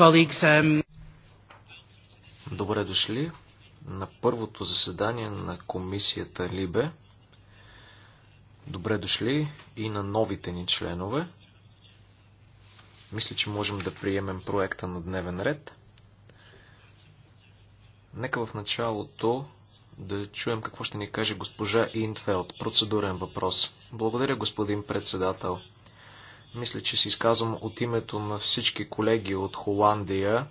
Um... Добре дошли на първото заседание на комисията Либе. Добре дошли и на новите ни членове. Мисля, че можем да приемем проекта на дневен ред. Нека в началото да чуем какво ще ни каже госпожа Интфелд. Процедурен въпрос. Благодаря, господин председател. Мисля, че се изказвам от името на всички колеги от Холандия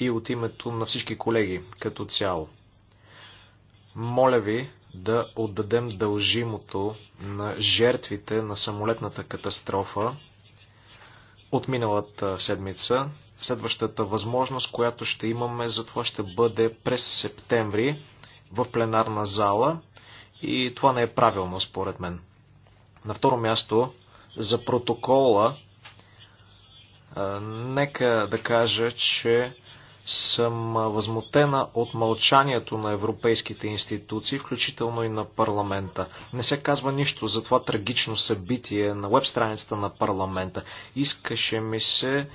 и от името на всички колеги като цяло. Моля ви да отдадем дължимото на жертвите на самолетната катастрофа от миналата седмица. Следващата възможност, която ще имаме за това ще бъде през септември в пленарна зала и това не е правилно според мен. На второ място, за протокола, нека да кажа, че съм възмутена от мълчанието на европейските институции, включително и на парламента. Не се казва нищо за това трагично събитие на веб страницата на парламента. Искаше ми се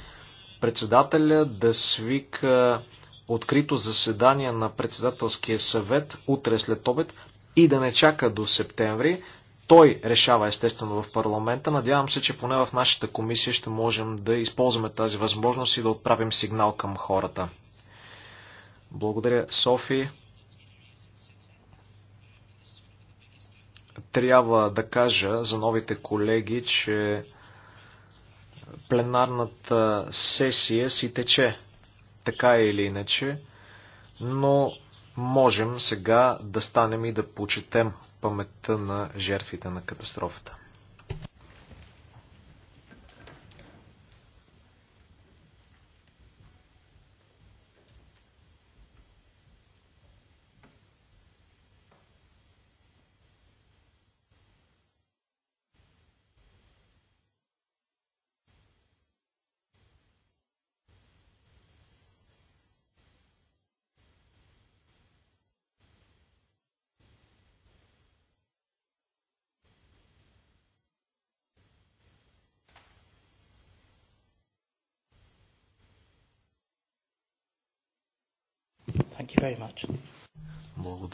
председателя да свика открито заседание на председателския съвет утре след обед и да не чака до септември, той решава естествено в парламента. Надявам се, че поне в нашата комисия ще можем да използваме тази възможност и да отправим сигнал към хората. Благодаря, Софи. Трябва да кажа за новите колеги, че пленарната сесия си тече, така или иначе, но можем сега да станем и да почетем паметта на жертвите на катастрофата.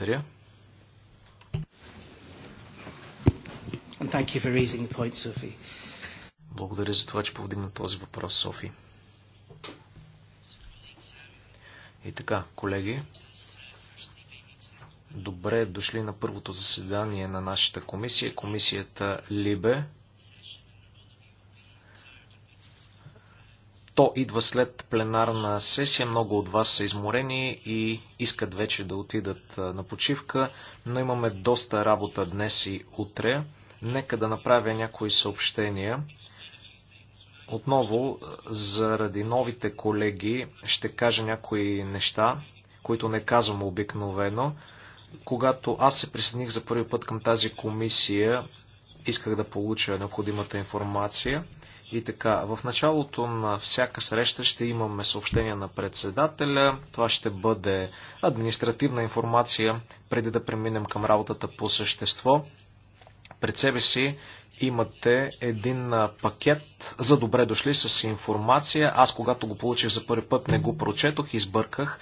Благодаря. Point, Благодаря за това, че повдигна този въпрос, Софи. И така, колеги, добре дошли на първото заседание на нашата комисия, комисията Либе. То идва след пленарна сесия. Много от вас са изморени и искат вече да отидат на почивка, но имаме доста работа днес и утре. Нека да направя някои съобщения. Отново, заради новите колеги, ще кажа някои неща, които не казвам обикновено. Когато аз се присъединих за първи път към тази комисия, исках да получа необходимата информация. И така, в началото на всяка среща ще имаме съобщение на председателя. Това ще бъде административна информация, преди да преминем към работата по същество. Пред себе си имате един пакет за добре дошли с информация. Аз, когато го получих за първи път, не го прочетох, избърках.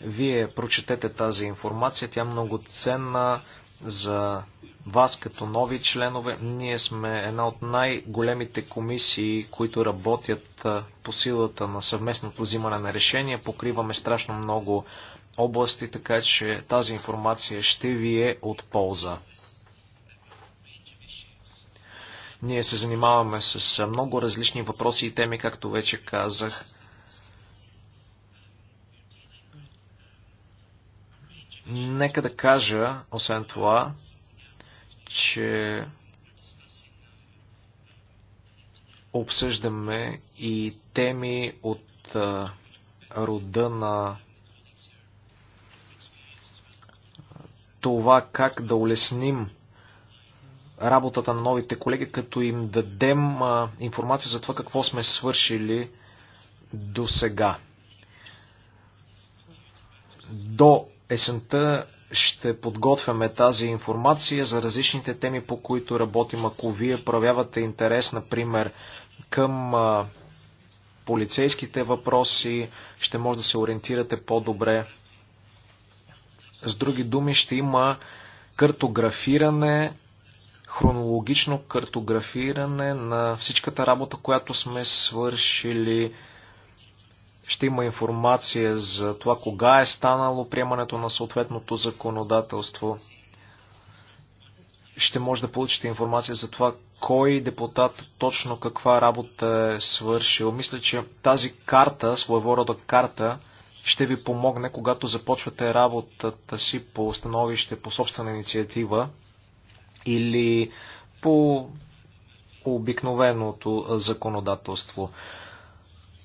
Вие прочетете тази информация, тя е много ценна за вас като нови членове. Ние сме една от най-големите комисии, които работят по силата на съвместното взимане на решения. Покриваме страшно много области, така че тази информация ще ви е от полза. Ние се занимаваме с много различни въпроси и теми, както вече казах. Нека да кажа, освен това, че обсъждаме и теми от рода на това как да улесним работата на новите колеги, като им дадем информация за това какво сме свършили до сега. До Есента ще подготвяме тази информация за различните теми, по които работим. Ако вие проявявате интерес, например, към полицейските въпроси, ще може да се ориентирате по-добре. С други думи, ще има картографиране, хронологично картографиране на всичката работа, която сме свършили ще има информация за това кога е станало приемането на съответното законодателство. Ще може да получите информация за това кой депутат точно каква работа е свършил. Мисля, че тази карта, своего рода карта, ще ви помогне, когато започвате работата си по становище по собствена инициатива или по обикновеното законодателство.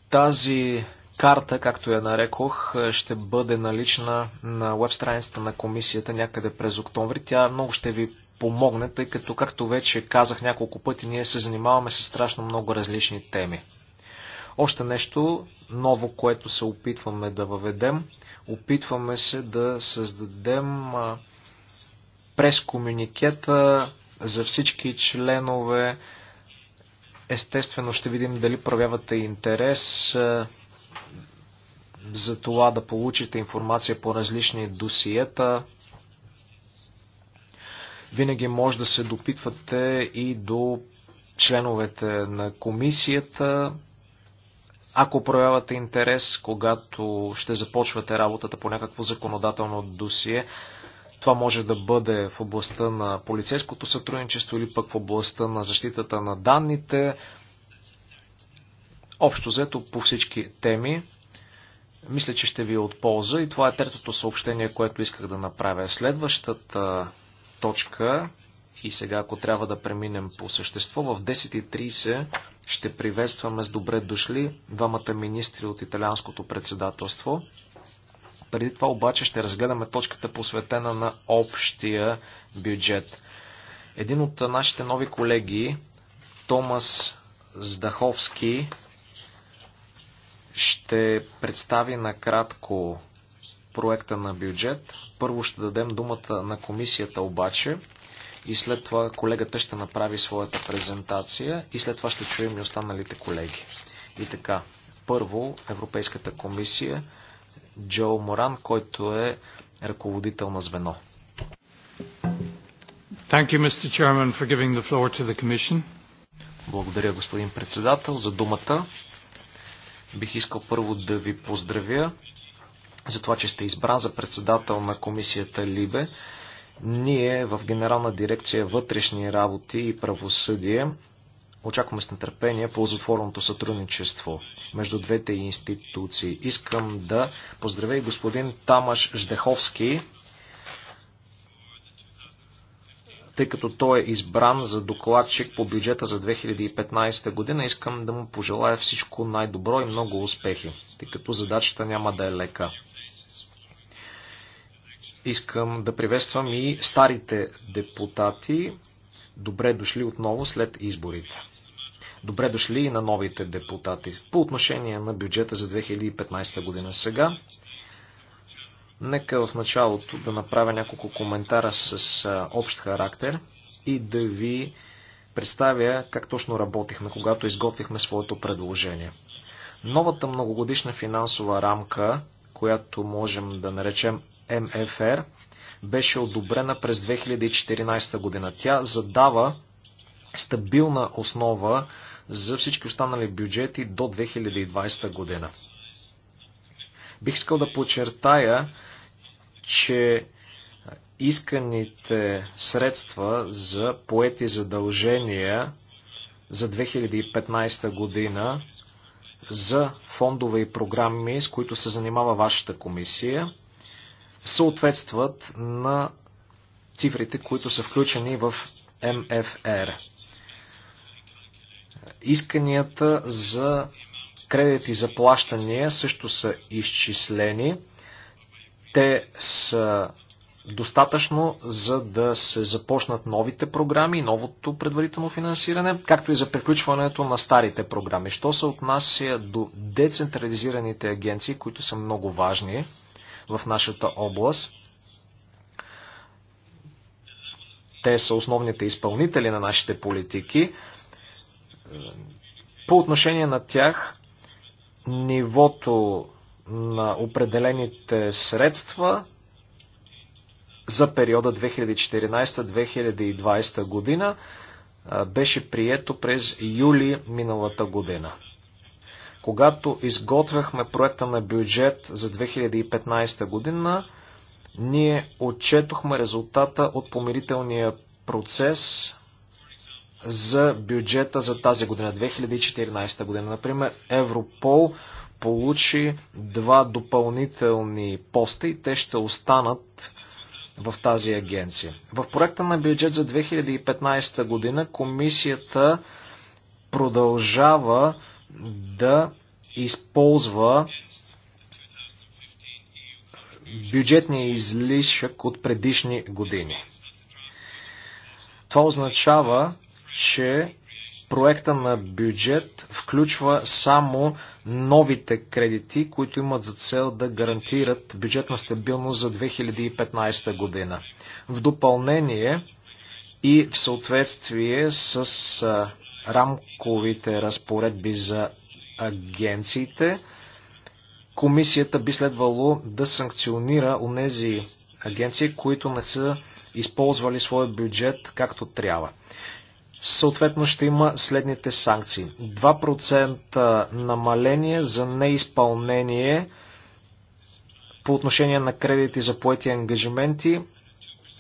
Тази карта, както я нарекох, е, ще бъде налична на веб страницата на комисията някъде през октомври. Тя много ще ви помогне, тъй като, както вече казах няколко пъти, ние се занимаваме с страшно много различни теми. Още нещо ново, което се опитваме да въведем. Опитваме се да създадем през комуникета за всички членове. Естествено ще видим дали проявявате интерес за това да получите информация по различни досиета. Винаги може да се допитвате и до членовете на комисията, ако проявявате интерес, когато ще започвате работата по някакво законодателно досие. Това може да бъде в областта на полицейското сътрудничество или пък в областта на защитата на данните. Общо взето по всички теми. Мисля, че ще ви е от полза и това е третото съобщение, което исках да направя. Следващата точка и сега, ако трябва да преминем по същество, в 10.30 ще приветстваме с добре дошли двамата министри от италианското председателство. Преди това обаче ще разгледаме точката посветена на общия бюджет. Един от нашите нови колеги, Томас Здаховски, ще представи накратко проекта на бюджет. Първо ще дадем думата на комисията обаче и след това колегата ще направи своята презентация и след това ще чуем и останалите колеги. И така, първо Европейската комисия, Джо Моран, който е ръководител на звено. Thank you, Mr. Chairman, for giving the floor to the Commission. Благодаря, господин председател, за думата. Бих искал първо да ви поздравя за това, че сте избран за председател на комисията Либе. Ние в Генерална дирекция вътрешни работи и правосъдие очакваме с нетърпение ползотворното сътрудничество между двете институции. Искам да поздравя и господин Тамаш Ждеховски, тъй като той е избран за докладчик по бюджета за 2015 година, искам да му пожелая всичко най-добро и много успехи, тъй като задачата няма да е лека. Искам да приветствам и старите депутати. Добре дошли отново след изборите. Добре дошли и на новите депутати. По отношение на бюджета за 2015 година сега, Нека в началото да направя няколко коментара с общ характер и да ви представя как точно работихме, когато изготвихме своето предложение. Новата многогодишна финансова рамка, която можем да наречем МФР, беше одобрена през 2014 година. Тя задава стабилна основа за всички останали бюджети до 2020 година. Бих искал да подчертая, че исканите средства за поети задължения за 2015 година за фондове и програми, с които се занимава вашата комисия, съответстват на цифрите, които са включени в МФР. Исканията за кредити за плащания също са изчислени. Те са достатъчно, за да се започнат новите програми и новото предварително финансиране, както и за приключването на старите програми. Що се отнася до децентрализираните агенции, които са много важни в нашата област, те са основните изпълнители на нашите политики. По отношение на тях нивото на определените средства за периода 2014-2020 година беше прието през юли миналата година. Когато изготвяхме проекта на бюджет за 2015 година, ние отчетохме резултата от помирителния процес за бюджета за тази година, 2014 година. Например, Европол получи два допълнителни поста и те ще останат в тази агенция. В проекта на бюджет за 2015 година комисията продължава да използва бюджетния излишък от предишни години. Това означава, че проекта на бюджет включва само новите кредити, които имат за цел да гарантират бюджетна стабилност за 2015 година. В допълнение и в съответствие с рамковите разпоредби за агенциите, комисията би следвало да санкционира нези агенции, които не са използвали своя бюджет както трябва съответно ще има следните санкции. 2% намаление за неизпълнение по отношение на кредити за поети ангажименти,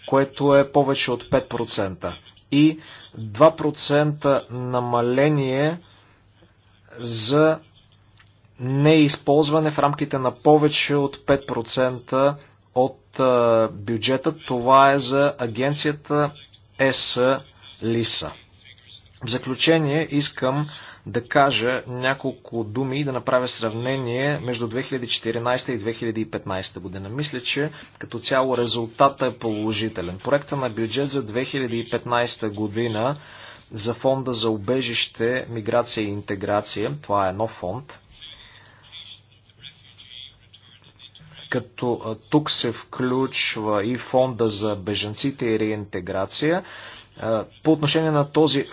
което е повече от 5%. И 2% намаление за неизползване в рамките на повече от 5% от бюджета. Това е за агенцията ЕС Лиса. В заключение искам да кажа няколко думи и да направя сравнение между 2014 и 2015 година. Мисля, че като цяло резултата е положителен. Проекта на бюджет за 2015 година за фонда за убежище, миграция и интеграция, това е нов фонд, като тук се включва и фонда за беженците и реинтеграция. По отношение на този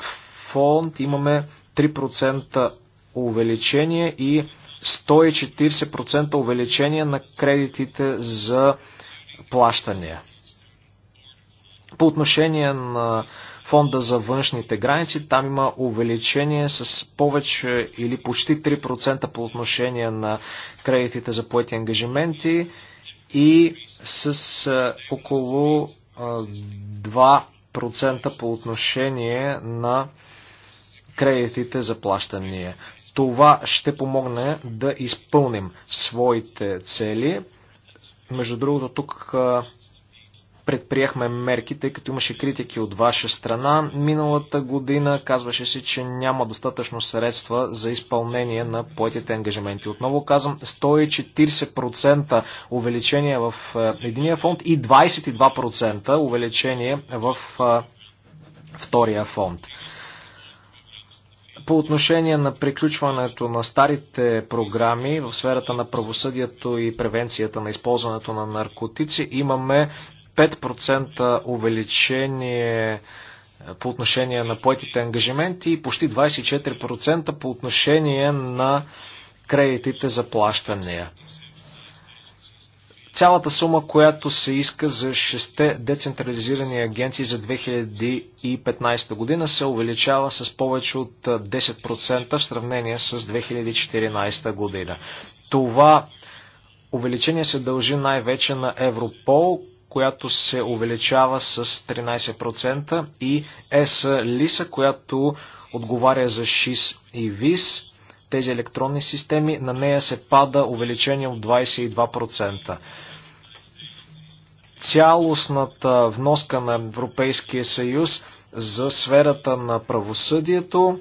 фонд имаме 3% увеличение и 140% увеличение на кредитите за плащания. По отношение на фонда за външните граници, там има увеличение с повече или почти 3% по отношение на кредитите за поети ангажименти и с около 2% по отношение на кредитите за плащания. Това ще помогне да изпълним своите цели. Между другото, тук предприехме мерки, тъй като имаше критики от ваша страна. Миналата година казваше се, че няма достатъчно средства за изпълнение на поетите ангажименти. Отново казвам, 140% увеличение в единия фонд и 22% увеличение в втория фонд. По отношение на приключването на старите програми в сферата на правосъдието и превенцията на използването на наркотици, имаме 5% увеличение е, по отношение на поетите ангажименти и почти 24% по отношение на кредитите за плащания цялата сума, която се иска за 6 децентрализирани агенции за 2015 година се увеличава с повече от 10% в сравнение с 2014 година. Това увеличение се дължи най-вече на Европол, която се увеличава с 13% и ЕС Лиса, която отговаря за ШИС и ВИС, тези електронни системи, на нея се пада увеличение от 22% цялостната вноска на Европейския съюз за сферата на правосъдието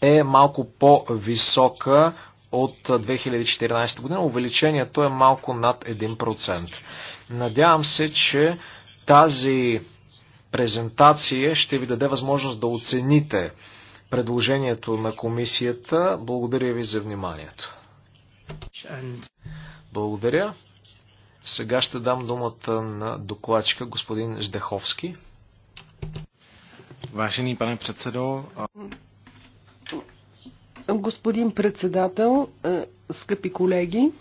е малко по-висока от 2014 година. Увеличението е малко над 1%. Надявам се, че тази презентация ще ви даде възможност да оцените предложението на комисията. Благодаря ви за вниманието. Благодаря. Сега ще дам думата на докладчика господин Ждеховски. Vážený пане předsedo. Господин председател, е, скъпи колеги,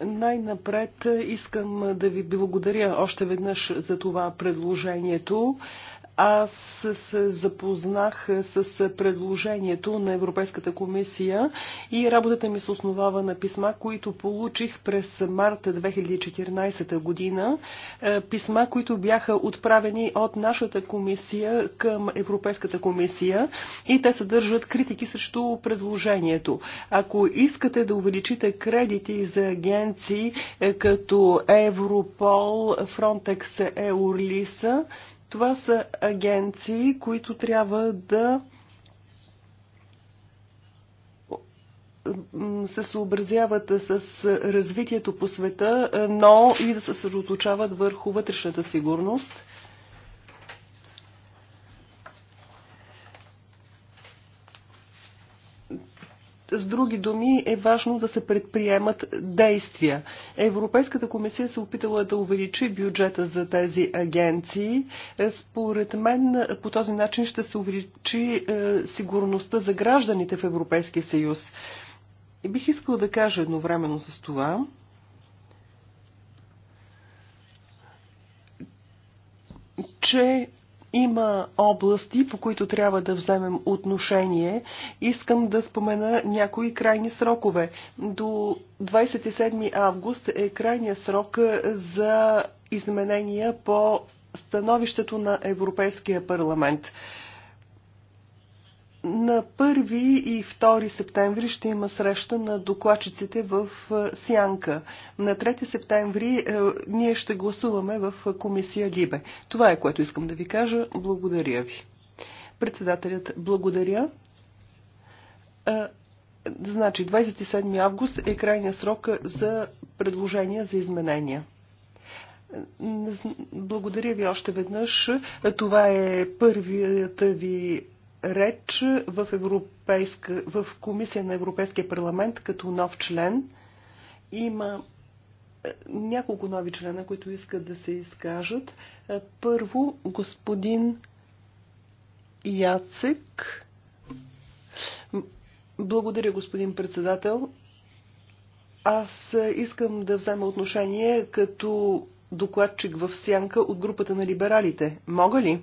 най-напред искам да ви благодаря още веднъж за това предложението. Аз се запознах с предложението на Европейската комисия и работата ми се основава на писма, които получих през марта 2014 година. Е, писма, които бяха отправени от нашата комисия към Европейската комисия и те съдържат критики срещу предложението. Ако искате да увеличите кредити за агенции е, като Европол, Frontex, Еорлиса. Това са агенции, които трябва да се съобразяват с развитието по света, но и да се съсредоточават върху вътрешната сигурност – други думи е важно да се предприемат действия. Европейската комисия се опитала да увеличи бюджета за тези агенции. Е, според мен по този начин ще се увеличи е, сигурността за гражданите в Европейския съюз. И бих искала да кажа едновременно с това, че има области, по които трябва да вземем отношение. Искам да спомена някои крайни срокове. До 27 август е крайния срок за изменения по становището на Европейския парламент. На 1 и 2 септември ще има среща на докладчиците в е, Сянка. На 3 септември е, ние ще гласуваме в комисия Либе. Това е което искам да ви кажа. Благодаря ви. Председателят, благодаря. Е, значи 27 август е крайния срок за предложения за изменения. Е, благодаря ви още веднъж. Е, това е първият ви реч в, европейска, в Комисия на Европейския парламент като нов член. Има е, няколко нови члена, които искат да се изкажат. Е, първо, господин Яцек. Благодаря, господин председател. Аз искам да взема отношение като докладчик в сянка от групата на либералите. Мога ли?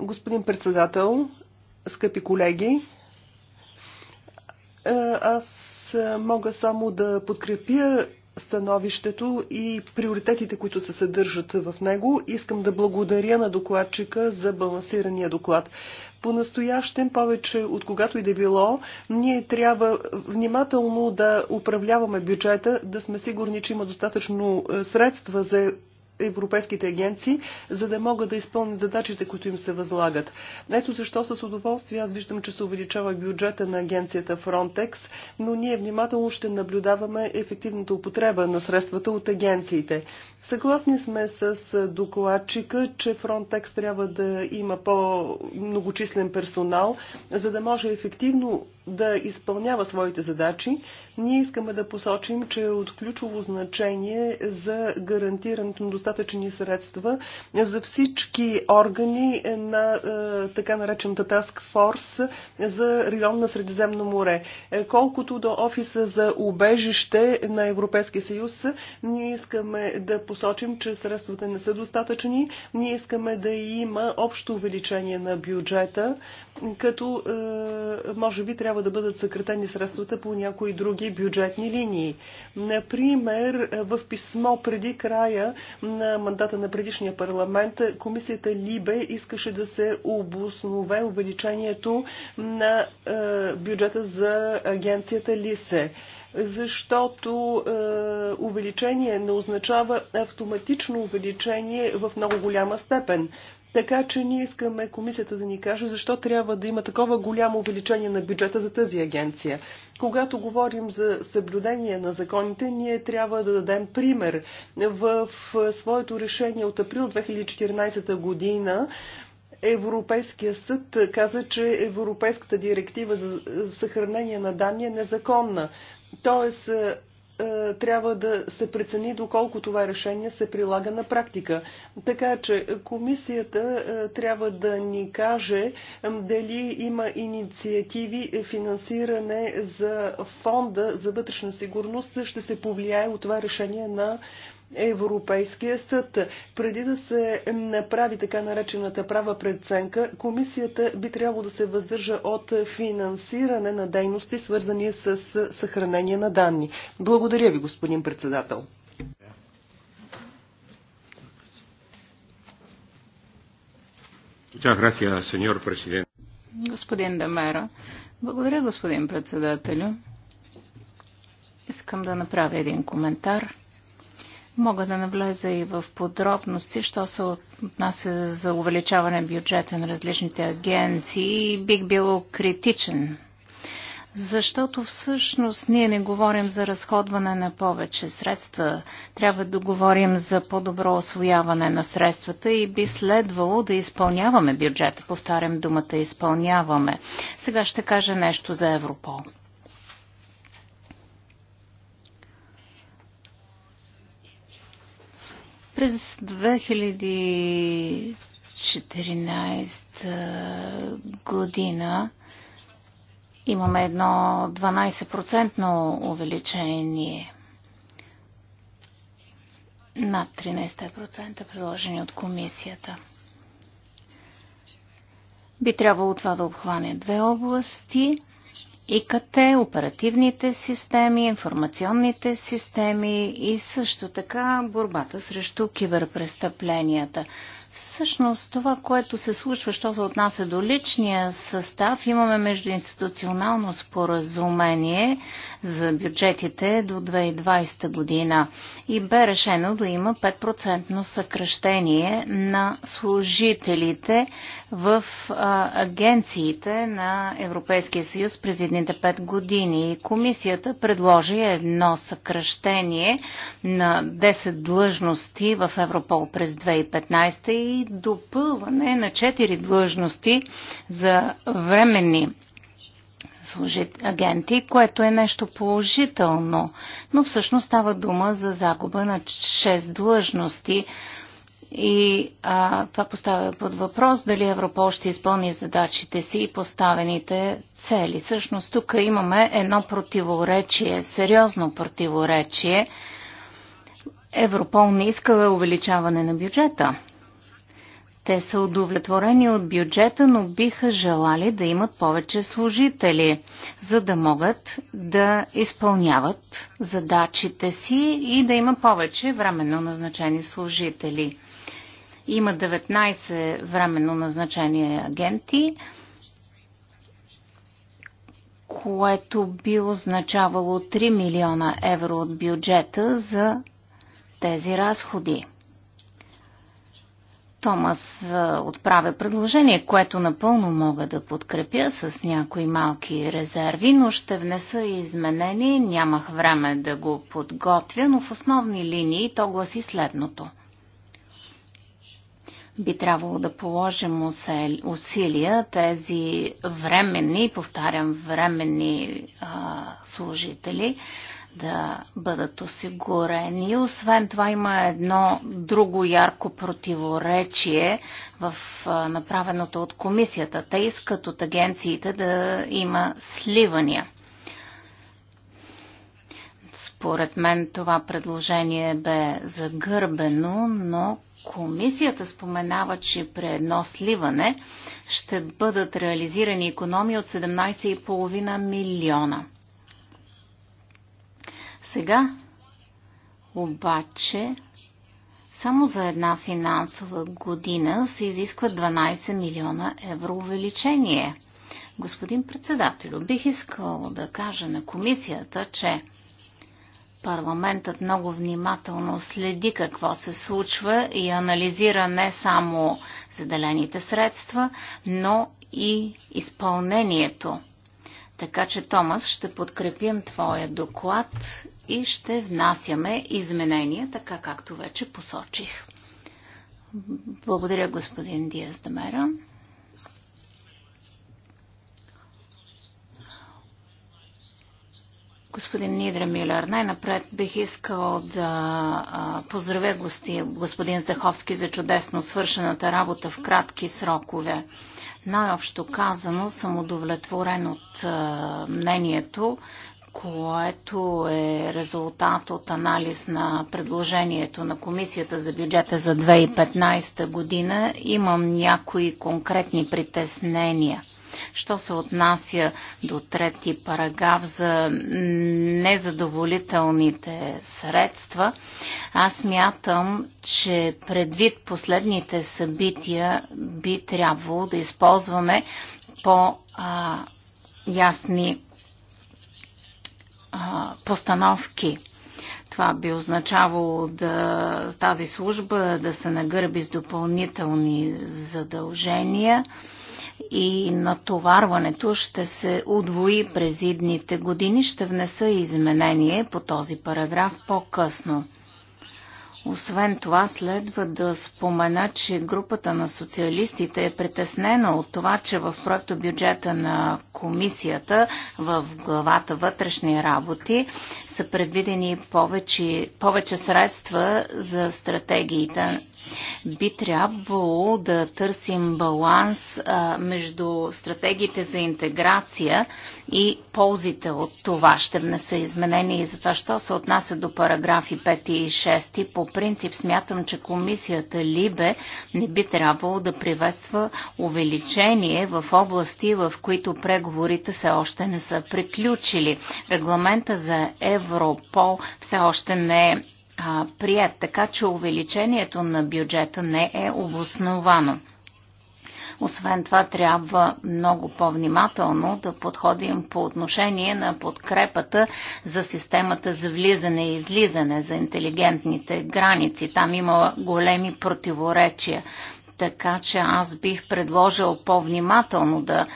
Господин председател, скъпи колеги, е, аз мога само да подкрепя становището и приоритетите, които се съдържат в него. Искам да благодаря на докладчика за балансирания доклад. по настоящен повече от когато и да било, ние трябва внимателно да управляваме бюджета, да сме сигурни, че има достатъчно е, средства за европейските агенции, за да могат да изпълнят задачите, които им се възлагат. Ето защо с удоволствие аз виждам, че се увеличава бюджета на агенцията Frontex, но ние внимателно ще наблюдаваме ефективната употреба на средствата от агенциите. Съгласни сме с докладчика, че Frontex трябва да има по-многочислен персонал, за да може ефективно да изпълнява своите задачи, ние искаме да посочим, че е от ключово значение за гарантирането на достатъчни средства за всички органи на е, така наречената Task Force за район на Средиземно море. Е, колкото до офиса за убежище на Европейския съюз, ние искаме да посочим, че средствата не са достатъчни. Ние искаме да има общо увеличение на бюджета, като е, може би трябва трябва да бъдат съкратени средствата по някои други бюджетни линии. Например, в писмо преди края на мандата на предишния парламент, комисията Либе искаше да се обоснове увеличението на е, бюджета за агенцията Лисе защото е, увеличение не означава автоматично увеличение в много голяма степен. Така че ние искаме комисията да ни каже защо трябва да има такова голямо увеличение на бюджета за тази агенция. Когато говорим за съблюдение на законите, ние трябва да дадем пример. В своето решение от април 2014 година Европейския съд каза, че Европейската директива за съхранение на данни е незаконна. Тоест, е, трябва да се прецени доколко това решение се прилага на практика. Така че комисията е, трябва да ни каже дали има инициативи, е, финансиране за фонда за вътрешна сигурност ще се повлияе от това решение на Европейския съд. Преди да се направи така наречената права предценка, комисията би трябвало да се въздържа от финансиране на дейности, свързани с съхранение на данни. Благодаря ви, господин председател. Господин Демера, благодаря, господин председателю. Искам да направя един коментар Мога да навлеза и в подробности, що се отнася за увеличаване бюджета на различните агенции. Бих бил критичен, защото всъщност ние не говорим за разходване на повече средства. Трябва да говорим за по-добро освояване на средствата и би следвало да изпълняваме бюджета. Повтарям думата изпълняваме. Сега ще кажа нещо за Европол. През 2014 година имаме едно 12% увеличение над 13% приложени от комисията. Би трябвало това да обхване две области ИКТ, оперативните системи, информационните системи и също така борбата срещу киберпрестъпленията. Всъщност това, което се случва, що се отнася до личния състав, имаме междуинституционално споразумение за бюджетите до 2020 година и бе решено да има 5% съкръщение на служителите в а, агенциите на Европейския съюз през едните 5 години. И комисията предложи едно съкръщение на 10 длъжности в Европол през 2015 и и допълване на четири длъжности за временни агенти, което е нещо положително, но всъщност става дума за загуба на 6 длъжности и а, това поставя под въпрос дали Европол ще изпълни задачите си и поставените цели. Всъщност тук имаме едно противоречие, сериозно противоречие. Европол не иска увеличаване на бюджета те са удовлетворени от бюджета, но биха желали да имат повече служители, за да могат да изпълняват задачите си и да има повече временно назначени служители. Има 19 временно назначени агенти, което би означавало 3 милиона евро от бюджета за тези разходи. Томас е, отправя предложение, което напълно мога да подкрепя с някои малки резерви, но ще внеса изменени, Нямах време да го подготвя, но в основни линии то гласи следното. Би трябвало да положим усилия тези временни, повтарям, временни а, служители, да бъдат осигурени. Освен това има едно друго ярко противоречие в направеното от комисията. Те искат от агенциите да има сливания. Според мен това предложение бе загърбено, но комисията споменава, че при едно сливане ще бъдат реализирани економии от 17,5 милиона – сега обаче само за една финансова година се изисква 12 милиона евро увеличение. Господин председател, бих искал да кажа на комисията, че парламентът много внимателно следи какво се случва и анализира не само заделените средства, но и изпълнението така че, Томас, ще подкрепим твоя доклад и ще внасяме изменения, така както вече посочих. Благодаря, господин Диас Дамера. Господин Нидра Милер, най-напред бих искал да поздравя гости, господин Здаховски за чудесно свършената работа в кратки срокове. Най-общо казано съм удовлетворен от мнението, което е резултат от анализ на предложението на Комисията за бюджета за 2015 година. Имам някои конкретни притеснения. Що се отнася до трети параграф за незадоволителните средства, аз мятам, че предвид последните събития би трябвало да използваме по-ясни постановки. Това би означавало да тази служба да се нагърби с допълнителни задължения и натоварването ще се удвои през идните години. Ще внеса изменение по този параграф по-късно. Освен това, следва да спомена, че групата на социалистите е притеснена от това, че в проекто бюджета на комисията в главата вътрешни работи са предвидени повече, повече средства за стратегиите би трябвало да търсим баланс а, между стратегиите за интеграция и ползите от това. Ще внеса изменения и за това, що се отнася до параграфи 5 и 6. По принцип смятам, че комисията Либе не би трябвало да приветства увеличение в области, в които преговорите все още не са приключили. Регламента за Европол все още не е а, прият, така че увеличението на бюджета не е обосновано. Освен това, трябва много по-внимателно да подходим по отношение на подкрепата за системата за влизане и излизане, за интелигентните граници. Там има големи противоречия. Така че аз бих предложил по-внимателно да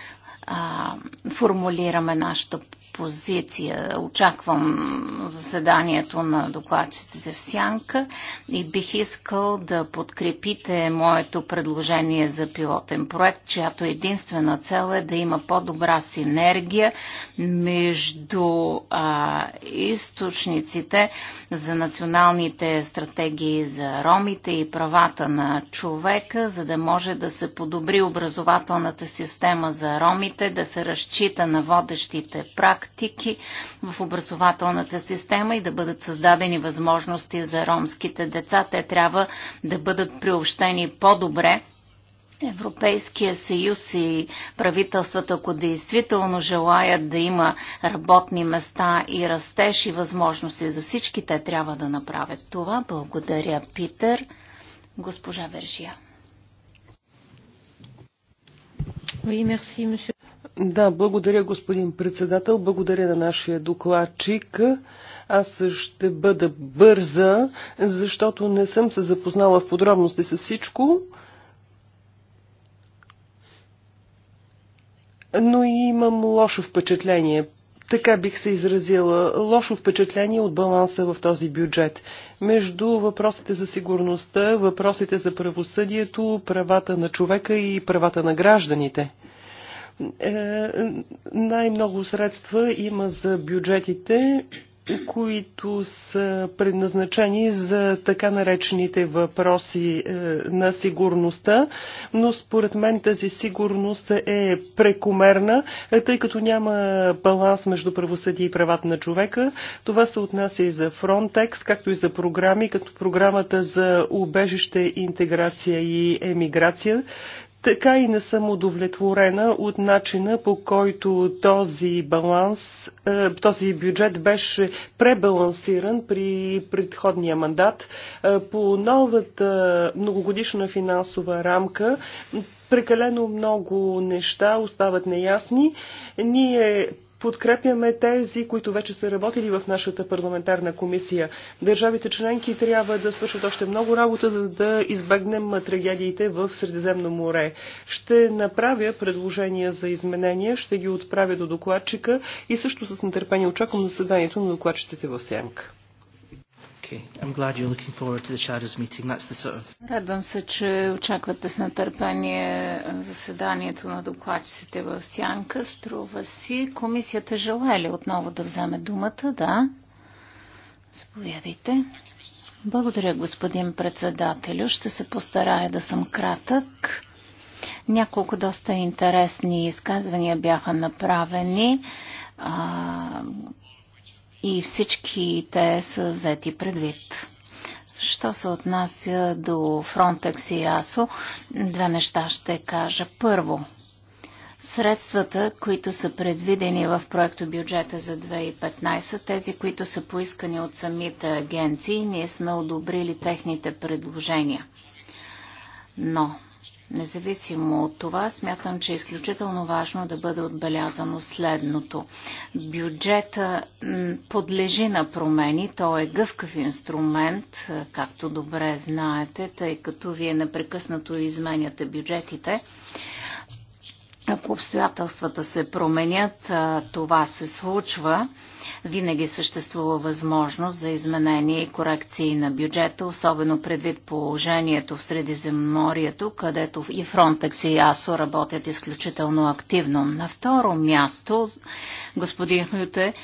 а, формулираме нашата позиция. Очаквам заседанието на докладчиците в Сянка и бих искал да подкрепите моето предложение за пилотен проект, чиято единствена цел е да има по-добра синергия между а, източниците за националните стратегии за ромите и правата на човека, за да може да се подобри образователната система за ромите, да се разчита на водещите практики, практики в образователната система и да бъдат създадени възможности за ромските деца. Те трябва да бъдат приобщени по-добре Европейския съюз и правителствата, ако действително желаят да има работни места и растеж и възможности за всички, те трябва да направят това. Благодаря, Питер. Госпожа Вержия. Oui, merci, да, благодаря господин председател, благодаря на нашия докладчик. Аз ще бъда бърза, защото не съм се запознала в подробности с всичко. Но и имам лошо впечатление. Така бих се изразила. Лошо впечатление от баланса в този бюджет. Между въпросите за сигурността, въпросите за правосъдието, правата на човека и правата на гражданите – е, най-много средства има за бюджетите, които са предназначени за така наречените въпроси е, на сигурността, но според мен тази сигурност е прекомерна, е, тъй като няма баланс между правосъдие и правата на човека. Това се отнася и за Frontex, както и за програми, като програмата за убежище, интеграция и емиграция така и не съм удовлетворена от начина по който този баланс, е, този бюджет беше пребалансиран при предходния мандат. Е, по новата многогодишна финансова рамка прекалено много неща остават неясни. Ние подкрепяме тези, които вече са работили в нашата парламентарна комисия. Държавите членки трябва да свършат още много работа, за да избегнем трагедиите в Средиземно море. Ще направя предложения за изменения, ще ги отправя до докладчика и също с нетърпение очаквам заседанието на докладчиците в Сянка. Okay. I'm glad you're looking forward to the shadows meeting. That's the sort of... Радвам се, че очаквате с нетърпение заседанието на докладчиците в Сянка. Струва си. Комисията желая ли отново да вземе думата? Да. Заповядайте. Благодаря, господин председателю. Ще се постарая да съм кратък. Няколко доста интересни изказвания бяха направени. А, и всички те са взети предвид. Що се отнася до Frontex и ASO, две неща ще кажа. Първо, средствата, които са предвидени в проекто бюджета за 2015, тези, които са поискани от самите агенции, ние сме одобрили техните предложения. Но Независимо от това, смятам, че е изключително важно да бъде отбелязано следното. Бюджета подлежи на промени, той е гъвкав инструмент, е, както добре знаете, тъй като вие непрекъснато изменяте бюджетите. Ако обстоятелствата се променят, е, това се случва винаги съществува възможност за изменение и корекции на бюджета, особено предвид положението в Средиземноморието, където и Фронтекс и АСО работят изключително активно. На второ място, господин Хюте,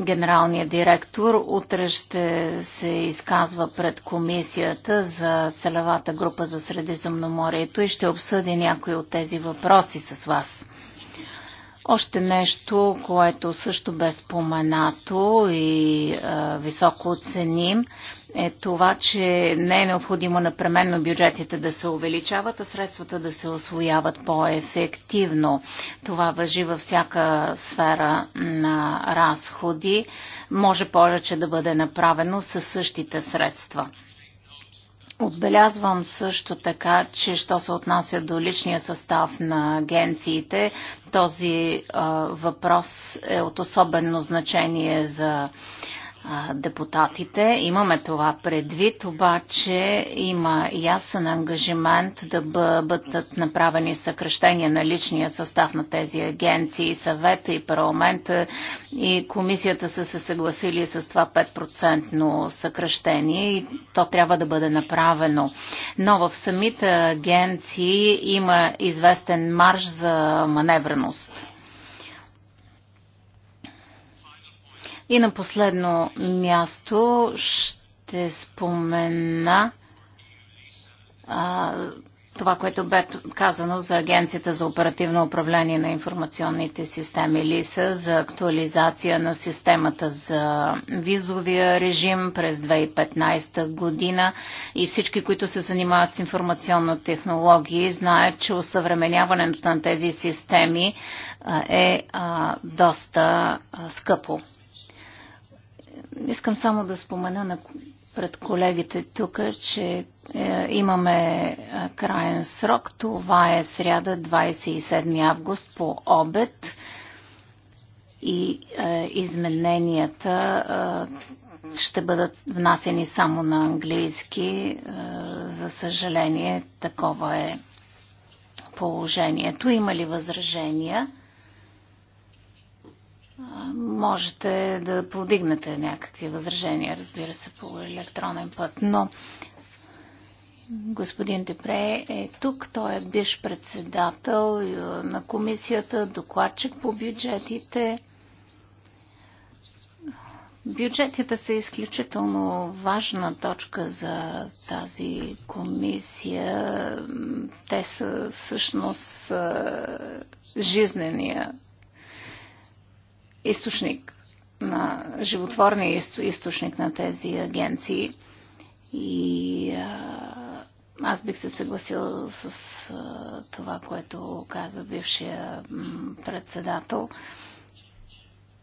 генералният директор, утре ще се изказва пред комисията за целевата група за Средиземноморието и ще обсъди някои от тези въпроси с вас. Още нещо, което също бе споменато и а, високо оценим, е това, че не е необходимо непременно бюджетите да се увеличават, а средствата да се освояват по-ефективно. Това въжи във всяка сфера на разходи. Може повече да бъде направено със същите средства. Отбелязвам също така, че що се отнася до личния състав на агенциите, този а, въпрос е от особено значение за депутатите. Имаме това предвид, обаче има ясен ангажимент да бъдат направени съкръщения на личния състав на тези агенции, съвета и парламента и комисията са се съгласили с това 5% съкръщение и то трябва да бъде направено. Но в самите агенции има известен марш за маневреност. И на последно място ще спомена а, това, което бе казано за Агенцията за оперативно управление на информационните системи ЛИСА за актуализация на системата за визовия режим през 2015 година и всички, които се занимават с информационно технологии, знаят, че усъвременяването на тези системи е доста скъпо. Искам само да спомена на, пред колегите тук, че е, имаме е, краен срок. Това е сряда 27 август по обед и е, измененията е, ще бъдат внасени само на английски. Е, за съжаление, такова е положението. Има ли възражения? можете да повдигнете някакви възражения, разбира се, по електронен път. Но господин Депре е тук. Той е биш председател на комисията, докладчик по бюджетите. Бюджетите са изключително важна точка за тази комисия. Те са всъщност жизнения източник на животворния източник на тези агенции. И аз бих се съгласил с а, това, което каза бившия председател.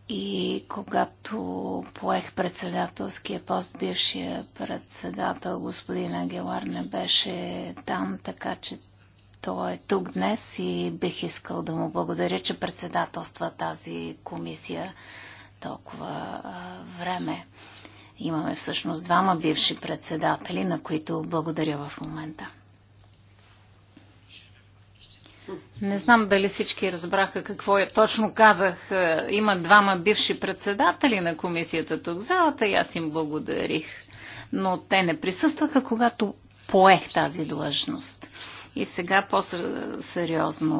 И когато поех председателския пост, бившия председател господин Агелар не беше там, така че той е тук днес и бих искал да му благодаря, че председателства тази комисия толкова време. Имаме всъщност двама бивши председатели, на които благодаря в момента. Не знам дали всички разбраха какво е. Точно казах, е, има двама бивши председатели на комисията тук в залата и аз им благодарих. Но те не присъстваха, когато поех тази длъжност. И сега по-сериозно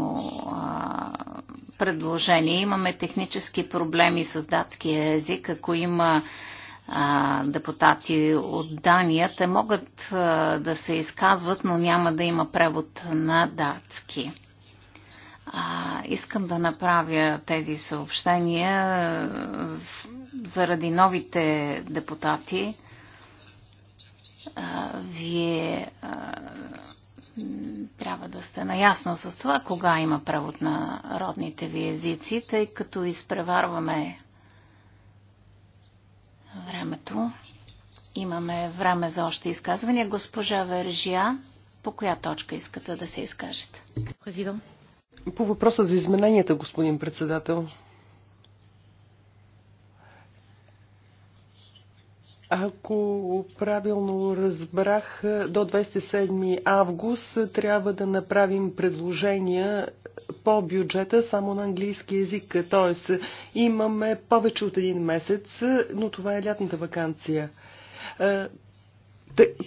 предложение. Имаме технически проблеми с датския език. Ако има а, депутати от Дания, те могат а, да се изказват, но няма да има превод на датски. А, искам да направя тези съобщения заради новите депутати. А, вие а, трябва да сте наясно с това, кога има превод на родните ви езици, тъй като изпреварваме времето. Имаме време за още изказвания. Госпожа Вержия, по коя точка искате да се изкажете? По въпроса за измененията, господин председател. Ако правилно разбрах, до 27 август трябва да направим предложения по бюджета само на английски язик. Тоест, имаме повече от един месец, но това е лятната вакансия. Е,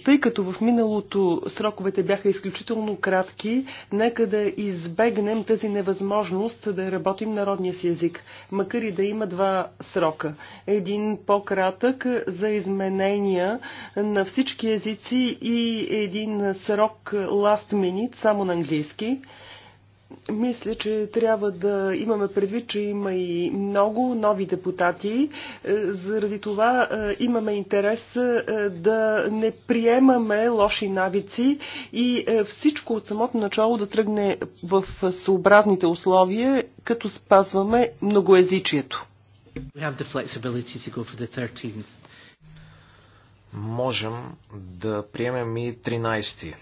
тъй като в миналото сроковете бяха изключително кратки, нека да избегнем тази невъзможност да работим народния си език, макар и да има два срока. Един по-кратък за изменения на всички езици и един срок last minute само на английски мисля, че трябва да имаме предвид, че има и много нови депутати. Е, заради това е, имаме интерес е, да не приемаме лоши навици и всичко от самото начало да тръгне в съобразните условия, като спазваме многоезичието. Можем да приемем и 13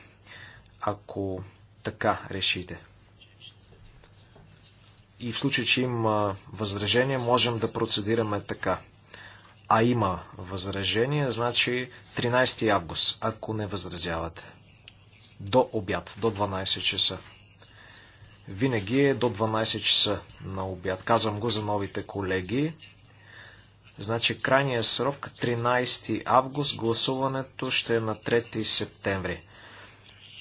ако така решите и в случай, че има възражение, можем да процедираме така. А има възражение, значи 13 август, ако не възразявате. До обяд, до 12 часа. Винаги е до 12 часа на обяд. Казвам го за новите колеги. Значи крайния срок 13 август, гласуването ще е на 3 септември.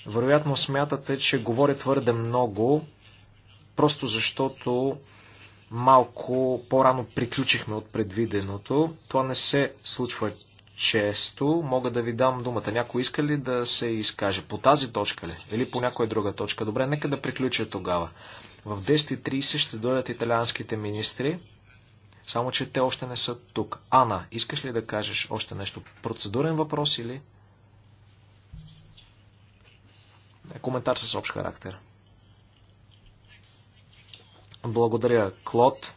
Вероятно смятате, че говори твърде много, просто защото малко по-рано приключихме от предвиденото. Това не се случва често. Мога да ви дам думата. Някой иска ли да се изкаже? По тази точка ли? Или по някоя друга точка? Добре, нека да приключа тогава. В 10.30 ще дойдат италианските министри, само че те още не са тук. Ана, искаш ли да кажеш още нещо? Процедурен въпрос или? Е, коментар с общ характер. Благодаря, Клод.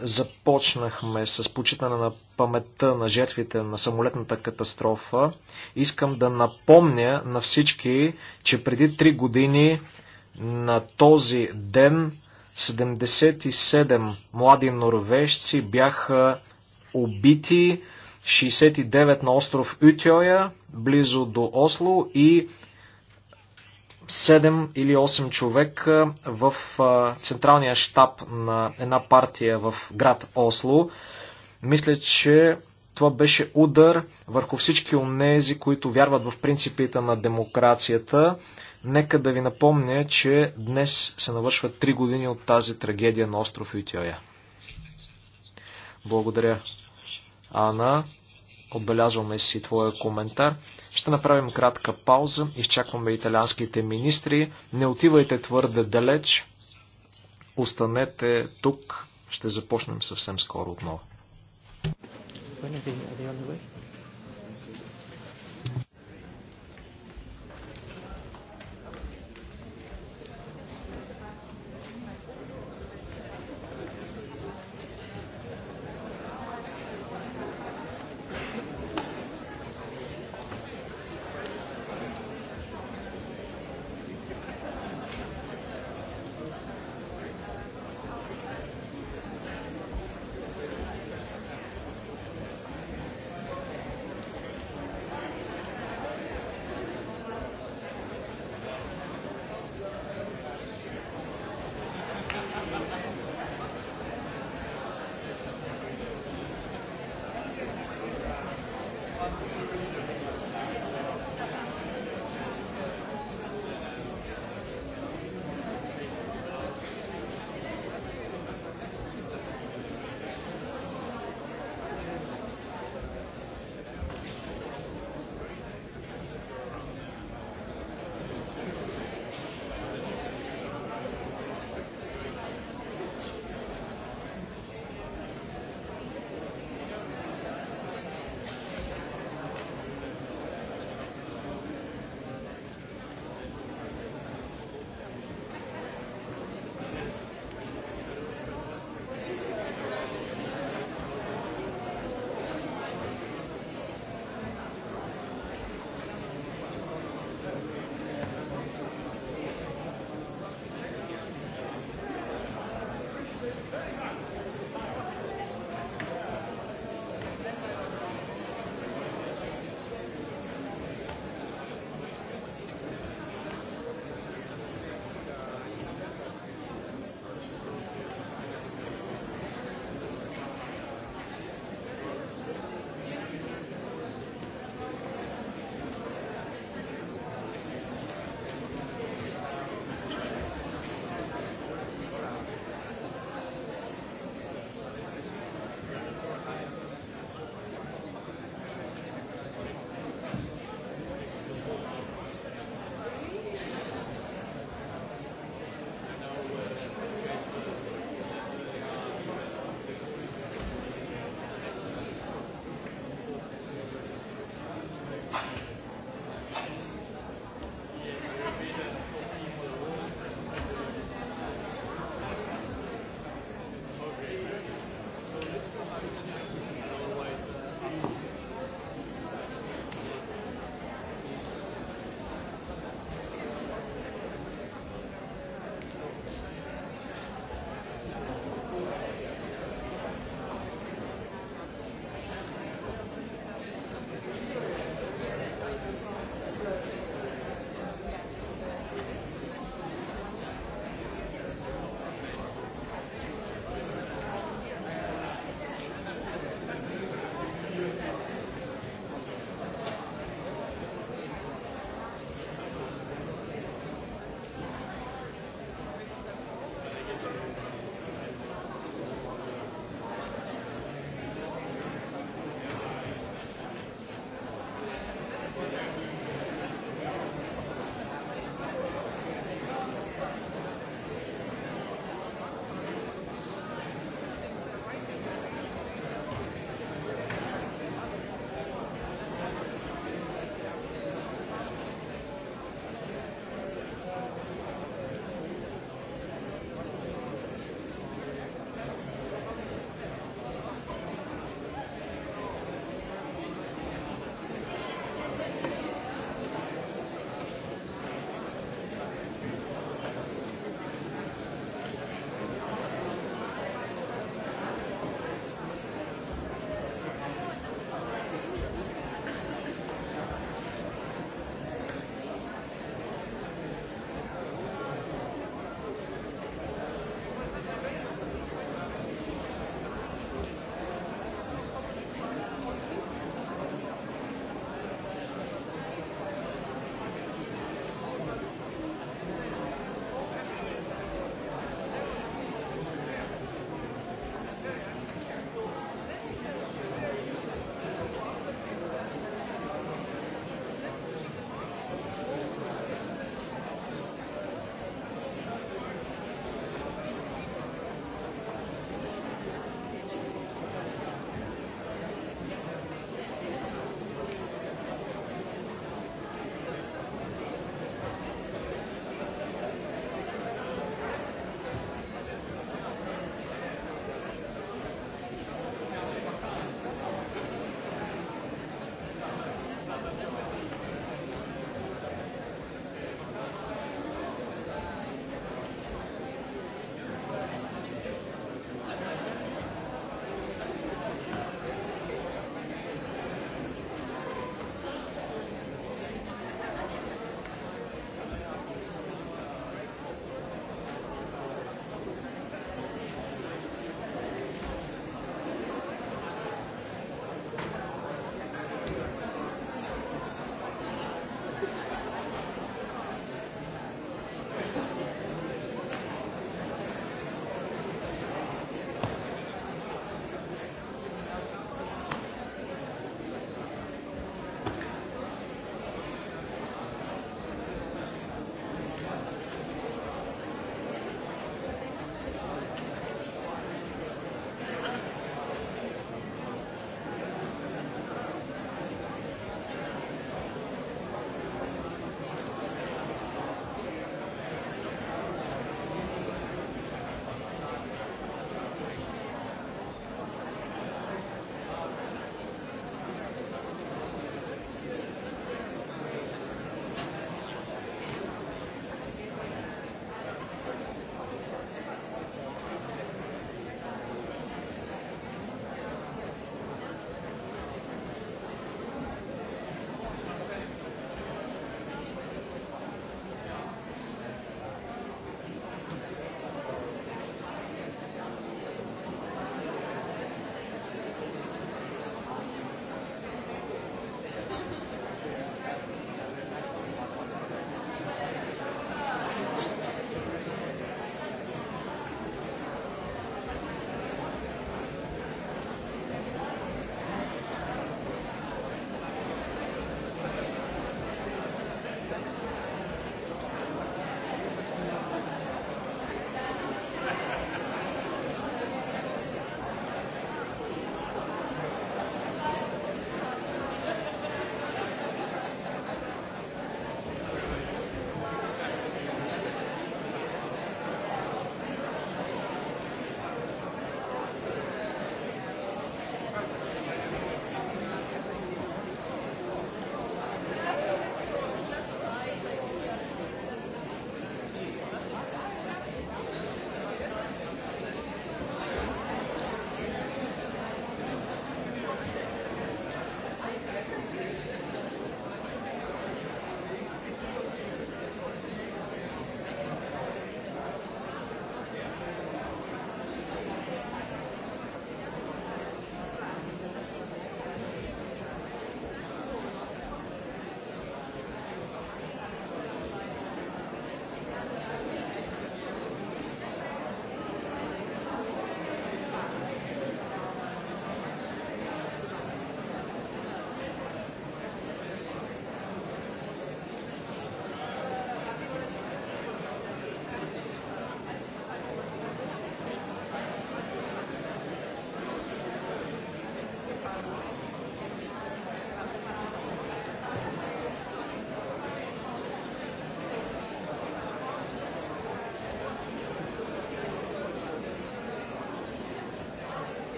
Започнахме с почитане на паметта на жертвите на самолетната катастрофа. Искам да напомня на всички, че преди 3 години на този ден 77 млади норвежци бяха убити, 69 на остров Ютьоя, близо до Осло и 7 или 8 човека в централния штаб на една партия в град Осло. Мисля, че това беше удар върху всички онези, които вярват в принципите на демокрацията. Нека да ви напомня, че днес се навършват 3 години от тази трагедия на остров Ютиоя. Благодаря, Ана. Отбелязваме си твоя коментар. Ще направим кратка пауза. Изчакваме италианските министри. Не отивайте твърде далеч. Останете тук. Ще започнем съвсем скоро отново. When are they, are they on the way?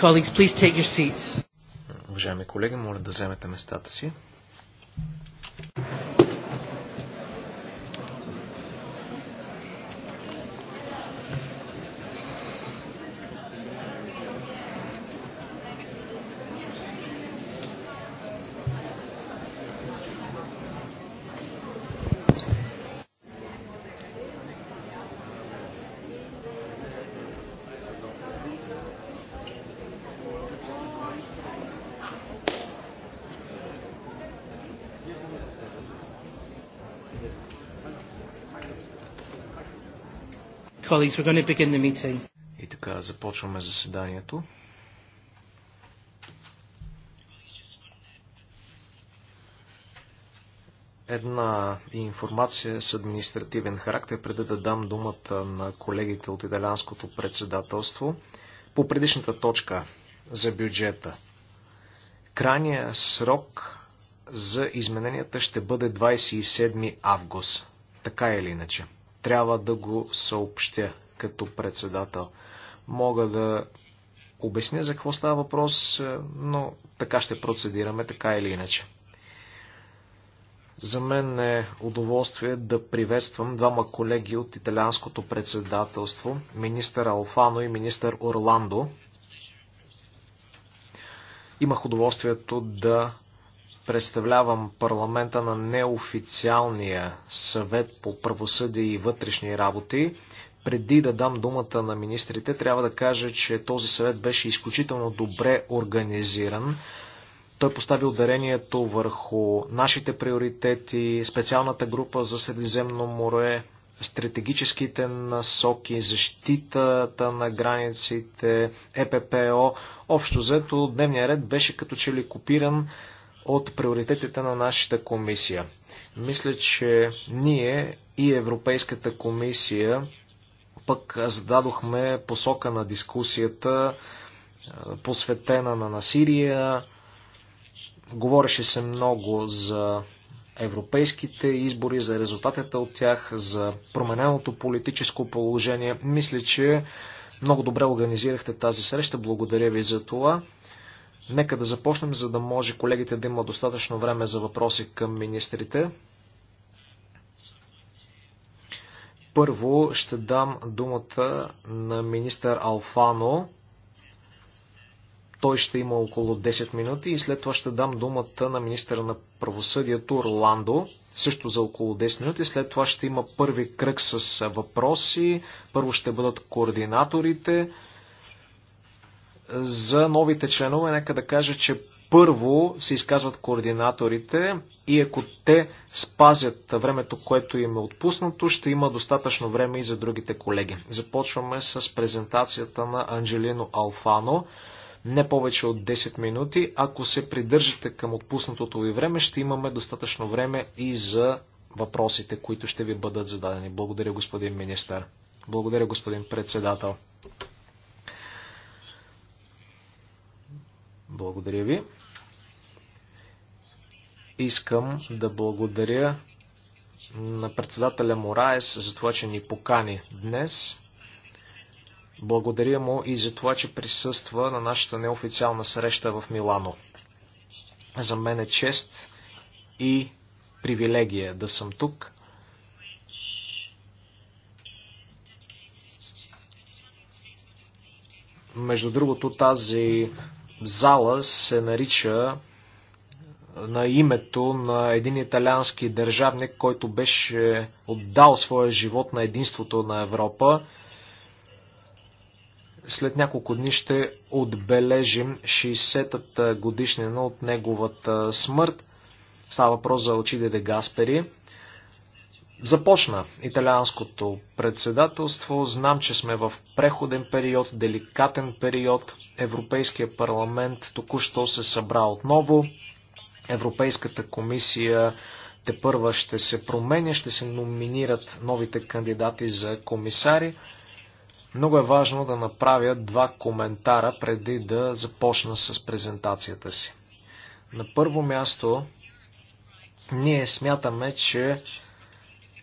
Colleagues, please take your seats. Уважаеми колеги, моля да вземете местата си. colleagues, we're going to begin the meeting. И така, започваме заседанието. Една информация с административен характер, преди да дам думата на колегите от италианското председателство. По предишната точка за бюджета. Крайният срок за измененията ще бъде 27 август. Така или иначе трябва да го съобщя като председател. Мога да обясня за какво става въпрос, е, но така ще процедираме, така или иначе. За мен е удоволствие да приветствам двама колеги от италианското председателство, министър Алфано и министър Орландо. Имах удоволствието да представлявам парламента на неофициалния съвет по правосъдие и вътрешни работи. Преди да дам думата на министрите, трябва да кажа, че този съвет беше изключително добре организиран. Той постави ударението върху нашите приоритети, специалната група за Средиземно море, стратегическите насоки, защитата на границите, ЕППО. Общо взето дневния ред беше като че ли копиран от приоритетите на нашата комисия. Мисля, че ние и Европейската комисия пък зададохме посока на дискусията, посветена на насилие. Говореше се много за европейските избори, за резултатите от тях, за промененото политическо положение. Мисля, че много добре организирахте тази среща. Благодаря ви за това. Нека да започнем, за да може колегите да имат достатъчно време за въпроси към министрите. Първо ще дам думата на министър Алфано. Той ще има около 10 минути и след това ще дам думата на министъра на правосъдието Орландо, също за около 10 минути. След това ще има първи кръг с въпроси. Първо ще бъдат координаторите за новите членове, нека да кажа, че първо се изказват координаторите и ако те спазят времето, което им е отпуснато, ще има достатъчно време и за другите колеги. Започваме с презентацията на Анджелино Алфано. Не повече от 10 минути. Ако се придържате към отпуснатото ви време, ще имаме достатъчно време и за въпросите, които ще ви бъдат зададени. Благодаря, господин министър. Благодаря, господин председател. Благодаря ви. Искам да благодаря на председателя Мораес за това, че ни покани днес. Благодаря му и за това, че присъства на нашата неофициална среща в Милано. За мен е чест и привилегия да съм тук. Между другото, тази зала се нарича на името на един италиански държавник, който беше отдал своя живот на единството на Европа. След няколко дни ще отбележим 60-та годишнина от неговата смърт. Става въпрос за очите де Гаспери. Започна италианското председателство. Знам, че сме в преходен период, деликатен период. Европейския парламент току-що се събра отново. Европейската комисия те първа ще се променя, ще се номинират новите кандидати за комисари. Много е важно да направя два коментара преди да започна с презентацията си. На първо място, ние смятаме, че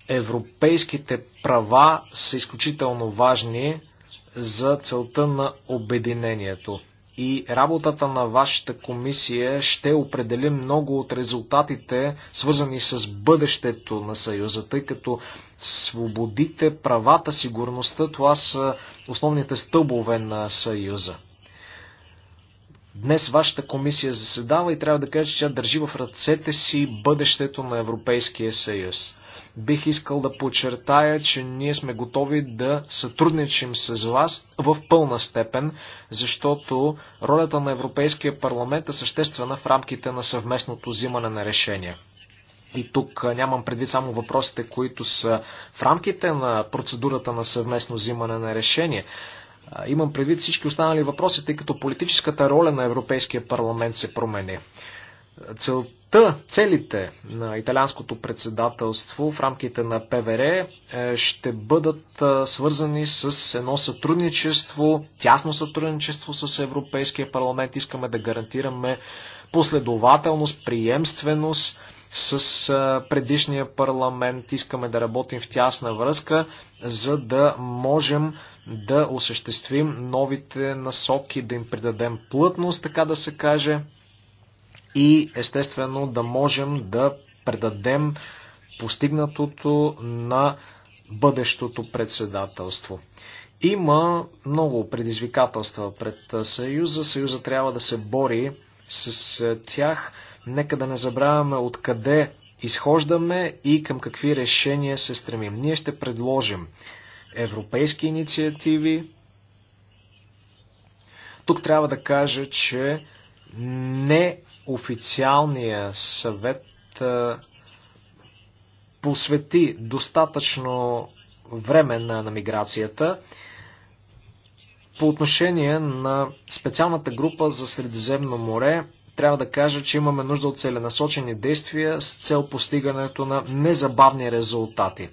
Европейските права са изключително важни за целта на обединението. И работата на вашата комисия ще определи много от резултатите, свързани с бъдещето на Съюза, тъй като свободите, правата, сигурността, това са основните стълбове на Съюза. Днес вашата комисия заседава и трябва да кажа, че тя държи в ръцете си бъдещето на Европейския съюз. Бих искал да подчертая, че ние сме готови да сътрудничим с вас в пълна степен, защото ролята на Европейския парламент е съществена в рамките на съвместното взимане на решения. И тук нямам предвид само въпросите, които са в рамките на процедурата на съвместно взимане на решение. Имам предвид всички останали въпроси, тъй като политическата роля на Европейския парламент се промени. Целта, целите на италианското председателство в рамките на ПВР е, ще бъдат свързани с едно сътрудничество, тясно сътрудничество с Европейския парламент. Искаме да гарантираме последователност, приемственост с предишния парламент. Искаме да работим в тясна връзка, за да можем да осъществим новите насоки, да им придадем плътност, така да се каже и естествено да можем да предадем постигнатото на бъдещото председателство. Има много предизвикателства пред Съюза. Съюза трябва да се бори с тях. Нека да не забравяме откъде изхождаме и към какви решения се стремим. Ние ще предложим европейски инициативи. Тук трябва да кажа, че неофициалния съвет посвети достатъчно време на, на миграцията по отношение на специалната група за Средиземно море трябва да кажа, че имаме нужда от целенасочени действия с цел постигането на незабавни резултати.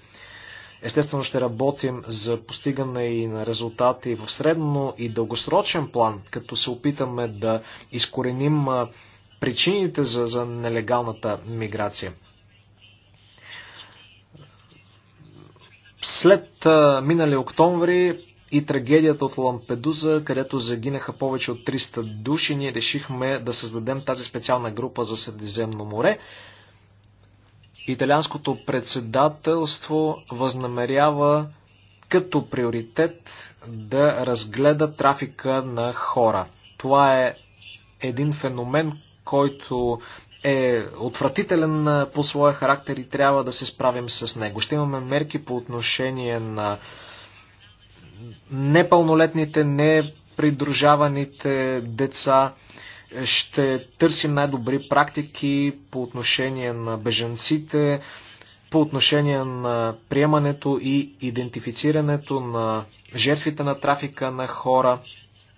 Естествено ще работим за постигане и на резултати в средно и дългосрочен план, като се опитаме да изкореним причините за, за нелегалната миграция. След минали октомври и трагедията от Лампедуза, където загинаха повече от 300 души, ние решихме да създадем тази специална група за Средиземно море. Италианското председателство възнамерява като приоритет да разгледа трафика на хора. Това е един феномен, който е отвратителен по своя характер и трябва да се справим с него. Ще имаме мерки по отношение на непълнолетните, непридружаваните деца. Ще търсим най-добри практики по отношение на беженците, по отношение на приемането и идентифицирането на жертвите на трафика на хора.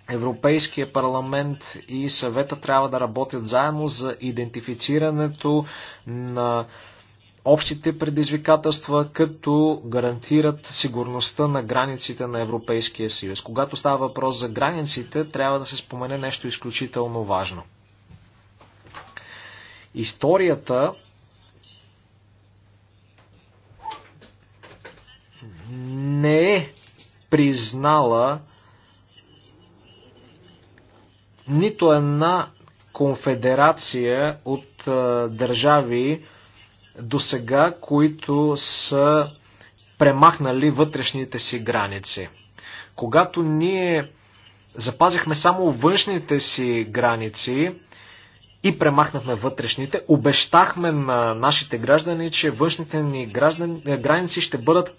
Европейския парламент и съвета трябва да работят заедно за идентифицирането на общите предизвикателства, като гарантират сигурността на границите на Европейския съюз. Когато става въпрос за границите, трябва да се спомене нещо изключително важно. Историята не е признала нито една конфедерация от държави, до сега, които са премахнали вътрешните си граници. Когато ние запазихме само външните си граници и премахнахме вътрешните, обещахме на нашите граждани, че външните ни граждани, граници ще бъдат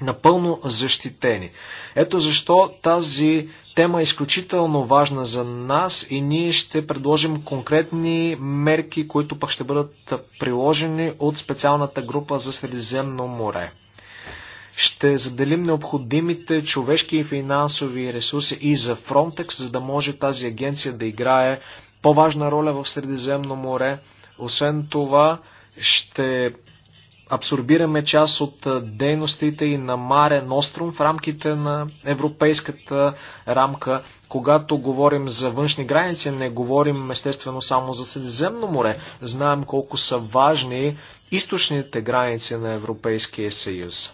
напълно защитени. Ето защо тази тема е изключително важна за нас и ние ще предложим конкретни мерки, които пък ще бъдат приложени от специалната група за Средиземно море. Ще заделим необходимите човешки и финансови ресурси и за Frontex, за да може тази агенция да играе по-важна роля в Средиземно море. Освен това, ще абсорбираме част от дейностите и на Маре Ностром в рамките на европейската рамка. Когато говорим за външни граници, не говорим естествено само за Средиземно море. Знаем колко са важни източните граници на Европейския съюз.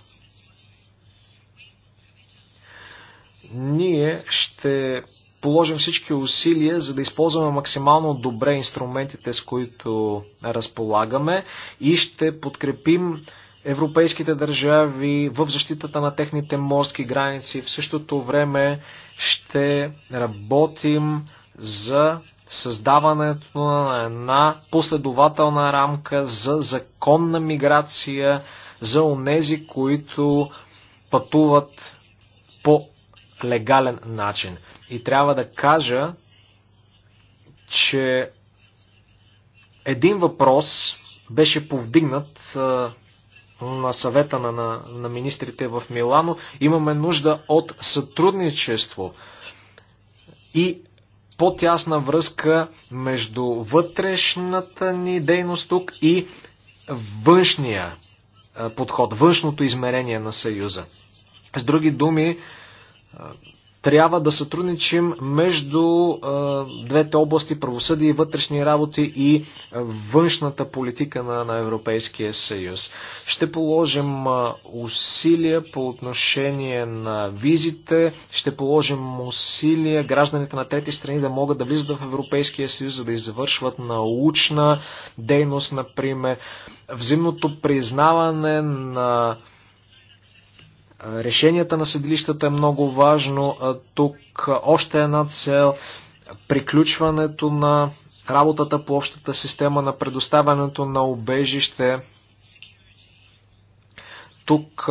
Ние ще положим всички усилия, за да използваме максимално добре инструментите, с които разполагаме и ще подкрепим европейските държави в защитата на техните морски граници. В същото време ще работим за създаването на една последователна рамка за законна миграция за онези, които пътуват по легален начин. И трябва да кажа, че един въпрос беше повдигнат на съвета на, на, на министрите в Милано. Имаме нужда от сътрудничество и по-тясна връзка между вътрешната ни дейност тук и външния подход, външното измерение на Съюза. С други думи, трябва да сътрудничим между а, двете области правосъдие и вътрешни работи и външната политика на, на Европейския съюз. Ще положим а, усилия по отношение на визите, ще положим усилия гражданите на трети страни да могат да влизат в Европейския съюз, за да извършват научна дейност, например, Взимното признаване на решенията на съдилищата е много важно. Тук още една цел приключването на работата по общата система на предоставянето на обежище. Тук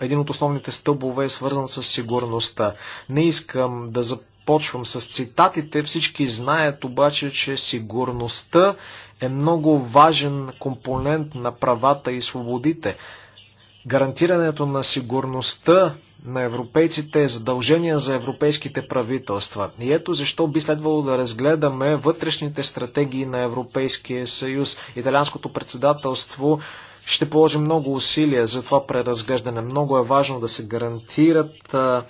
един от основните стълбове е свързан с сигурността. Не искам да започвам с цитатите. Всички знаят обаче, че сигурността е много важен компонент на правата и свободите гарантирането на сигурността на европейците е задължение за европейските правителства. И ето защо би следвало да разгледаме вътрешните стратегии на Европейския съюз. Италианското председателство ще положи много усилия за това преразглеждане. Много е важно да се гарантират а,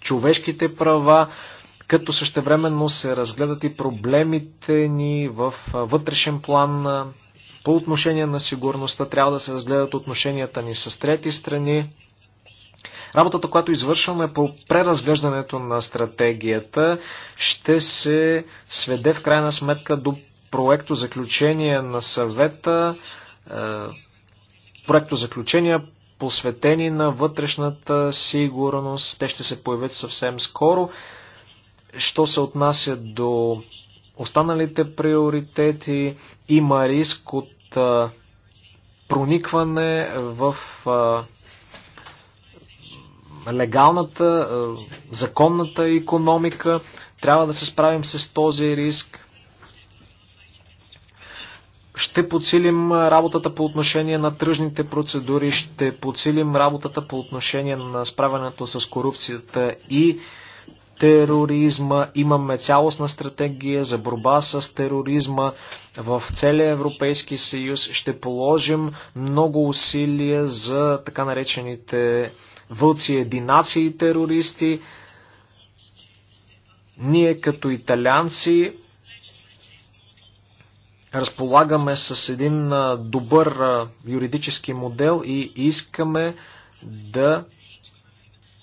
човешките права, като същевременно се разгледат и проблемите ни в вътрешен план по отношение на сигурността трябва да се разгледат отношенията ни с трети страни. Работата, която извършваме по преразглеждането на стратегията, ще се сведе в крайна сметка до проекто заключение на съвета, е, проекто заключения, посветени на вътрешната сигурност. Те ще се появят съвсем скоро. Що се отнася до останалите приоритети. Има риск от а, проникване в а, легалната, а, законната економика. Трябва да се справим с този риск. Ще подсилим работата по отношение на тръжните процедури, ще подсилим работата по отношение на справянето с корупцията и тероризма, имаме цялостна стратегия за борба с тероризма в целия Европейски съюз. Ще положим много усилия за така наречените вълци единации терористи. Ние като италианци разполагаме с един добър юридически модел и искаме да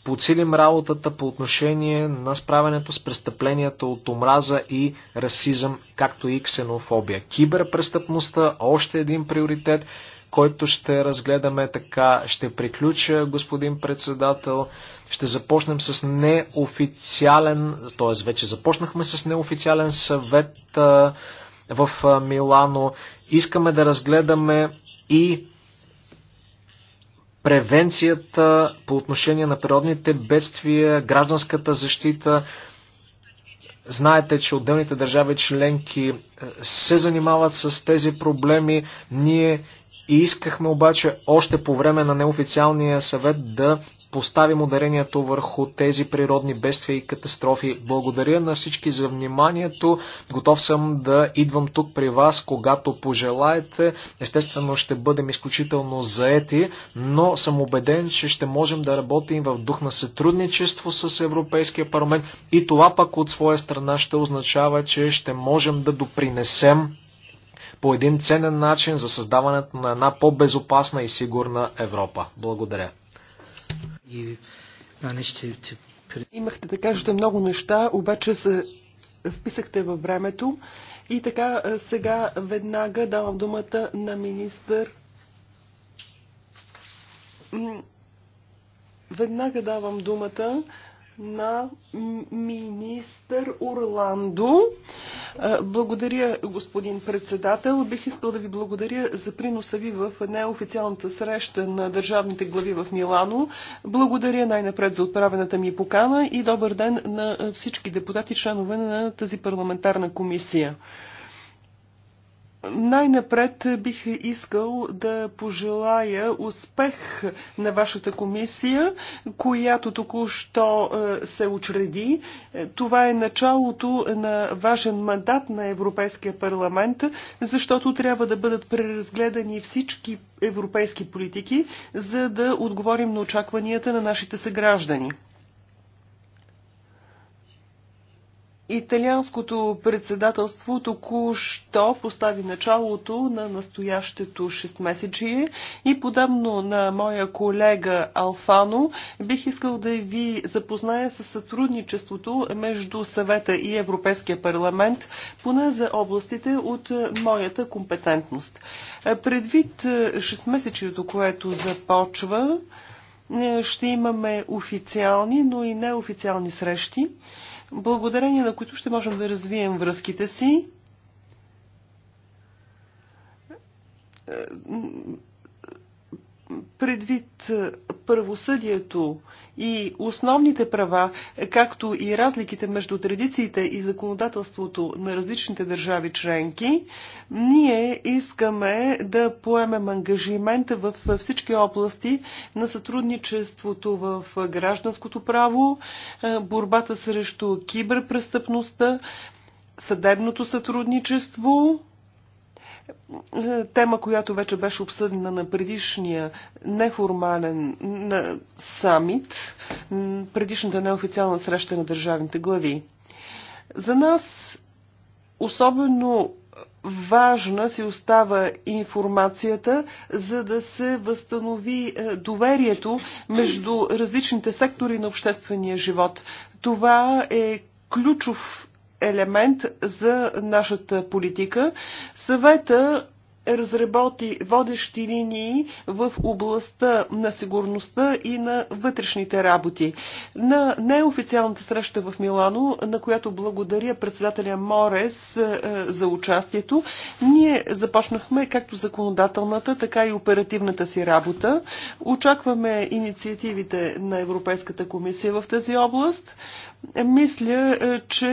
подсилим работата по отношение на справянето с престъпленията от омраза и расизъм, както и ксенофобия. Киберпрестъпността още един приоритет, който ще разгледаме така. Ще приключа, господин председател. Ще започнем с неофициален, т.е. вече започнахме с неофициален съвет в Милано. Искаме да разгледаме и превенцията по отношение на природните бедствия, гражданската защита. Знаете, че отделните държави членки е, се занимават с тези проблеми. Ние искахме обаче още по време на неофициалния съвет да поставим ударението върху тези природни бедствия и катастрофи. Благодаря на всички за вниманието. Готов съм да идвам тук при вас, когато пожелаете. Естествено ще бъдем изключително заети, но съм убеден, че ще можем да работим в дух на сътрудничество с Европейския парламент и това пък от своя страна ще означава, че ще можем да допринесем по един ценен начин за създаването на една по-безопасна и сигурна Европа. Благодаря. Имахте да кажете много неща, обаче се вписахте във времето. И така, сега веднага давам думата на министър. Веднага давам думата на министър Орландо. Е, благодаря, господин председател. Бих искал да ви благодаря за приноса ви в неофициалната среща на държавните глави в Милано. Благодаря най-напред за отправената ми покана и добър ден на всички депутати, членове на тази парламентарна комисия. Най-напред бих искал да пожелая успех на вашата комисия, която току-що е, се учреди. Е, това е началото на важен мандат на Европейския парламент, защото трябва да бъдат преразгледани всички европейски политики, за да отговорим на очакванията на нашите съграждани. Италианското председателство току-що постави началото на настоящето 6-месечие и подобно на моя колега Алфано, бих искал да ви запозная с сътрудничеството между съвета и Европейския парламент, поне за областите от моята компетентност. Предвид 6-месечието, което започва, ще имаме официални, но и неофициални срещи благодарение на които ще можем да развием връзките си. Е, предвид е, правосъдието и основните права, както и разликите между традициите и законодателството на различните държави членки, ние искаме да поемем ангажимент в всички области на сътрудничеството в гражданското право, е, борбата срещу киберпрестъпността, съдебното сътрудничество, тема, която вече беше обсъдена на предишния неформален самит, предишната неофициална среща на държавните глави. За нас особено важна си остава информацията, за да се възстанови е, доверието между различните сектори на обществения живот. Това е ключов елемент за нашата политика. Съвета разработи водещи линии в областта на сигурността и на вътрешните работи. На неофициалната среща в Милано, на която благодаря председателя Морес е, за участието, ние започнахме както законодателната, така и оперативната си работа. Очакваме инициативите на Европейската комисия в тази област. Мисля, е, че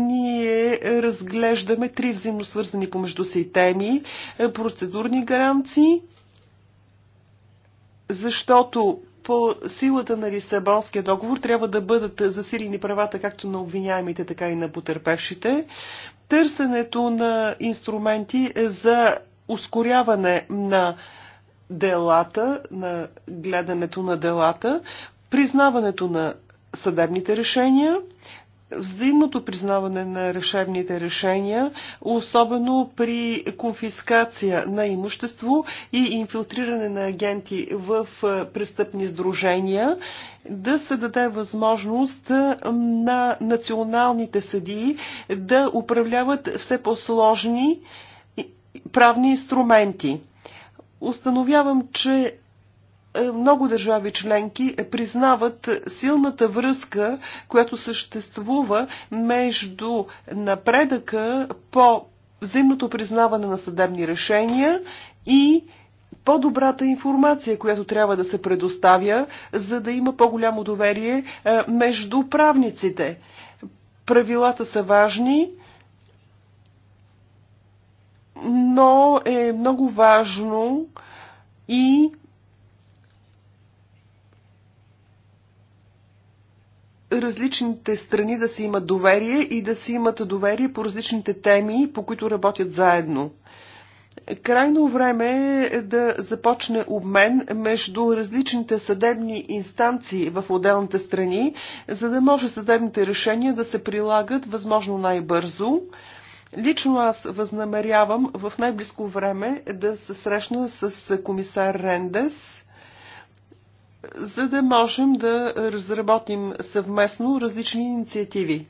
ние разглеждаме три взаимно свързани помежду си теми. Е, процедурни гаранции, защото по силата на Лисабонския договор трябва да бъдат засилени правата както на обвиняемите, така и на потерпевшите. Търсенето на инструменти за ускоряване на делата, на гледането на делата, признаването на съдебните решения, взаимното признаване на решебните решения, особено при конфискация на имущество и инфилтриране на агенти в престъпни сдружения, да се даде възможност на националните съдии да управляват все по-сложни правни инструменти. Установявам, че е, много държави членки признават силната връзка, която съществува между напредъка по взаимното признаване на съдебни решения и по-добрата информация, която трябва да се предоставя, за да има по-голямо доверие е, между правниците. Правилата са важни, но е много важно и различните страни да си имат доверие и да си имат доверие по различните теми, по които работят заедно. Крайно време е да започне обмен между различните съдебни инстанции в отделните страни, за да може съдебните решения да се прилагат възможно най-бързо. Лично аз възнамерявам в най-близко време да се срещна с комисар Рендес за да можем да разработим съвместно различни инициативи.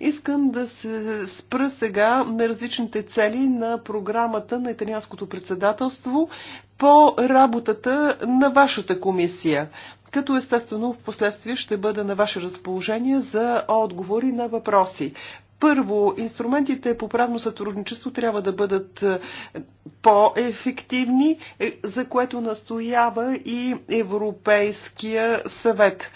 Искам да се спра сега на различните цели на програмата на италианското председателство по работата на вашата комисия, като естествено в последствие ще бъда на ваше разположение за отговори на въпроси. Първо, инструментите по правно сътрудничество трябва да бъдат е, по-ефективни, е, за което настоява и Европейския съвет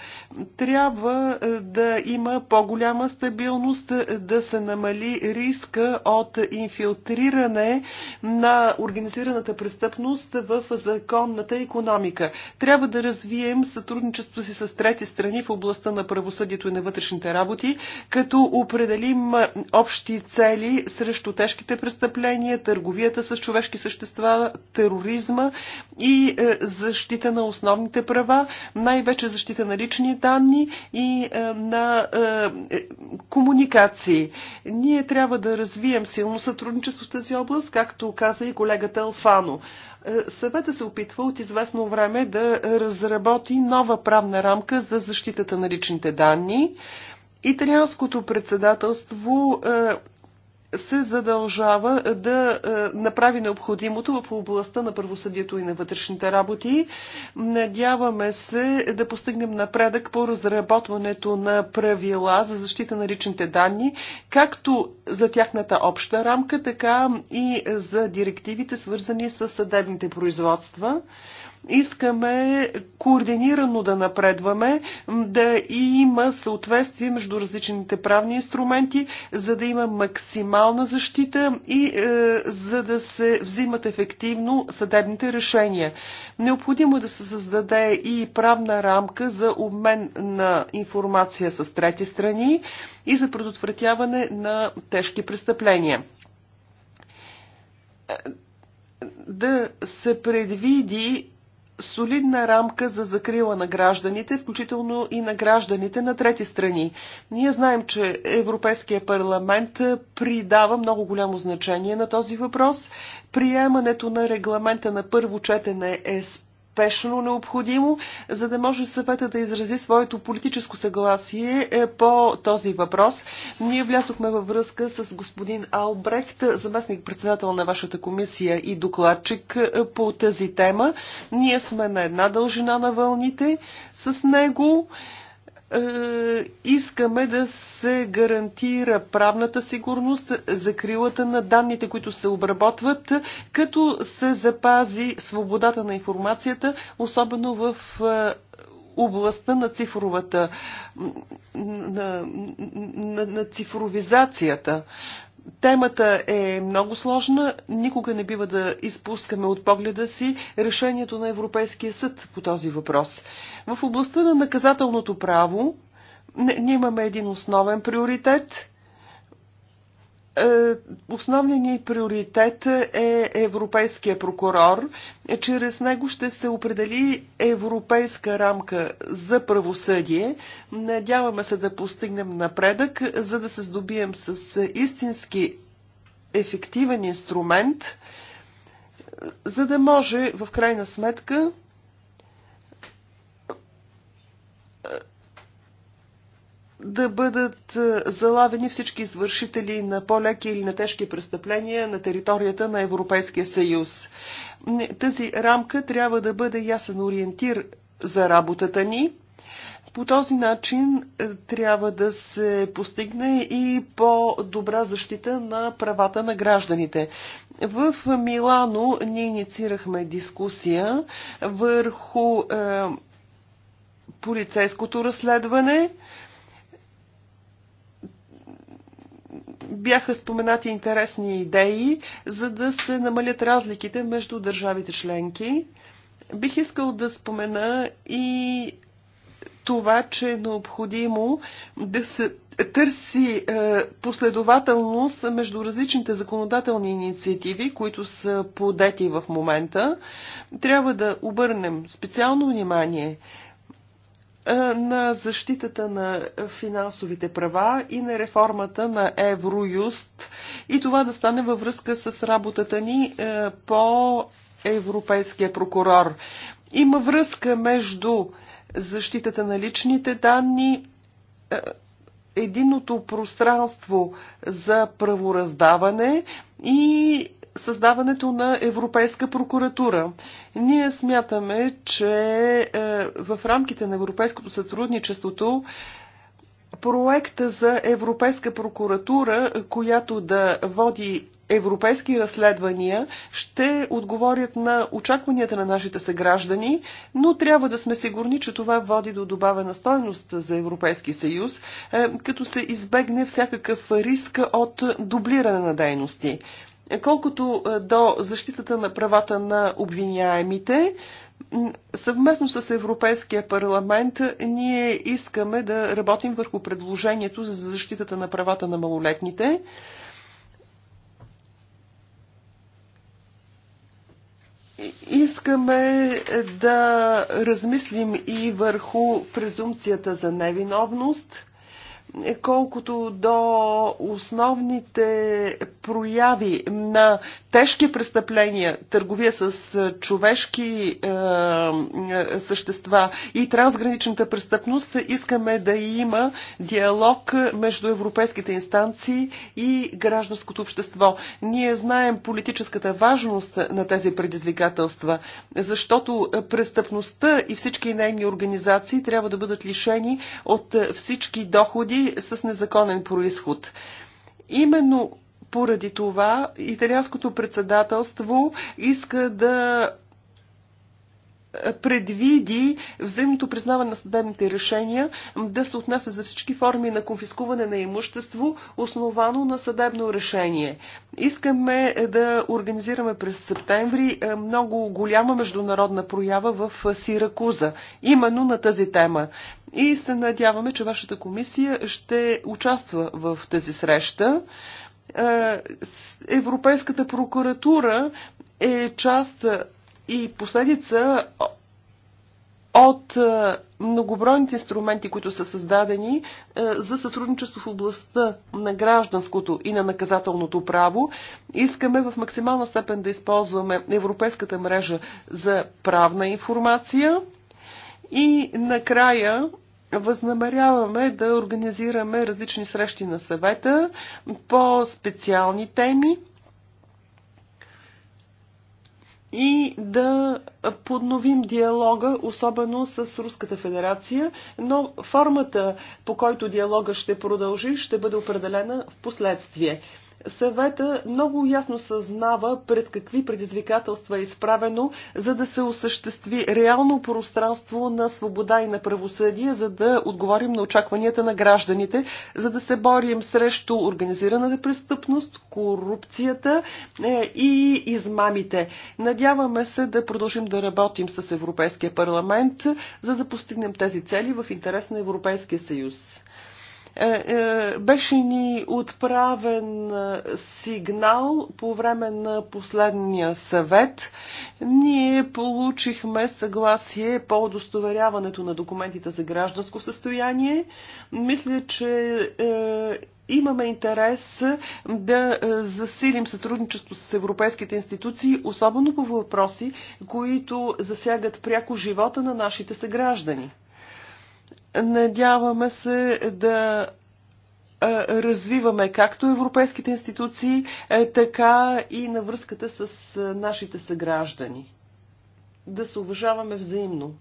трябва е, да има по-голяма стабилност, е, да се намали риска от инфилтриране на организираната престъпност в законната економика. Трябва да развием сътрудничество си с трети страни в областта на правосъдието и на вътрешните работи, като определим е, общи цели срещу тежките престъпления, търговията с човешки същества, тероризма и защита на основните права, най-вече защита на личния данни и е, на е, е, комуникации. Ние трябва да развием силно сътрудничество в тази област, както каза и колегата Алфано. Съвета се опитва от известно време да разработи нова правна рамка за защитата на личните данни. Италианското председателство се задължава да е, направи необходимото в областта на правосъдието и на вътрешните работи. Надяваме се да постигнем напредък по разработването на правила за защита на личните данни, както за тяхната обща рамка, така и за директивите, свързани с съдебните производства. Искаме координирано да напредваме, да има съответствие между различните правни инструменти, за да има максимална защита и е, за да се взимат ефективно съдебните решения. Необходимо е да се създаде и правна рамка за обмен на информация с трети страни и за предотвратяване на тежки престъпления е, да се предвиди солидна рамка за закрила на гражданите, включително и на гражданите на трети страни. Ние знаем, че Европейския парламент придава много голямо значение на този въпрос. Приемането на регламента на първо четене е спорно спешно необходимо, за да може съвета да изрази своето политическо съгласие е, по този въпрос. Ние влязохме във връзка с господин Албрехт, заместник-председател на вашата комисия и докладчик е, по тази тема. Ние сме на една дължина на вълните с него. Е, искаме да се гарантира правната сигурност, закрилата на данните, които се обработват, като се запази свободата на информацията, особено в е, областта на цифровата, на, на, на цифровизацията. Темата е много сложна. Никога не бива да изпускаме от погледа си решението на Европейския съд по този въпрос. В областта на наказателното право ние имаме един основен приоритет е, основният ни приоритет е европейския прокурор. Чрез него ще се определи европейска рамка за правосъдие. Надяваме се да постигнем напредък, за да се здобием с истински ефективен инструмент, за да може в крайна сметка да бъдат е, залавени всички извършители на по-леки или на тежки престъпления на територията на Европейския съюз. Тази рамка трябва да бъде ясен ориентир за работата ни. По този начин е, трябва да се постигне и по-добра защита на правата на гражданите. В Милано ние инициирахме дискусия върху е, полицейското разследване, Бяха споменати интересни идеи, за да се намалят разликите между държавите членки. Бих искал да спомена и това, че е необходимо да се търси е, последователност между различните законодателни инициативи, които са подети в момента. Трябва да обърнем специално внимание е, на защитата на финансовите права и на реформата на Евроюст и това да стане във връзка с работата ни е, по Европейския прокурор. Има връзка между защитата на личните данни, е, единото пространство за правораздаване и създаването на Европейска прокуратура. Ние смятаме, че е, в рамките на европейското сътрудничеството проекта за Европейска прокуратура, която да води европейски разследвания ще отговорят на очакванията на нашите съграждани, но трябва да сме сигурни, че това води до добавена стойност за Европейски съюз, е, като се избегне всякакъв риск от дублиране на дейности. Колкото е, до защитата на правата на обвиняемите, съвместно с Европейския парламент ние искаме да работим върху предложението за защитата на правата на малолетните. Искаме е, да размислим и върху презумпцията за невиновност – е колкото до основните прояви на тежки престъпления, търговия с е, човешки е, е, същества и трансграничната престъпност, искаме да има диалог между европейските инстанции и гражданското общество. Ние знаем политическата важност на тези предизвикателства, защото престъпността и всички нейни организации трябва да бъдат лишени от всички доходи с незаконен происход. Именно поради това италианското председателство иска да предвиди взаимното признаване на съдебните решения да се отнесе за всички форми на конфискуване на имущество, основано на съдебно решение. Искаме да организираме през септември е, много голяма международна проява в Сиракуза, именно на тази тема. И се надяваме, че вашата комисия ще участва в тази среща. Е, Европейската прокуратура е част и последица от е, многобройните инструменти, които са създадени е, за сътрудничество в областта на гражданското и на наказателното право. Искаме в максимална степен да използваме Европейската мрежа за правна информация и накрая възнамеряваме да организираме различни срещи на съвета по специални теми и да подновим диалога, особено с Руската федерация, но формата по който диалога ще продължи, ще бъде определена в последствие съвета много ясно съзнава пред какви предизвикателства е изправено, за да се осъществи реално пространство на свобода и на правосъдие, за да отговорим на очакванията на гражданите, за да се борим срещу организираната престъпност, корупцията е, и измамите. Надяваме се да продължим да работим с Европейския парламент, за да постигнем тези цели в интерес на Европейския съюз. Е, е, беше ни отправен е, сигнал по време на последния съвет. Ние получихме съгласие по удостоверяването на документите за гражданско състояние. Мисля, че имаме интерес да засилим сътрудничество с европейските институции, особено по въпроси, които засягат пряко живота на нашите съграждани. Надяваме се да развиваме както европейските институции, така и на връзката с нашите съграждани. Да се уважаваме взаимно.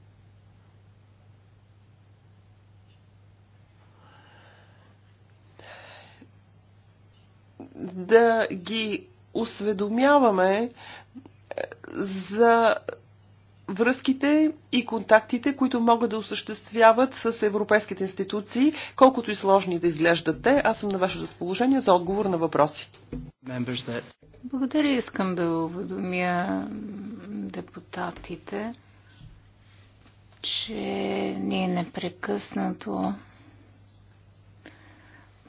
Да ги осведомяваме за връзките и контактите, които могат да осъществяват с европейските институции, колкото и сложни да изглеждат те. Аз съм на ваше разположение за отговор на въпроси. Благодаря. Искам да уведомя депутатите, че ние непрекъснато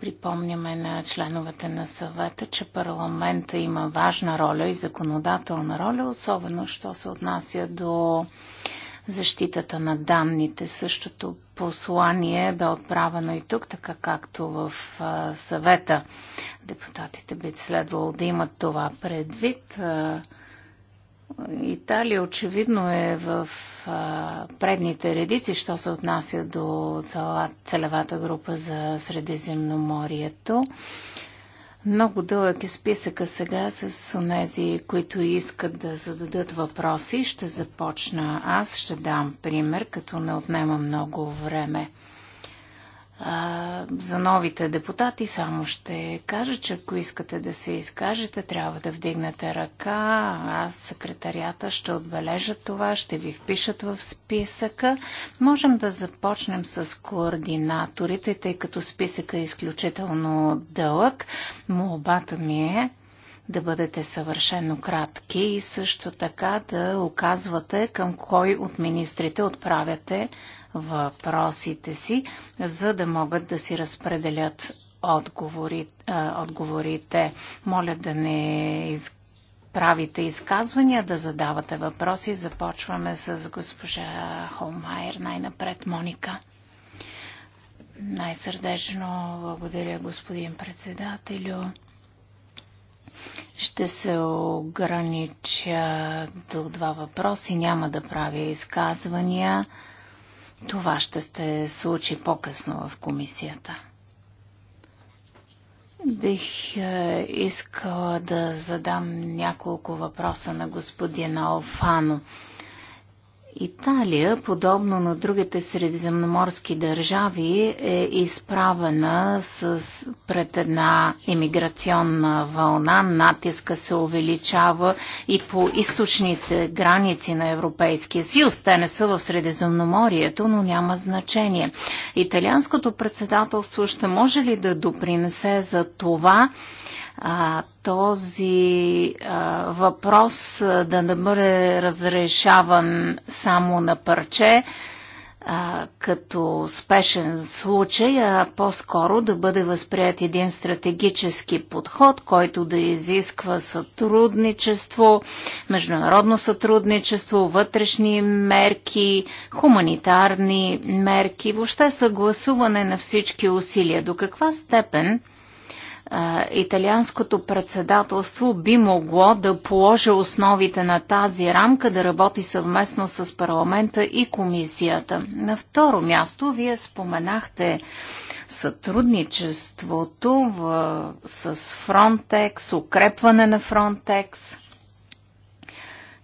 Припомняме на членовете на съвета, че парламента има важна роля и законодателна роля, особено що се отнася до защитата на данните. Същото послание бе отправено и тук, така както в съвета. Депутатите би следвало да имат това предвид. Италия очевидно е в а, предните редици, що се отнася до цела, целевата група за Средиземноморието. Много дълъг е списъка сега с онези, които искат да зададат въпроси. Ще започна аз, ще дам пример, като не отнема много време за новите депутати само ще кажа, че ако искате да се изкажете, трябва да вдигнете ръка. Аз, секретарията, ще отбележа това, ще ви впишат в списъка. Можем да започнем с координаторите, тъй като списъка е изключително дълъг. Молбата ми е да бъдете съвършено кратки и също така да оказвате към кой от министрите отправяте въпросите си, за да могат да си разпределят отговори, а, отговорите. Моля да не из... правите изказвания, да задавате въпроси. Започваме с госпожа Холмайер. Най-напред Моника. Най-сърдечно благодаря, господин председателю. Ще се огранича до два въпроси. Няма да правя изказвания. Това ще се случи по-късно в комисията. Бих е, искала да задам няколко въпроса на господин Алфано. Италия, подобно на другите средиземноморски държави, е изправена с, пред една емиграционна вълна. Натиска се увеличава и по източните граници на Европейския съюз. Те не са в Средиземноморието, но няма значение. Италианското председателство ще може ли да допринесе за това, а, този а, въпрос да не бъде разрешаван само на парче а, като спешен случай, а по-скоро да бъде възприят един стратегически подход, който да изисква сътрудничество, международно сътрудничество, вътрешни мерки, хуманитарни мерки, въобще съгласуване на всички усилия. До каква степен италианското председателство би могло да положи основите на тази рамка да работи съвместно с парламента и комисията. На второ място, вие споменахте сътрудничеството в, с фронтекс, укрепване на Фронтекс.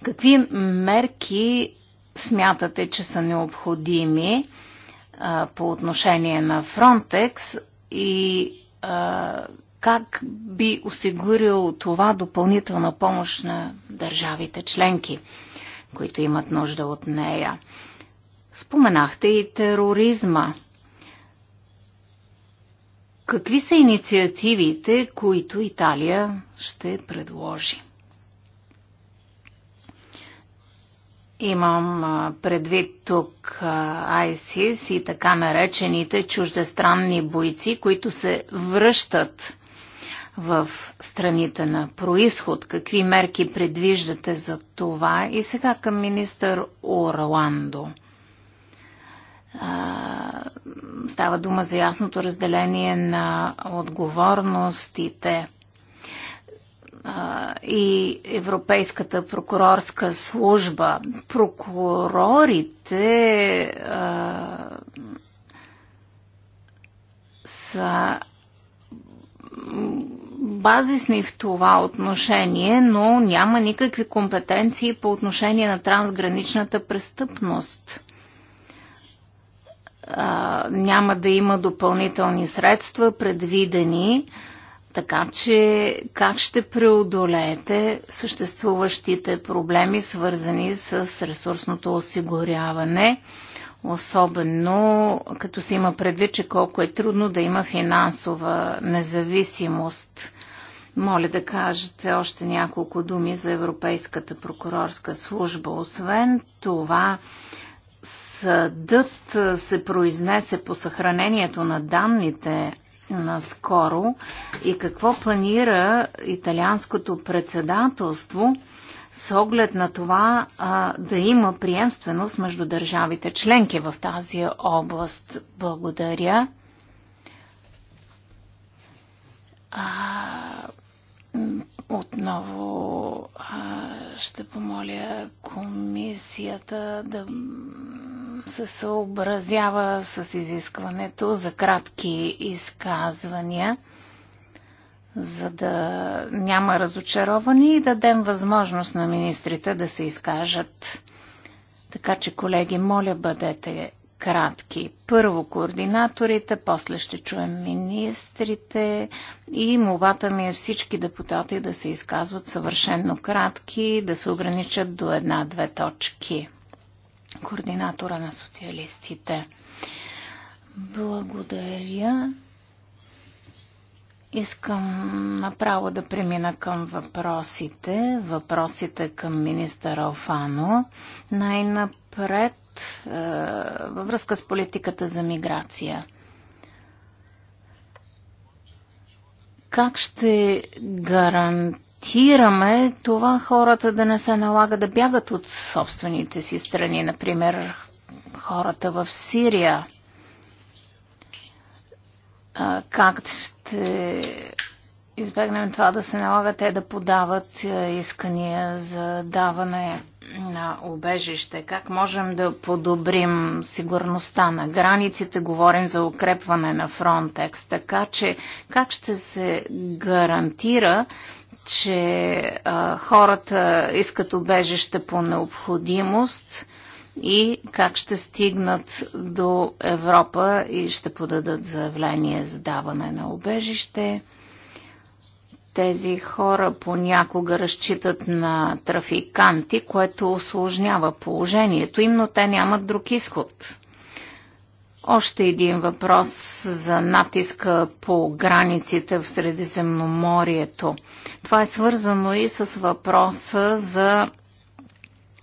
Какви мерки смятате, че са необходими а, по отношение на Фронтекс и а, как би осигурил това допълнителна помощ на държавите членки, които имат нужда от нея. Споменахте и тероризма. Какви са инициативите, които Италия ще предложи? Имам предвид тук ISIS и така наречените чуждестранни бойци, които се връщат в страните на происход? Какви мерки предвиждате за това? И сега към министър Орландо. Става дума за ясното разделение на отговорностите и Европейската прокурорска служба. Прокурорите а, са базисни в това отношение, но няма никакви компетенции по отношение на трансграничната престъпност. А, няма да има допълнителни средства предвидени, така че как ще преодолеете съществуващите проблеми, свързани с ресурсното осигуряване? Особено като се има предвид, че колко е трудно да има финансова независимост. Моля да кажете още няколко думи за Европейската прокурорска служба. Освен това, съдът се произнесе по съхранението на данните наскоро и какво планира италианското председателство – с оглед на това а, да има приемственост между държавите членки в тази област. Благодаря. А, отново а, ще помоля комисията да се съобразява с изискването за кратки изказвания за да няма разочаровани и дадем възможност на министрите да се изкажат. Така че, колеги, моля бъдете кратки. Първо координаторите, после ще чуем министрите и мовата ми е всички депутати да се изказват съвършенно кратки, да се ограничат до една-две точки. Координатора на социалистите. Благодаря. Искам направо да премина към въпросите. Въпросите към министър Алфано. Най-напред е, във връзка с политиката за миграция. Как ще гарантираме това хората да не се налага да бягат от собствените си страни, например хората в Сирия? Е, как ще ще избегнем това да се налага те да подават е, искания за даване на убежище? Как можем да подобрим сигурността на границите? Говорим за укрепване на Фронтекс. Така че как ще се гарантира, че а, хората искат обежище по необходимост? и как ще стигнат до Европа и ще подадат заявление за даване на обежище. Тези хора понякога разчитат на трафиканти, което осложнява положението им, но те нямат друг изход. Още един въпрос за натиска по границите в Средиземноморието. Това е свързано и с въпроса за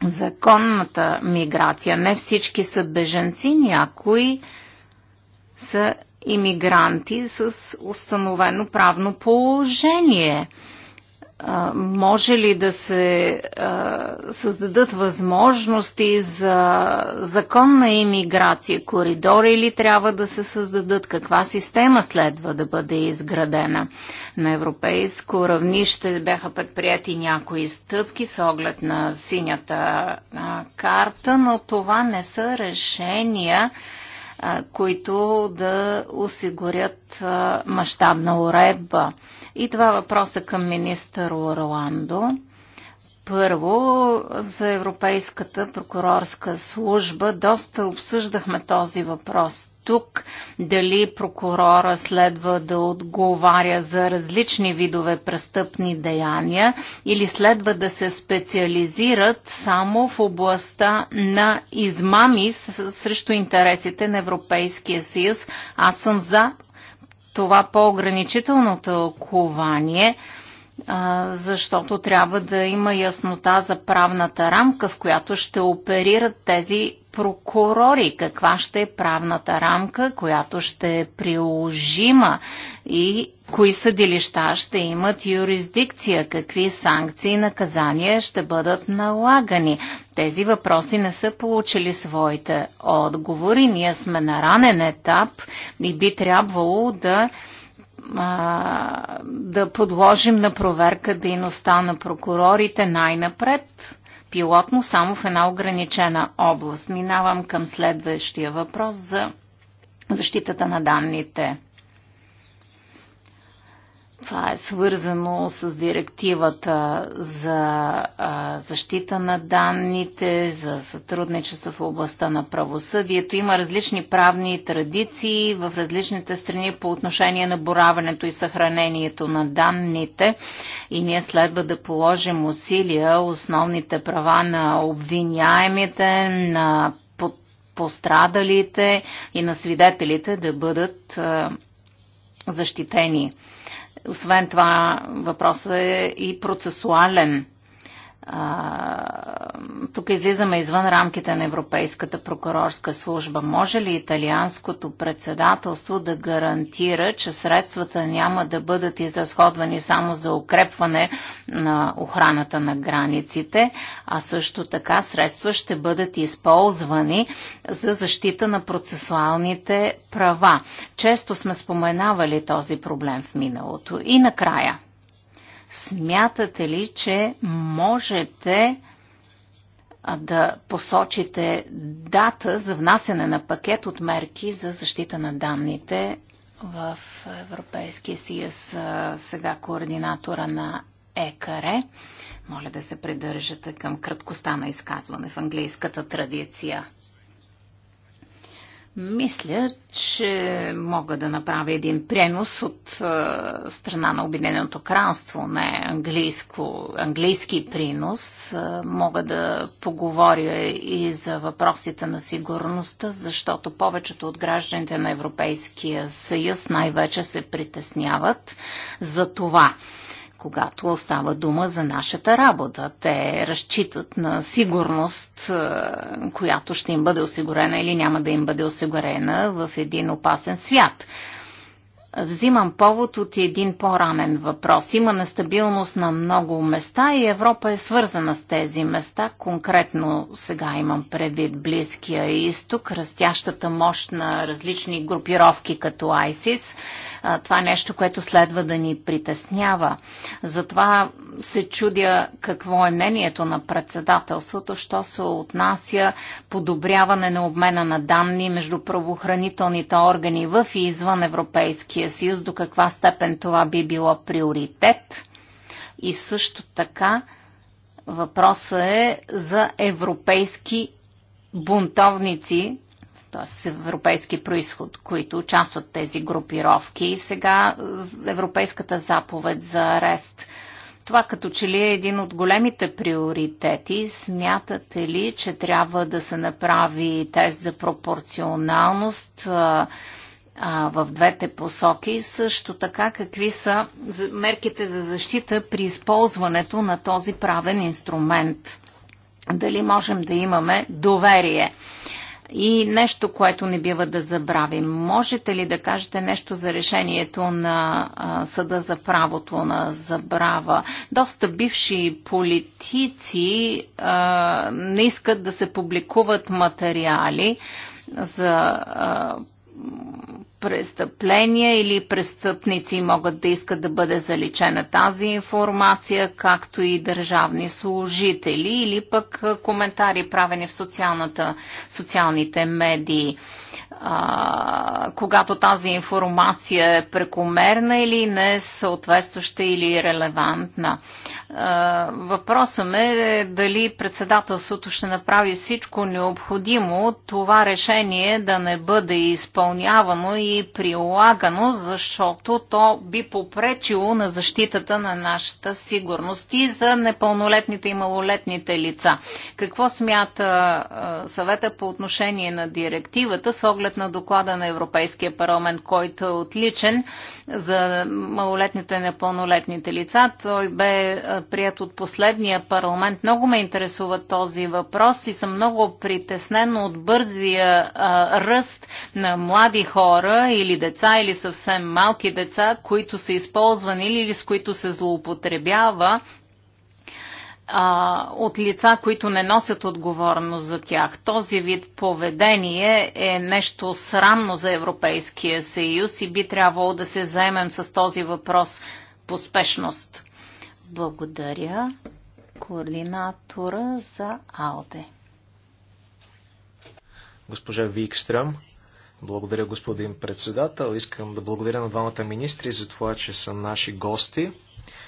законната миграция. Не всички са беженци, някои са иммигранти с установено правно положение може ли да се създадат възможности за законна имиграция, коридори ли трябва да се създадат, каква система следва да бъде изградена. На европейско равнище бяха предприяти някои стъпки с оглед на синята карта, но това не са решения, които да осигурят мащабна уредба и два въпроса към министър Орландо. Първо, за Европейската прокурорска служба доста обсъждахме този въпрос тук. Дали прокурора следва да отговаря за различни видове престъпни деяния или следва да се специализират само в областта на измами срещу интересите на Европейския съюз. Аз съм за това по-ограничително тълкование, защото трябва да има яснота за правната рамка, в която ще оперират тези прокурори, каква ще е правната рамка, която ще е приложима и кои съдилища ще имат юрисдикция, какви санкции и наказания ще бъдат налагани. Тези въпроси не са получили своите отговори. Ние сме на ранен етап и би трябвало да да подложим на проверка дейността на прокурорите най-напред пилотно само в една ограничена област. Минавам към следващия въпрос за защитата на данните. Това е свързано с директивата за защита на данните, за сътрудничество в областта на правосъдието. Има различни правни традиции в различните страни по отношение на бораването и съхранението на данните. И ние следва да положим усилия основните права на обвиняемите, на пострадалите и на свидетелите да бъдат защитени. Освен това, въпросът е и процесуален. А, тук излизаме извън рамките на Европейската прокурорска служба. Може ли италианското председателство да гарантира, че средствата няма да бъдат изразходвани само за укрепване на охраната на границите, а също така средства ще бъдат използвани за защита на процесуалните права? Често сме споменавали този проблем в миналото. И накрая. Смятате ли, че можете да посочите дата за внасяне на пакет от мерки за защита на данните в Европейския съюз, сега координатора на ЕКАРЕ. Моля да се придържате към краткостта на изказване в английската традиция. Мисля, че мога да направя един пренос от а, страна на Обединеното кралство, не английско, английски принос. А, мога да поговоря и за въпросите на сигурността, защото повечето от гражданите на Европейския съюз най-вече се притесняват за това когато става дума за нашата работа. Те разчитат на сигурност, е, която ще им бъде осигурена или няма да им бъде осигурена в един опасен свят. Взимам повод от един по-ранен въпрос. Има нестабилност на много места и Европа е свързана с тези места. Конкретно сега имам предвид Близкия изток, растящата мощ на различни групировки като ISIS – това е нещо, което следва да ни притеснява. Затова се чудя какво е мнението на председателството, що се отнася подобряване на обмена на данни между правоохранителните органи в и извън Европейския съюз, до каква степен това би било приоритет. И също така въпросът е за европейски бунтовници, с европейски происход, които участват в тези групировки. И сега Европейската заповед за арест. Това като че ли е един от големите приоритети. Смятате ли, че трябва да се направи тест за пропорционалност? а, в двете посоки. Също така, какви са мерките за защита при използването на този правен инструмент? Дали можем да имаме доверие и нещо, което не бива да забравим. Можете ли да кажете нещо за решението на Съда за правото на забрава? Доста бивши политици а, не искат да се публикуват материали за а, престъпления или престъпници могат да искат да бъде заличена тази информация, както и държавни служители или пък коментари правени в социалните медии. А, когато тази информация е прекомерна или не съответстваща или релевантна. Въпросът ме е дали председателството ще направи всичко необходимо това решение да не бъде изпълнявано и прилагано, защото то би попречило на защитата на нашата сигурност и за непълнолетните и малолетните лица. Какво смята съвета по отношение на директивата с оглед на доклада на Европейския парламент, който е отличен за малолетните и непълнолетните лица? Той бе прият от последния парламент. Много ме интересува този въпрос и съм много притеснен от бързия а, ръст на млади хора или деца, или съвсем малки деца, които са използвани или с които се злоупотребява а, от лица, които не носят отговорност за тях. Този вид поведение е нещо срамно за Европейския съюз и би трябвало да се заемем с този въпрос по спешност. Благодаря координатора за АЛДЕ. Госпожа Викстрам, благодаря господин председател. Искам да благодаря на двамата министри за това, че са наши гости.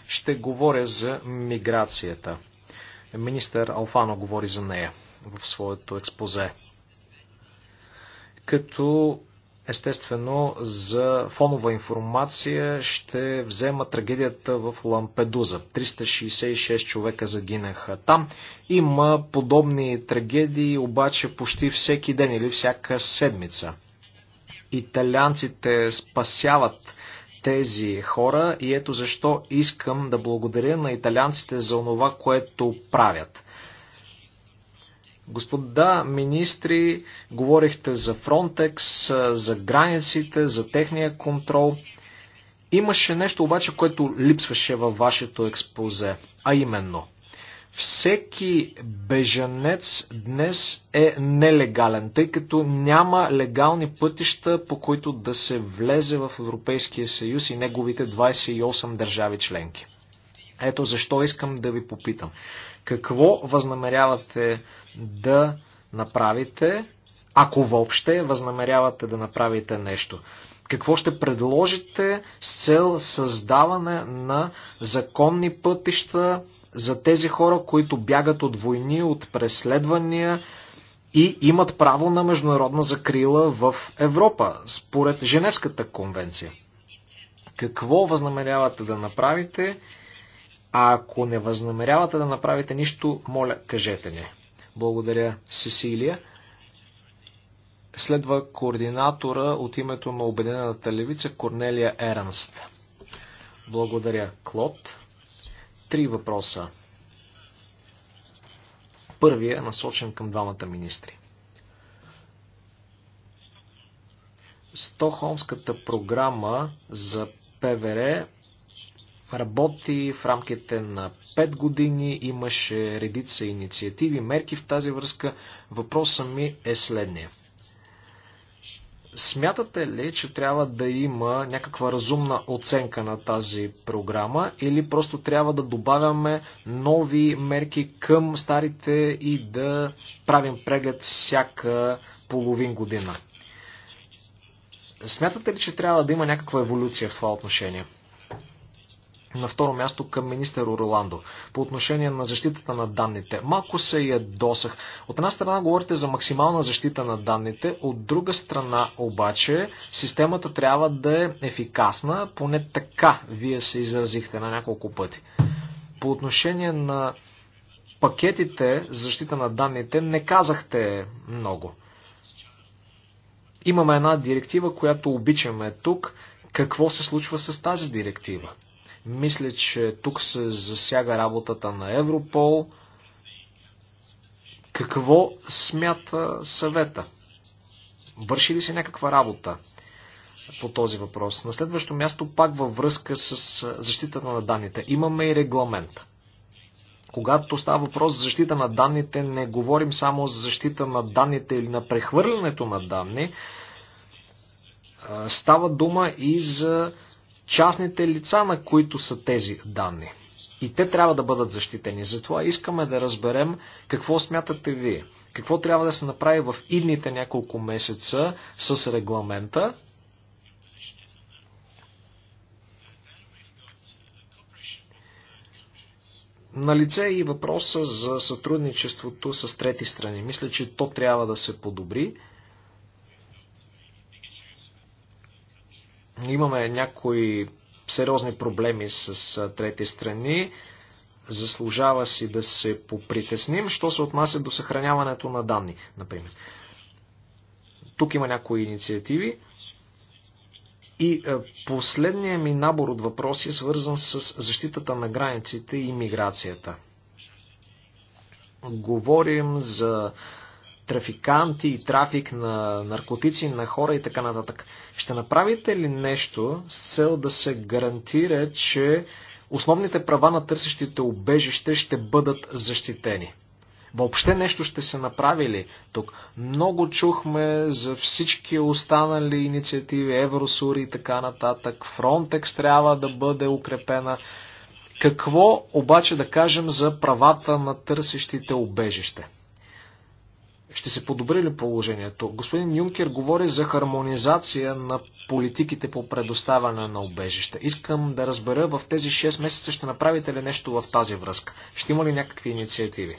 Ще говоря за миграцията. Министър Алфано говори за нея в своето експозе. Като естествено за фонова информация ще взема трагедията в Лампедуза. 366 човека загинаха там. Има подобни трагедии обаче почти всеки ден или всяка седмица. Италианците спасяват тези хора и ето защо искам да благодаря на италианците за онова, което правят. Господа министри, говорихте за Фронтекс, за границите, за техния контрол. Имаше нещо обаче, което липсваше във вашето експозе, а именно всеки бежанец днес е нелегален, тъй като няма легални пътища, по които да се влезе в Европейския съюз и неговите 28 държави членки. Ето защо искам да ви попитам. Какво възнамерявате да направите, ако въобще възнамерявате да направите нещо? Какво ще предложите с цел създаване на законни пътища за тези хора, които бягат от войни, от преследвания и имат право на международна закрила в Европа, според Женевската конвенция? Какво възнамерявате да направите? А ако не възнамерявате да направите нищо, моля, кажете ни. Благодаря, Сесилия. Следва координатора от името на Обединената левица Корнелия Еранст. Благодаря, Клод. Три въпроса. Първия е насочен към двамата министри. Стохолмската програма за ПВР работи в рамките на 5 години. Имаше редица инициативи, мерки в тази връзка. Въпросът ми е следния. Смятате ли, че трябва да има някаква разумна оценка на тази програма или просто трябва да добавяме нови мерки към старите и да правим преглед всяка половин година? Смятате ли, че трябва да има някаква еволюция в това отношение? на второ място към министър Орландо по отношение на защитата на данните. Малко се досах. От една страна говорите за максимална защита на данните, от друга страна обаче системата трябва да е ефикасна, поне така вие се изразихте на няколко пъти. По отношение на пакетите за защита на данните не казахте много. Имаме една директива, която обичаме тук. Какво се случва с тази директива? Мисля, че тук се засяга работата на Европол. Какво смята съвета? Върши ли се някаква работа по този въпрос? На следващо място пак във връзка с защитата на данните. Имаме и регламент. Когато става въпрос за защита на данните, не говорим само за защита на данните или на прехвърлянето на данни. Става дума и за частните лица, на които са тези данни. И те трябва да бъдат защитени. Затова искаме да разберем какво смятате вие. Какво трябва да се направи в идните няколко месеца с регламента, На лице е и въпроса за сътрудничеството с трети страни. Мисля, че то трябва да се подобри. Имаме някои сериозни проблеми с трети страни. Заслужава си да се попритесним, що се отнася до съхраняването на данни, например. Тук има някои инициативи. И последният ми набор от въпроси е свързан с защитата на границите и миграцията. Говорим за трафиканти и трафик на наркотици, на хора и така нататък. Ще направите ли нещо с цел да се гарантира, че основните права на търсещите убежище ще бъдат защитени? Въобще нещо ще се направи ли тук? Много чухме за всички останали инициативи, Евросури и така нататък. Фронтекс трябва да бъде укрепена. Какво обаче да кажем за правата на търсещите убежище? Ще се подобри ли положението? Господин Юнкер говори за хармонизация на политиките по предоставяне на убежище. Искам да разбера в тези 6 месеца ще направите ли нещо в тази връзка? Ще има ли някакви инициативи?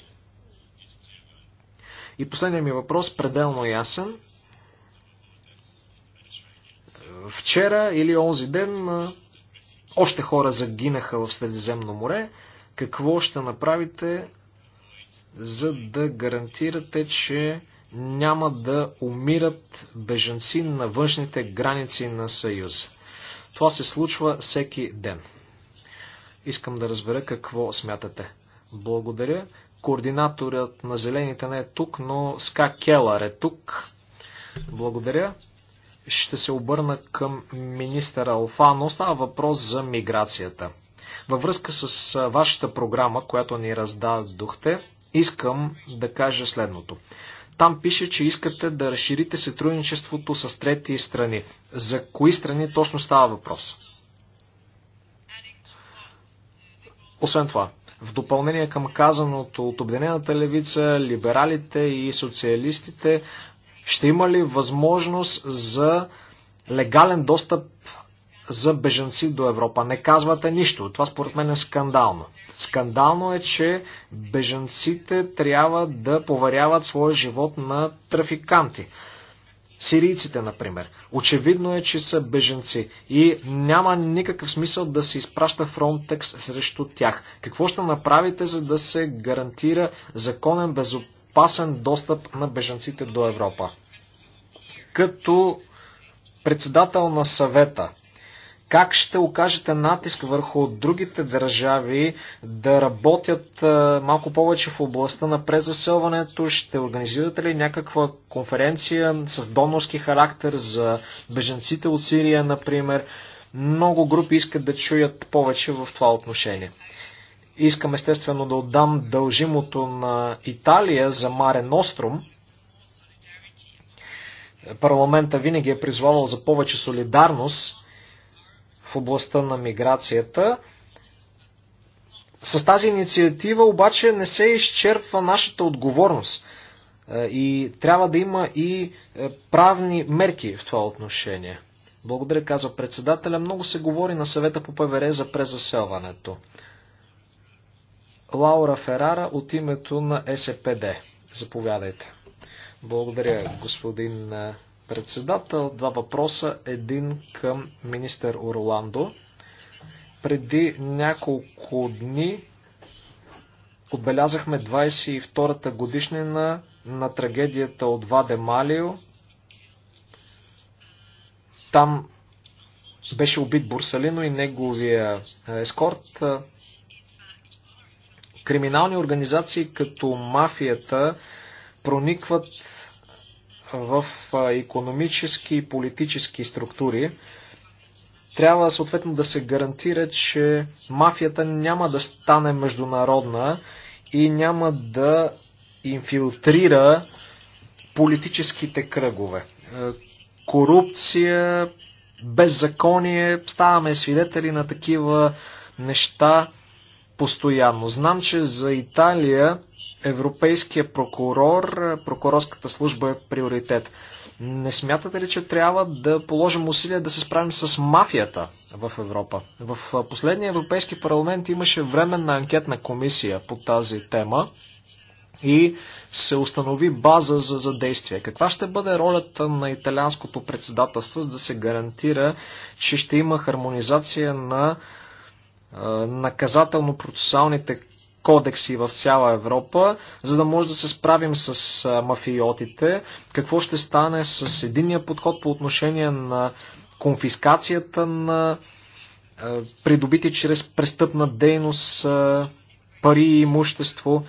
И последният ми въпрос, пределно ясен. Вчера или онзи ден още хора загинаха в Средиземно море. Какво ще направите за да гарантирате, че няма да умират беженци на външните граници на Съюза. Това се случва всеки ден. Искам да разбера какво смятате. Благодаря. Координаторът на Зелените не е тук, но Ска Келър е тук. Благодаря. Ще се обърна към министър Алфано. Става въпрос за миграцията. Във връзка с вашата програма, която ни раздадохте, искам да кажа следното. Там пише, че искате да разширите сътрудничеството с трети страни. За кои страни точно става въпрос? Освен това, в допълнение към казаното от Обединената левица, либералите и социалистите, ще има ли възможност за легален достъп за беженци до Европа. Не казвате нищо. Това според мен е скандално. Скандално е, че беженците трябва да поверяват своя живот на трафиканти. Сирийците, например. Очевидно е, че са беженци и няма никакъв смисъл да се изпраща Frontex срещу тях. Какво ще направите, за да се гарантира законен, безопасен достъп на беженците до Европа? Като председател на съвета, как ще окажете натиск върху другите държави да работят малко повече в областта на презаселването? Ще организирате ли някаква конференция с донорски характер за беженците от Сирия, например? Много групи искат да чуят повече в това отношение. Искам естествено да отдам дължимото на Италия за Маре Ностром, парламента винаги е призвавал за повече солидарност в областта на миграцията. С тази инициатива обаче не се изчерпва нашата отговорност е, и трябва да има и е, правни мерки в това отношение. Благодаря, казва председателя. Много се говори на съвета по ПВР за презаселването. Лаура Ферара от името на СПД. Заповядайте. Благодаря, господин е, председател. Два въпроса. Един към министър Орландо. Преди няколко дни отбелязахме 22-та годишнина на трагедията от Ваде Малио. Там беше убит Бурсалино и неговия е, ескорт. Криминални организации като мафията проникват в економически и политически структури, трябва съответно да се гарантира, че мафията няма да стане международна и няма да инфилтрира политическите кръгове. Е, корупция, беззаконие, ставаме свидетели на такива неща постоянно. Знам, че за Италия европейския прокурор, прокурорската служба е приоритет. Не смятате ли, че трябва да положим усилия да се справим с мафията в Европа? В последния Европейски парламент имаше временна анкетна комисия по тази тема и се установи база за, задействие. Каква ще бъде ролята на италианското председателство, за да се гарантира, че ще има хармонизация на наказателно-процесуалните кодекси в цяла Европа, за да може да се справим с мафиотите. Какво ще стане с единния подход по отношение на конфискацията на придобити чрез престъпна дейност пари и имущество.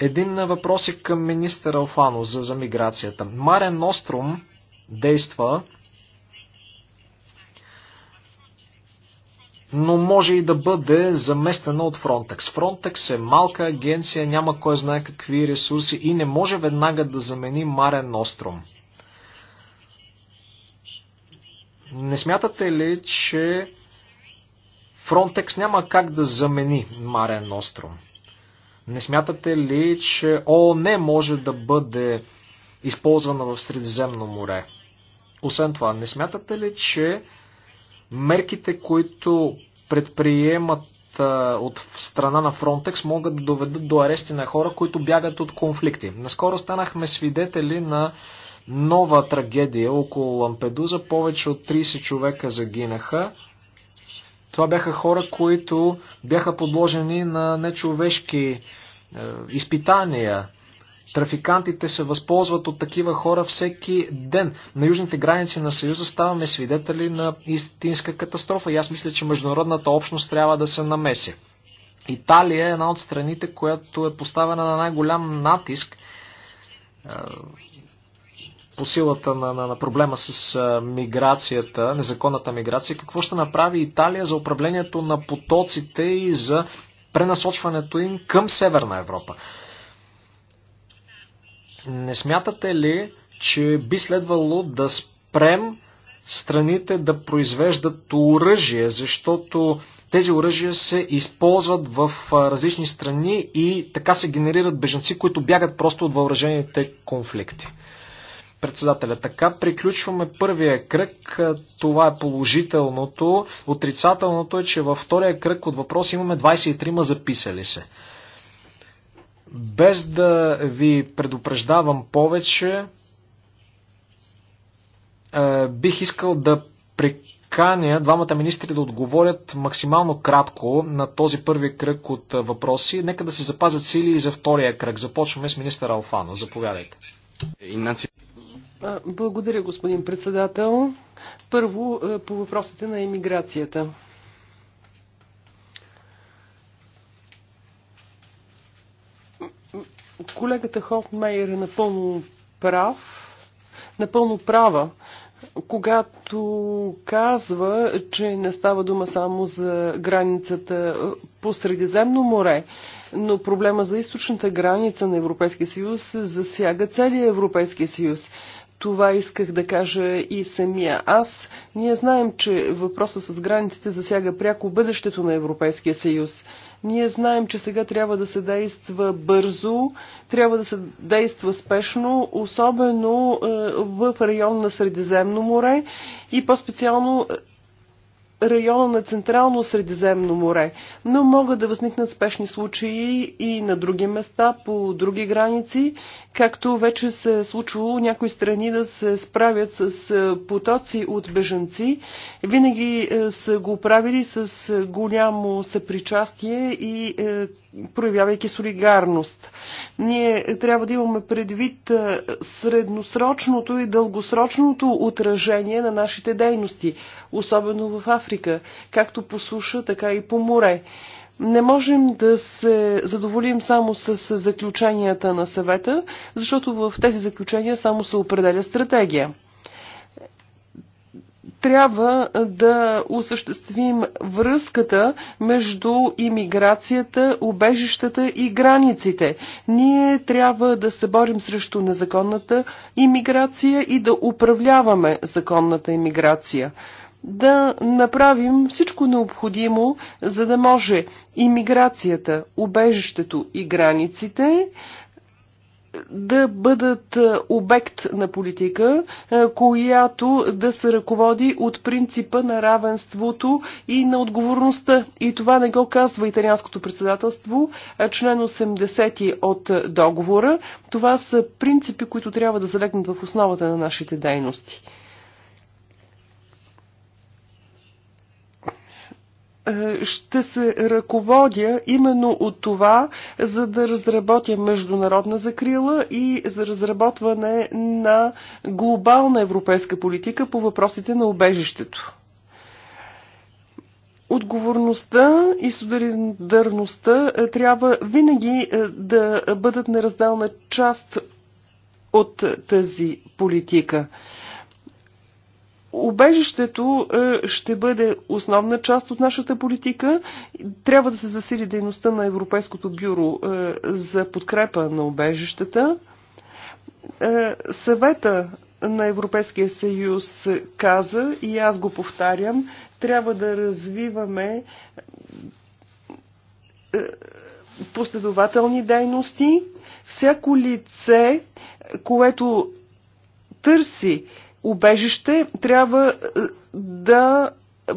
Един въпрос е към министър Алфано за, за миграцията. Марен Остром действа но може и да бъде заместена от Frontex. Frontex е малка агенция, няма кой знае какви ресурси и не може веднага да замени Марен Ностром. Не смятате ли, че Frontex няма как да замени Марен Ностром? Не смятате ли, че ООН може да бъде използвана в Средиземно море? Освен това, не смятате ли, че мерките, които предприемат от страна на Фронтекс могат да доведат до арести на хора, които бягат от конфликти. Наскоро станахме свидетели на нова трагедия около Лампедуза. Повече от 30 човека загинаха. Това бяха хора, които бяха подложени на нечовешки е, изпитания, Трафикантите се възползват от такива хора всеки ден. На южните граници на Съюза ставаме свидетели на истинска катастрофа и аз мисля, че международната общност трябва да се намеси. Италия е една от страните, която е поставена на най-голям натиск по силата на, на, на проблема с миграцията, незаконната миграция. Какво ще направи Италия за управлението на потоците и за пренасочването им към Северна Европа? Не смятате ли, че би следвало да спрем страните да произвеждат оръжие, защото тези оръжия се използват в различни страни и така се генерират бежанци, които бягат просто от въоръжените конфликти. Председателя, така приключваме първия кръг. Това е положителното. Отрицателното е, че във втория кръг от въпроси имаме 23 записали се. Без да ви предупреждавам повече, е, бих искал да приканя двамата министри да отговорят максимално кратко на този първи кръг от е, въпроси. Нека да се запазят сили и за втория кръг. Започваме с министър Алфана. Заповядайте. Благодаря, господин председател. Първо е, по въпросите на емиграцията. Колегата Хофмейер е напълно прав, напълно права, когато казва, че не става дума само за границата по Средиземно море, но проблема за източната граница на Европейския съюз засяга целия Европейския съюз. Това исках да кажа и самия аз. Ние знаем, че въпроса с границите засяга пряко бъдещето на Европейския съюз. Ние знаем, че сега трябва да се действа бързо, трябва да се действа спешно, особено е, в район на Средиземно море и по-специално е, района на Централно Средиземно море, но могат да възникнат спешни случаи и на други места, по други граници, както вече се е случило някои страни да се справят с е, потоци от бежанци. Винаги е, са го правили с е, голямо съпричастие и проявявайки солидарност. Ние трябва да имаме предвид средносрочното и дългосрочното отражение на нашите дейности, особено в Африка. Африка, както по суша, така и по море. Не можем да се задоволим само с заключенията на съвета, защото в тези заключения само се определя стратегия трябва да осъществим връзката между имиграцията, убежищата и границите. Ние трябва да се борим срещу незаконната имиграция и да управляваме законната имиграция да направим всичко необходимо, за да може иммиграцията, убежището и границите е, да бъдат е, обект на политика, е, която да се ръководи от принципа на равенството и на отговорността. И това не го казва италианското председателство, член 80 от договора. Това са принципи, които трябва да залегнат в основата на нашите дейности. Е, ще се ръководя именно от това, за да разработя международна закрила и за разработване на глобална европейска политика по въпросите на убежището. Отговорността и солидарността е, трябва винаги е, да бъдат неразделна част от тази политика. Обежището е, ще бъде основна част от нашата политика. Трябва да се засили дейността на Европейското бюро е, за подкрепа на обежищата. Е, съвета на Европейския съюз каза, и аз го повтарям, трябва да развиваме последователни дейности. Всяко лице, което търси убежище трябва е, да е,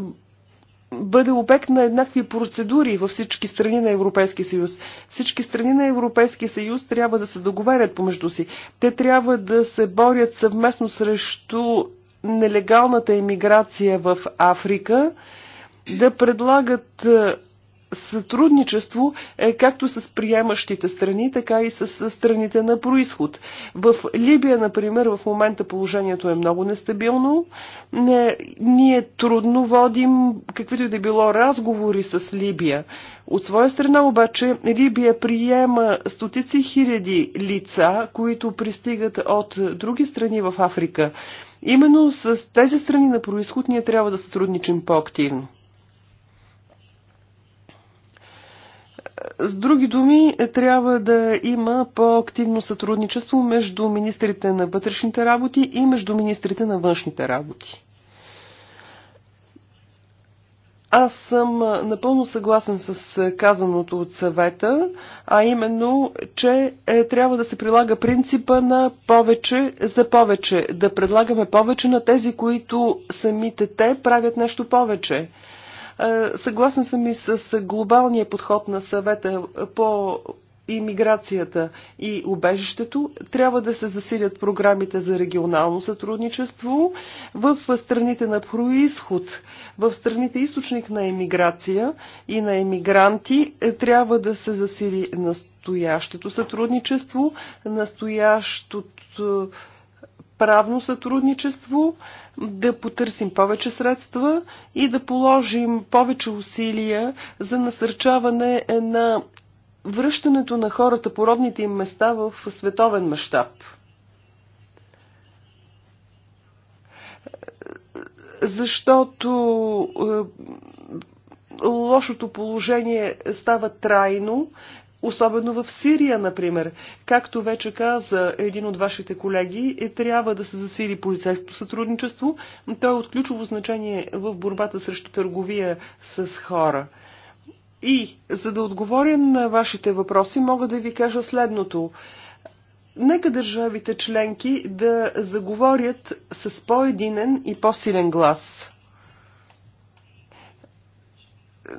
бъде обект на еднакви процедури във всички страни на Европейския съюз. Всички страни на Европейския съюз трябва да се договарят помежду си. Те трябва да се борят съвместно срещу нелегалната емиграция в Африка, да предлагат е, сътрудничество е както с приемащите страни, така и с страните на происход. В Либия, например, в момента положението е много нестабилно. Не, ние трудно водим каквито и да било разговори с Либия. От своя страна обаче Либия приема стотици хиляди лица, които пристигат от други страни в Африка. Именно с тези страни на происход ние трябва да сътрудничим по-активно. С други думи, трябва да има по-активно сътрудничество между министрите на вътрешните работи и между министрите на външните работи. Аз съм напълно съгласен с казаното от съвета, а именно, че е, трябва да се прилага принципа на повече за повече, да предлагаме повече на тези, които самите те правят нещо повече. Е, съгласен съм и с глобалния подход на съвета по имиграцията и убежището, трябва да се засилят програмите за регионално сътрудничество в страните на происход, в страните източник на иммиграция и на иммигранти, е, трябва да се засили настоящето сътрудничество, настоящото правно сътрудничество, да потърсим повече средства и да положим повече усилия за насърчаване на връщането на хората по родните им места в световен мащаб. Защото е, лошото положение става трайно, Особено в Сирия, например. Както вече каза един от вашите колеги, е, трябва да се засили полицейското сътрудничество. То е от ключово значение в борбата срещу търговия с хора. И, за да отговоря на вашите въпроси, мога да ви кажа следното. Нека държавите членки да заговорят с по-единен и по-силен глас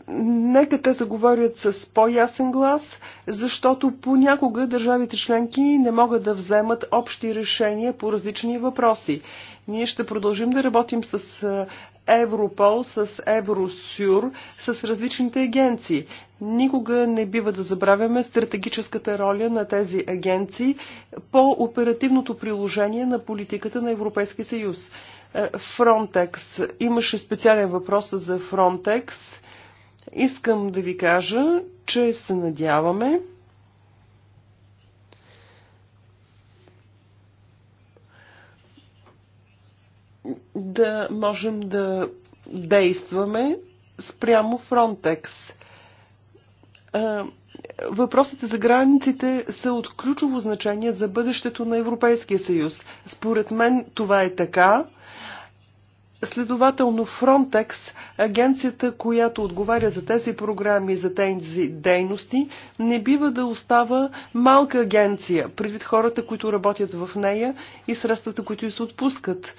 нека те заговорят с по-ясен глас, защото понякога държавите членки не могат да вземат общи решения по различни въпроси. Ние ще продължим да работим с Европол, с Евросюр, с различните агенции. Никога не бива да забравяме стратегическата роля на тези агенции по оперативното приложение на политиката на Европейския съюз. Фронтекс. Имаше специален въпрос за Фронтекс. Искам да ви кажа, че се надяваме да можем да действаме спрямо Фронтекс. Въпросите за границите са от ключово значение за бъдещето на Европейския съюз. Според мен това е така Следователно Frontex, агенцията, която отговаря за тези програми, за тези дейности, не бива да остава малка агенция, предвид хората, които работят в нея и средствата, които й се отпускат.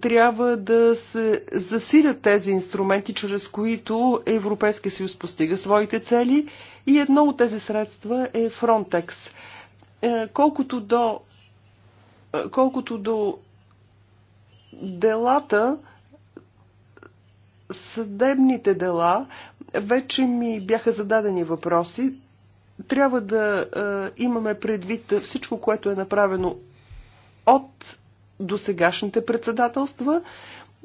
Трябва да се засилят тези инструменти, чрез които Европейския съюз постига своите цели и едно от тези средства е Frontex. Е, колкото до, е, колкото до делата, съдебните дела вече ми бяха зададени въпроси. Трябва да е, имаме предвид всичко, което е направено от досегашните председателства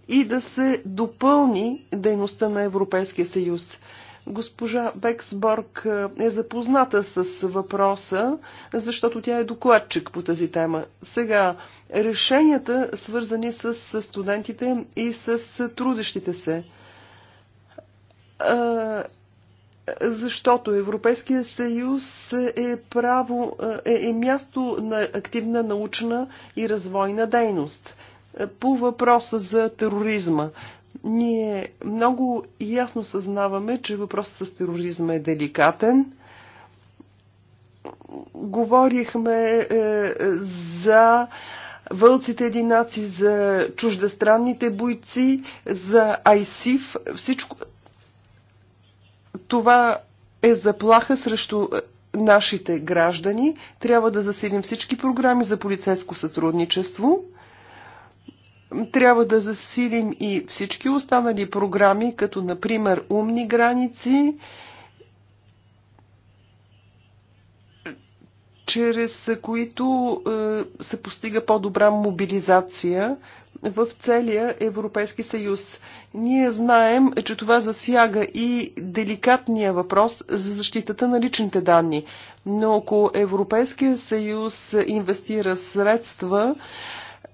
и да се допълни дейността на Европейския съюз. Госпожа Бексборг е, е запозната с въпроса, защото тя е докладчик по тази тема. Сега, решенията свързани с студентите и с трудещите се е, защото Европейския съюз е, право, е, е място на активна научна и развойна дейност. Е, по въпроса за тероризма. Ние много ясно съзнаваме, че въпросът с тероризма е деликатен. Говорихме е, е за вълците единаци, за чуждестранните бойци, за Айсиф. Всичко това е заплаха срещу е, нашите граждани. Трябва да заселим всички програми за полицейско сътрудничество. Трябва да засилим и всички останали програми, като например умни граници, чрез които е, се постига по-добра мобилизация в целия Европейски съюз. Ние знаем, че това засяга и деликатния въпрос за защитата на личните данни. Но ако Европейския съюз инвестира средства,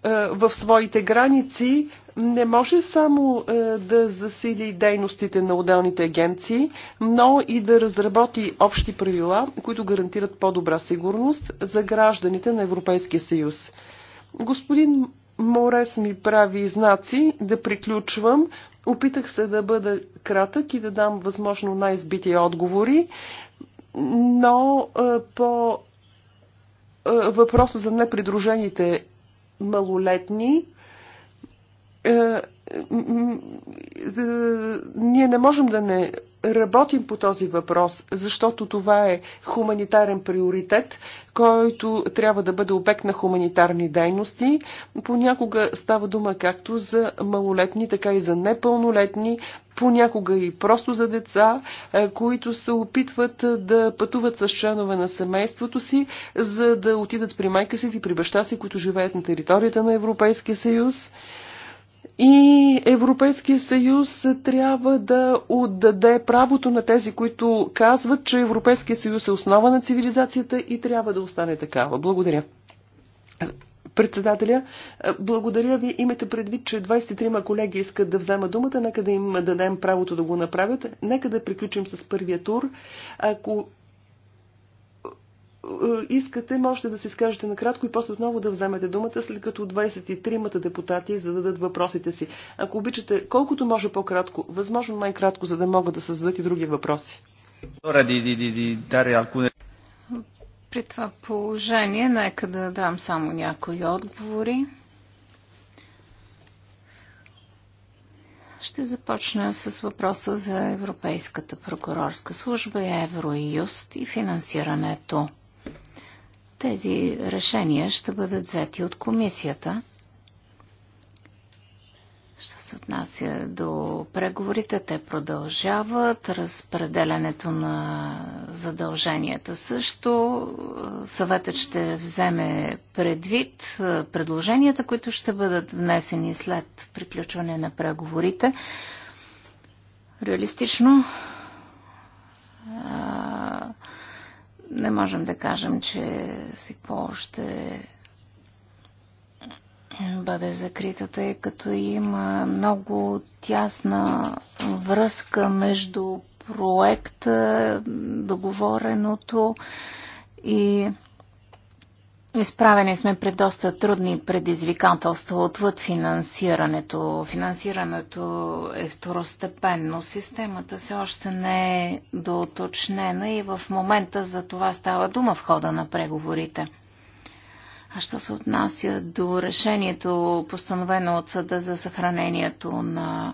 е, в своите граници не може само е, да засили дейностите на отделните агенции, но и да разработи общи правила, които гарантират по-добра сигурност за гражданите на Европейския съюз. Господин Морес ми прави знаци да приключвам. Опитах се да бъда кратък и да дам възможно най-избити отговори, но е, по въпроса за непридружените малолетни. Е, е, ние не можем да не работим по този въпрос, защото това е хуманитарен приоритет, който трябва да бъде обект на хуманитарни дейности. Понякога става дума както за малолетни, така и за непълнолетни, понякога и просто за деца, е, които се опитват да пътуват с членове на семейството си, за да отидат при майка си или при баща си, които живеят на територията на Европейския съюз. И Европейския съюз трябва да отдаде правото на тези, които казват, че Европейския съюз е основа на цивилизацията и трябва да остане такава. Благодаря. Председателя, благодаря ви. Имате предвид, че 23 колеги искат да взема думата. Нека да им дадем правото да го направят. Нека да приключим с първия тур. Ако е, искате, можете да се изкажете накратко и после отново да вземете думата, след като 23-мата депутати зададат въпросите си. Ако обичате, колкото може по-кратко, възможно най-кратко, за да могат да създадат и други въпроси. При това положение, нека да дам само някои отговори. Ще започна с въпроса за Европейската прокурорска служба Евроюст и финансирането тези решения ще бъдат взети от комисията. Що се отнася до преговорите, те продължават. Разпределянето на задълженията също. Съветът ще вземе предвид предложенията, които ще бъдат внесени след приключване на преговорите. Реалистично не можем да кажем, че си по ще бъде закрита, тъй като има много тясна връзка между проекта, договореното и Изправени сме пред доста трудни предизвикателства отвъд финансирането. Финансирането е второстепенно. Системата все още не е доточнена и в момента за това става дума в хода на преговорите. А що се отнася до решението, постановено от съда за съхранението на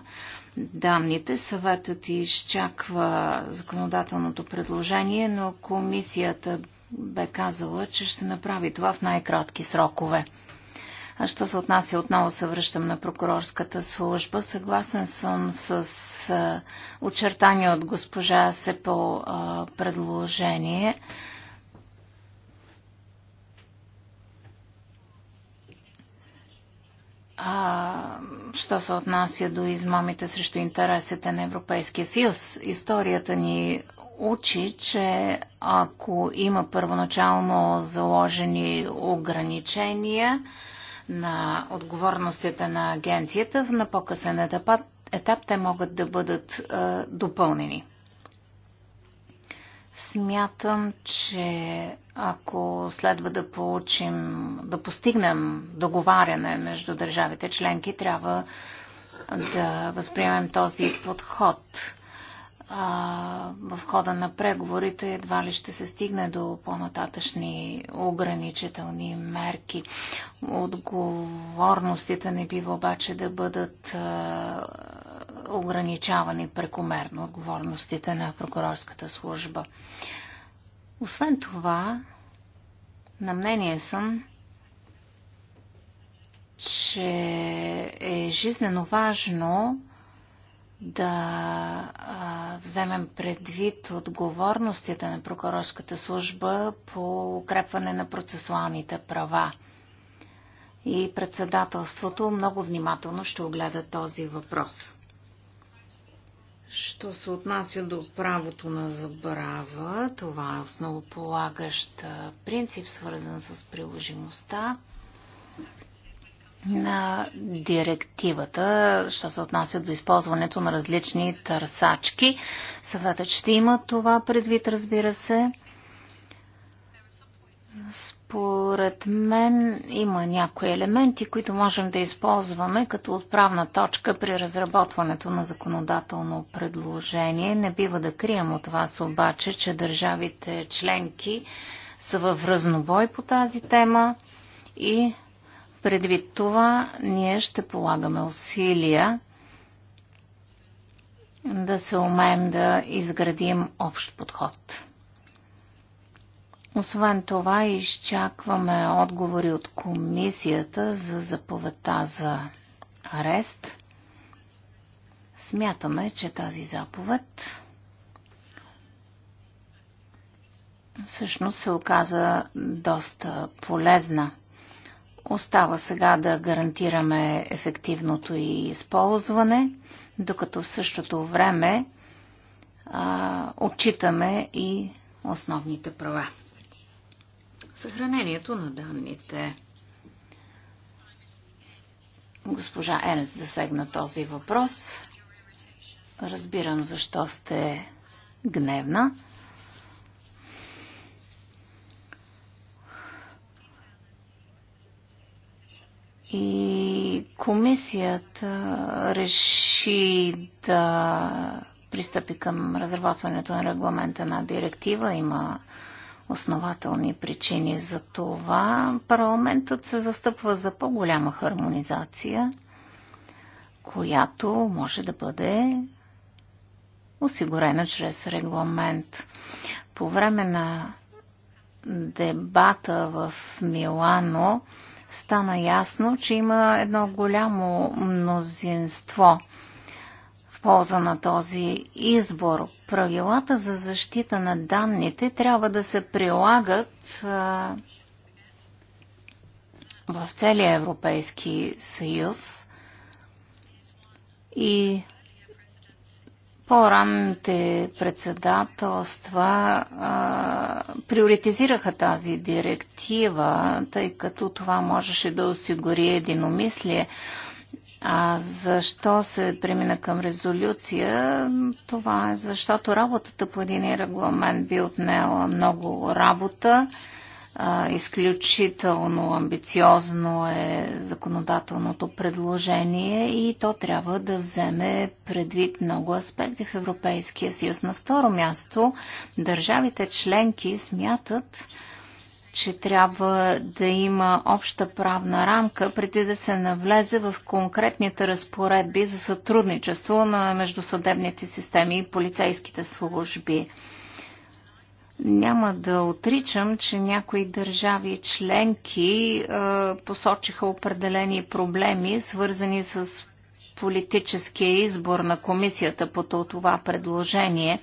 данните. Съветът изчаква законодателното предложение, но комисията бе казала, че ще направи това в най-кратки срокове. А що се отнася, отново се връщам на прокурорската служба. Съгласен съм с очертания от госпожа Сепо предложение. а, що се отнася до измамите срещу интересите на Европейския съюз. Историята ни учи, че ако има първоначално заложени ограничения на отговорностите на агенцията, на по-късен етап, етап те могат да бъдат а, допълнени. Смятам, че ако следва да получим, да постигнем договаряне между държавите членки, трябва да възприемем този подход. в хода на преговорите едва ли ще се стигне до по-нататъчни ограничителни мерки. Отговорностите не бива обаче да бъдат Ограничаване прекомерно отговорностите на прокурорската служба. Освен това, на мнение съм, че е жизнено важно да а, вземем предвид отговорностите на прокурорската служба по укрепване на процесуалните права. И председателството много внимателно ще огледа този въпрос. Що се отнася до правото на забрава, това е основополагащ принцип, свързан с приложимостта на директивата, що се отнася до използването на различни търсачки. Съветът ще има това предвид, разбира се. Според мен има някои елементи, които можем да използваме като отправна точка при разработването на законодателно предложение. Не бива да крием от вас обаче, че държавите членки са в разнобой по тази тема и предвид това ние ще полагаме усилия да се умеем да изградим общ подход. Освен това, изчакваме отговори от комисията за заповедта за арест. Смятаме, че тази заповед всъщност се оказа доста полезна. Остава сега да гарантираме ефективното и използване, докато в същото време а, отчитаме и основните права съхранението на данните. Госпожа Енес засегна този въпрос. Разбирам защо сте гневна. И комисията реши да пристъпи към разработването на регламента на директива. Има основателни причини за това. Парламентът се застъпва за по-голяма хармонизация, която може да бъде осигурена чрез регламент. По време на дебата в Милано стана ясно, че има едно голямо мнозинство в полза на този избор. Правилата за защита на данните трябва да се прилагат в целия Европейски съюз и по-ранните председателства а, приоритизираха тази директива, тъй като това можеше да осигури единомислие. А защо се премина към резолюция? Това е защото работата по един регламент би отнела много работа. Изключително амбициозно е законодателното предложение и то трябва да вземе предвид много аспекти в Европейския съюз. На второ място, държавите членки смятат, че трябва да има обща правна рамка, преди да се навлезе в конкретните разпоредби за сътрудничество на междусъдебните системи и полицейските служби. Няма да отричам, че някои държави членки е, посочиха определени проблеми, свързани с политическия избор на комисията по това предложение,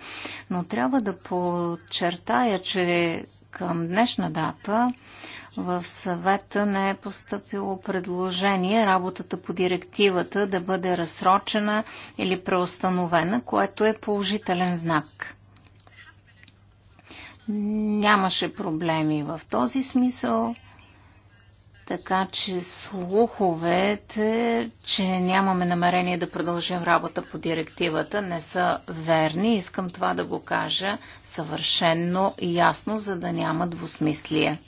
но трябва да подчертая, че към днешна дата в съвета не е поступило предложение работата по директивата да бъде разсрочена или преустановена, което е положителен знак. Нямаше проблеми в този смисъл. Така че слуховете, че нямаме намерение да продължим работа по директивата, не са верни. Искам това да го кажа съвършенно и ясно, за да няма двусмислие.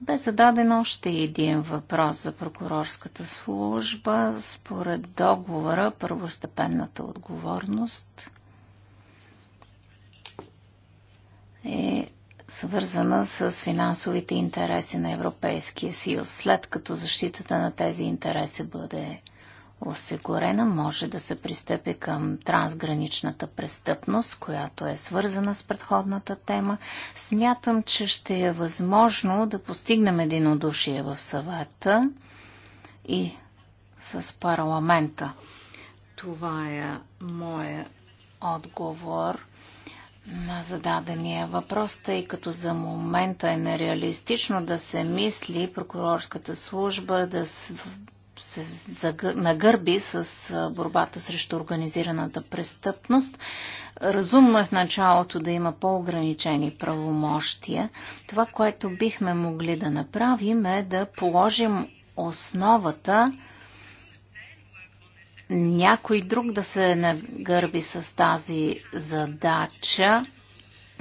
Бе зададен още един въпрос за прокурорската служба. Според договора, първостепенната отговорност е свързана с финансовите интереси на Европейския съюз. След като защитата на тези интереси бъде осигурена, може да се пристъпи към трансграничната престъпност, която е свързана с предходната тема. Смятам, че ще е възможно да постигнем единодушие в съвета и с парламента. Това е моя отговор на зададения въпрос, тъй като за момента е нереалистично да се мисли прокурорската служба да се нагърби с борбата срещу организираната престъпност. Разумно е в началото да има по-ограничени правомощия. Това, което бихме могли да направим е да положим основата някой друг да се нагърби с тази задача,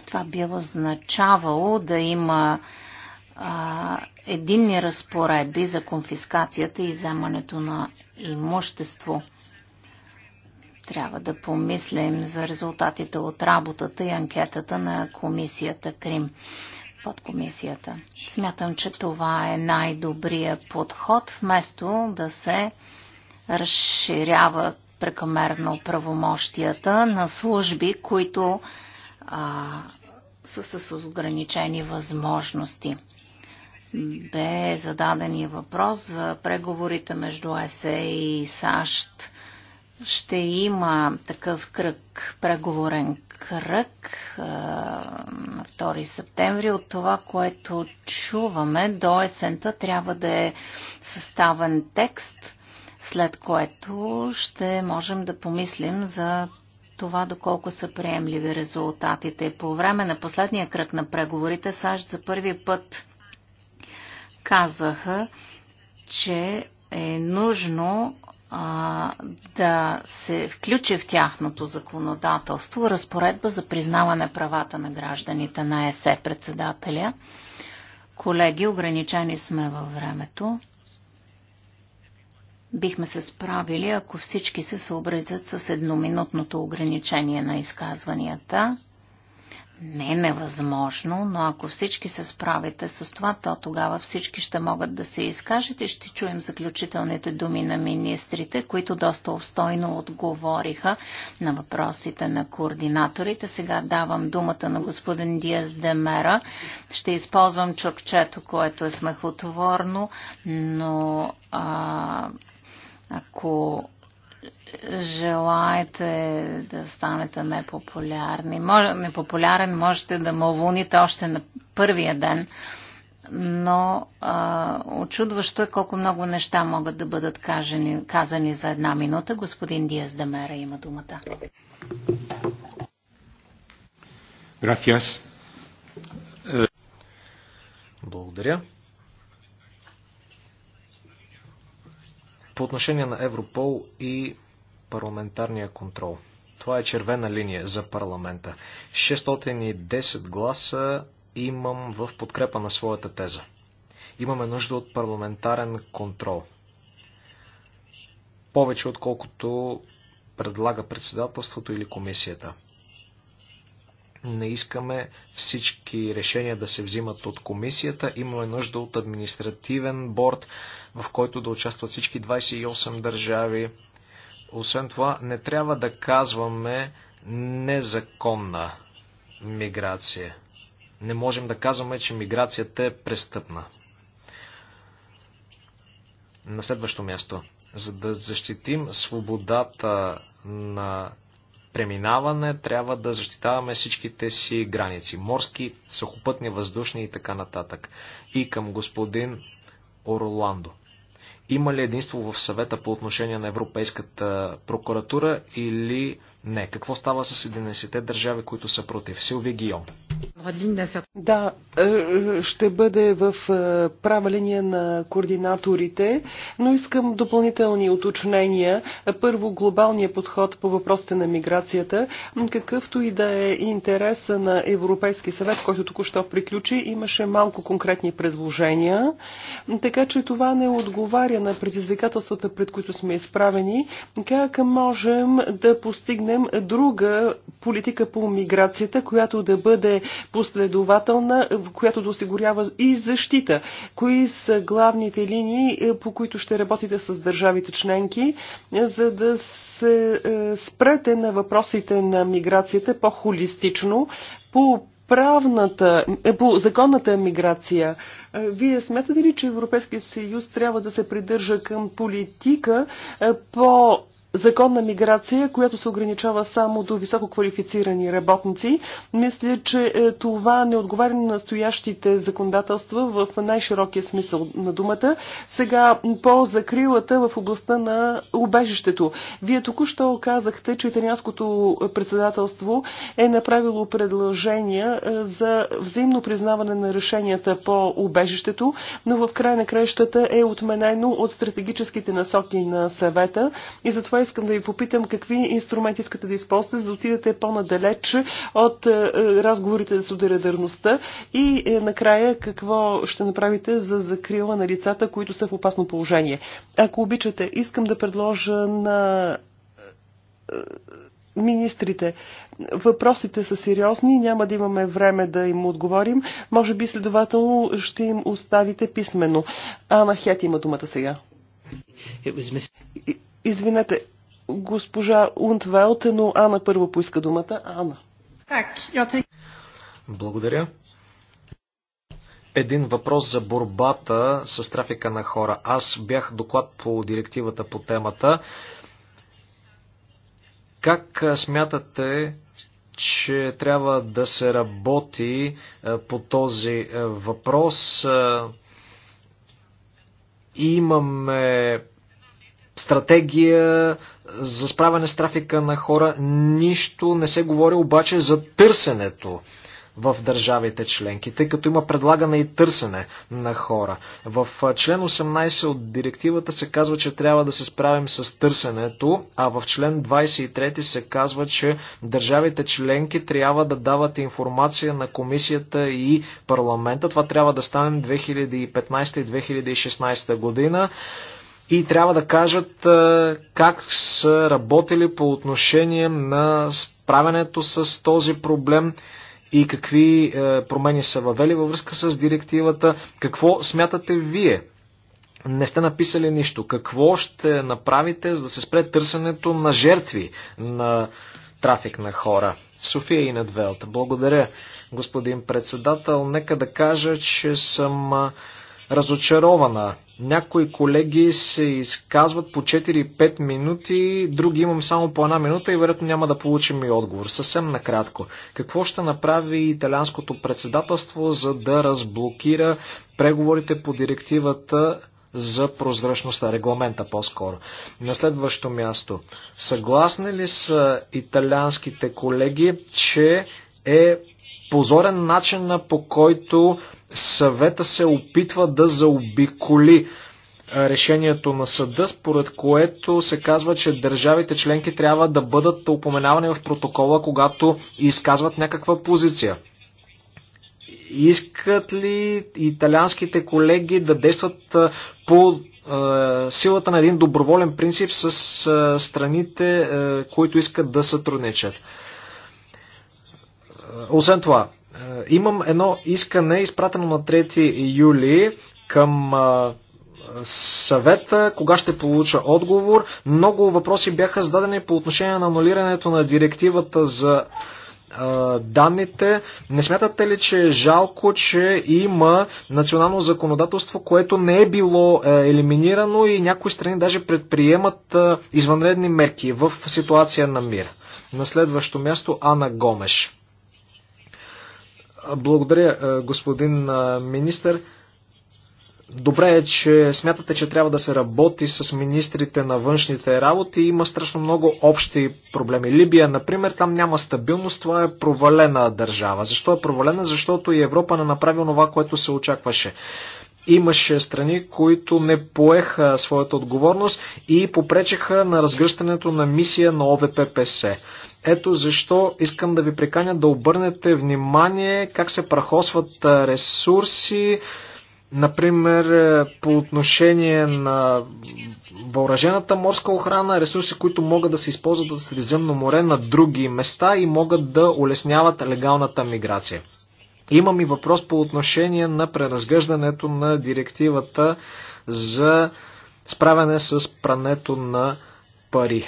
това би означавало да има а, единни разпоредби за конфискацията и вземането на имущество. Трябва да помислим за резултатите от работата и анкетата на комисията Крим под комисията. Смятам, че това е най-добрият подход, вместо да се а, разширява прекомерно правомощията на служби, които а, са с ограничени възможности. Бе зададен и въпрос за преговорите между ЕСЕ и САЩ. Ще има такъв кръг, преговорен кръг на 2 септември. От това, което чуваме до есента, трябва да е съставен текст – след което ще можем да помислим за това доколко са приемливи резултатите. По време на последния кръг на преговорите САЩ за първи път казаха, че е нужно а, да се включи в тяхното законодателство разпоредба за признаване правата на гражданите на ЕСЕ председателя. Колеги, ограничени сме във времето бихме се справили, ако всички се съобразят с едноминутното ограничение на изказванията. Не е невъзможно, но ако всички се справите с това, то тогава всички ще могат да се изкажат и ще чуем заключителните думи на министрите, които доста обстойно отговориха на въпросите на координаторите. Сега давам думата на господин Диас Демера. Ще използвам чокчето, което е смехотворно, но а, ако желаете да станете непопулярни, непопулярен можете да му уволните още на първия ден, но а, очудващо е колко много неща могат да бъдат кажени, казани за една минута. Господин Диас Демера има думата. Благодаря. По отношение на Европол и парламентарния контрол. Това е червена линия за парламента. 610 гласа имам в подкрепа на своята теза. Имаме нужда от парламентарен контрол. Повече отколкото предлага председателството или комисията. Не искаме всички решения да се взимат от комисията. Имаме нужда от административен борт, в който да участват всички 28 държави. Освен това, не трябва да казваме незаконна миграция. Не можем да казваме, че миграцията е престъпна. На следващо място, за да защитим свободата на преминаване трябва да защитаваме всичките си граници. Морски, сухопътни, въздушни и така нататък. И към господин Орландо. Има ли единство в съвета по отношение на Европейската прокуратура или не. Какво става с 11-те държави, които са против? Силви Гион. Да, е, ще бъде в е, права линия на координаторите, но искам допълнителни уточнения. Първо, глобалния подход по въпросите на миграцията, какъвто и да е интереса на Европейски съвет, който току-що приключи, имаше малко конкретни предложения, така че това не отговаря на предизвикателствата, пред които сме изправени. Как можем да постигнем постигнем друга политика по миграцията, която да бъде последователна, която да осигурява и защита. Кои са главните линии, е, по които ще работите с държавите членки, е, за да се е, спрете на въпросите на миграцията по-холистично, по правната, по законната миграция. Вие смятате ли, че Европейския съюз трябва да се придържа към политика по законна миграция, която се ограничава само до високо квалифицирани работници. Мисля, че е, това не отговаря на настоящите законодателства в най-широкия смисъл на думата. Сега по закрилата в областта на убежището. Вие току-що казахте, че италианското председателство е направило предложения е, за взаимно признаване на решенията по убежището, но в край на крещата е отменено от стратегическите насоки на съвета и затова искам да ви попитам какви инструменти искате да използвате, за да отидете по-надалеч от е, разговорите за солидарността и е, накрая какво ще направите за закрила на лицата, които са в опасно положение. Ако обичате, искам да предложа на е, министрите. Въпросите са сериозни, няма да имаме време да им отговорим. Може би следователно ще им оставите писменно. Ана Хет има думата сега. It was mis- Извинете, госпожа Унтвелте, но Ана първо поиска думата. Ана. Благодаря. Един въпрос за борбата с трафика на хора. Аз бях доклад по директивата по темата. Как смятате, че трябва да се работи по този въпрос? Имаме стратегия за справяне с трафика на хора. Нищо не се говори обаче за търсенето в държавите членки, тъй като има предлагане и търсене на хора. В член 18 от директивата се казва, че трябва да се справим с търсенето, а в член 23 се казва, че държавите членки трябва да дават информация на комисията и парламента. Това трябва да стане 2015 и 2016 година и трябва да кажат е, как са работили по отношение на справянето с този проблем и какви е, промени са въвели във връзка с директивата. Какво смятате вие? Не сте написали нищо. Какво ще направите, за да се спре търсенето на жертви на трафик на хора? София Инедвелт. Благодаря, господин председател. Нека да кажа, че съм е, разочарована някои колеги се изказват по 4-5 минути, други имам само по една минута и вероятно няма да получим и отговор. Съвсем накратко. Какво ще направи италианското председателство, за да разблокира преговорите по директивата за прозрачността, регламента по-скоро. На следващо място. Съгласни ли са италианските колеги, че е позорен начина по който съвета се опитва да заобиколи решението на съда, според което се казва, че държавите членки трябва да бъдат упоменавани в протокола, когато изказват някаква позиция. Искат ли италианските колеги да действат по силата на един доброволен принцип с страните, които искат да сътрудничат? Освен това, е, имам едно искане, изпратено на 3 юли към съвета, кога ще получа отговор. Много въпроси бяха зададени по отношение на анулирането на директивата за данните. Не смятате ли, че е жалко, че има национално законодателство, което не е било е, елиминирано и някои страни даже предприемат извънредни мерки в ситуация на мир? На следващо място Ана Гомеш. Благодаря, господин министр. Добре е, че смятате, че трябва да се работи с министрите на външните работи. Има страшно много общи проблеми. Либия, например, там няма стабилност. Това е провалена държава. Защо е провалена? Защото и Европа не направи това, което се очакваше. Имаше страни, които не поеха своята отговорност и попречеха на разгръщането на мисия на ОВППС. Ето защо искам да ви приканя да обърнете внимание как се прахосват ресурси, например е, по отношение на въоръжената морска охрана, ресурси, които могат да се използват от Средиземно море на други места и могат да улесняват легалната миграция. Имам и въпрос по отношение на преразглеждането на директивата за справяне с прането на пари.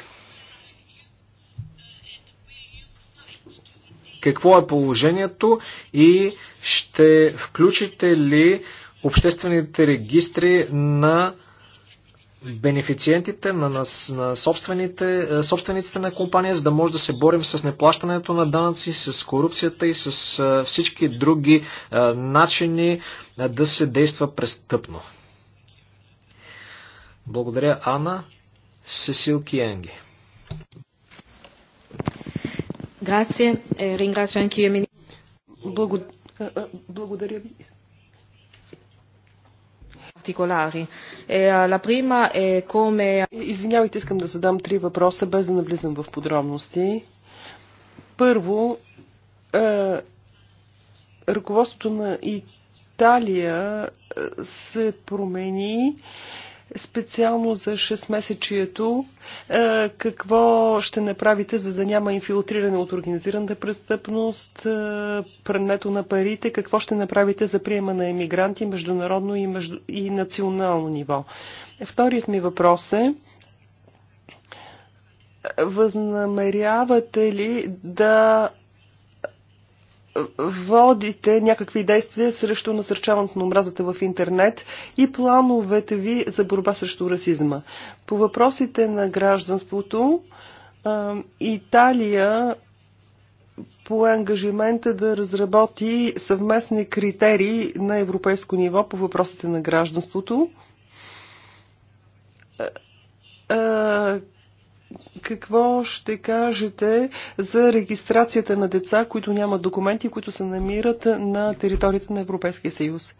какво е положението и ще включите ли обществените регистри на бенефициентите, на, на, на собствените, е, собствениците на компания, за да може да се борим с неплащането на данъци, с корупцията и с а, е, всички други а, е, начини а, да се действа престъпно. Благодаря, Ана. Сесил Киенги. Грация. Ringrazio anch'io il Благодаря ви. Particolari. La prima è come... Извинявайте, искам да задам три въпроса, без да навлизам в подробности. Първо, е, ръководството на Италия е, се промени. Е, специално за 6-месечието, е, какво ще направите, за да няма инфилтриране от организираната престъпност, е, прането на парите, какво ще направите за приема на емигранти международно и, между... и национално ниво? Вторият ми въпрос е, възнамерявате ли да водите някакви действия срещу насърчаването на омразата в интернет и плановете ви за борба срещу расизма. По въпросите на гражданството, Италия по ангажимента да разработи съвместни критерии на европейско ниво по въпросите на гражданството какво ще кажете за регистрацията на деца, които нямат документи, които се намират на територията на Европейския съюз?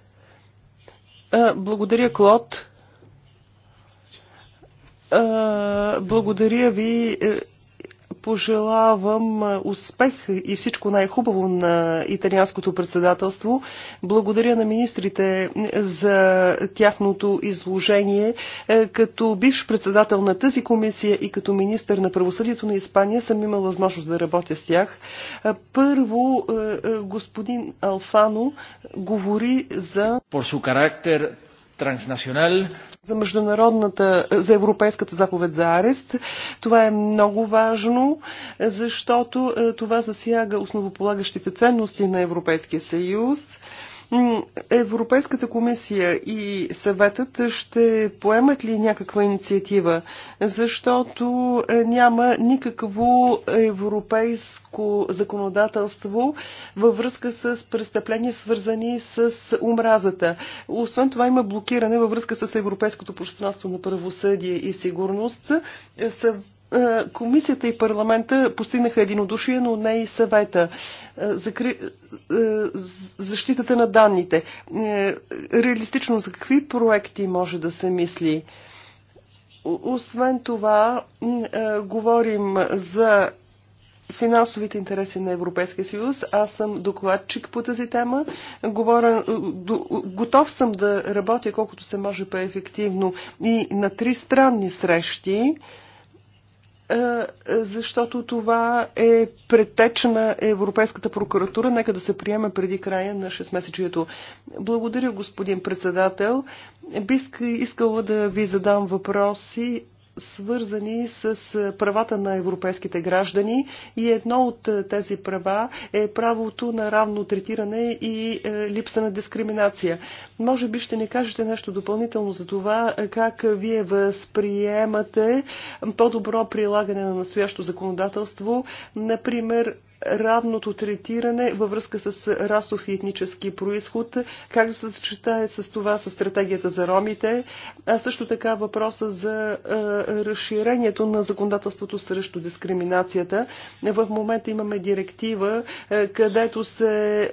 Благодаря, Клод. Благодаря ви е, пожелавам успех и всичко най-хубаво на италианското председателство. Благодаря на министрите за тяхното изложение. Е, като бивш председател на тази комисия и като министър на правосъдието на Испания съм имал възможност да работя с тях. Е, първо, е, господин Алфано говори за... По su carácter за международната, за европейската заповед за арест. Това е много важно, защото е, това засяга основополагащите ценности на Европейския съюз. Европейската комисия и съветът ще поемат ли някаква инициатива, защото е, няма никакво европейско законодателство във връзка с престъпления, свързани с омразата. Освен това има блокиране във връзка с Европейското пространство на правосъдие и сигурност. Е, комисията и парламента постигнаха единодушие, но не и съвета. Е, е, защитата на данните. Реалистично за какви проекти може да се мисли? Освен това, говорим за финансовите интереси на Европейския съюз. Аз съм докладчик по тази тема. Говоря, готов съм да работя колкото се може по-ефективно и на три странни срещи. Е, защото това е претеч на Европейската прокуратура. Нека да се приеме преди края на 6-месечието. Благодаря, господин председател. Бих искала да ви задам въпроси свързани с е, правата на европейските граждани и едно от е, тези права е правото на равно третиране и е, липса на дискриминация. Може би ще ни кажете нещо допълнително за това, как вие възприемате по-добро прилагане на настоящо законодателство, например равното третиране във връзка с расов и етнически происход, как да се съчетае с това с стратегията за ромите, а също така въпроса за разширението на законодателството срещу дискриминацията. В момента имаме директива, където се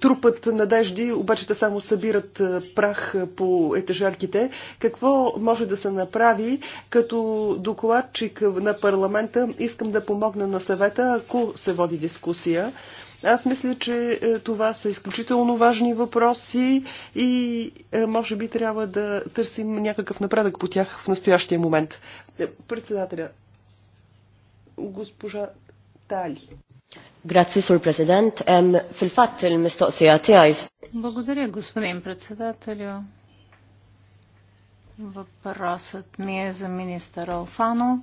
трупат надежди, обаче те само събират прах по етажарките. Какво може да се направи като докладчик на парламента? Искам да помогна на съвета, ако се води дискусия. Аз мисля, че е, това са изключително важни въпроси и е, може би трябва да търсим някакъв напредък по тях в настоящия момент. Е, председателя, госпожа Тали. президент. Благодаря, господин председателю. Въпросът ми е за министър Алфано.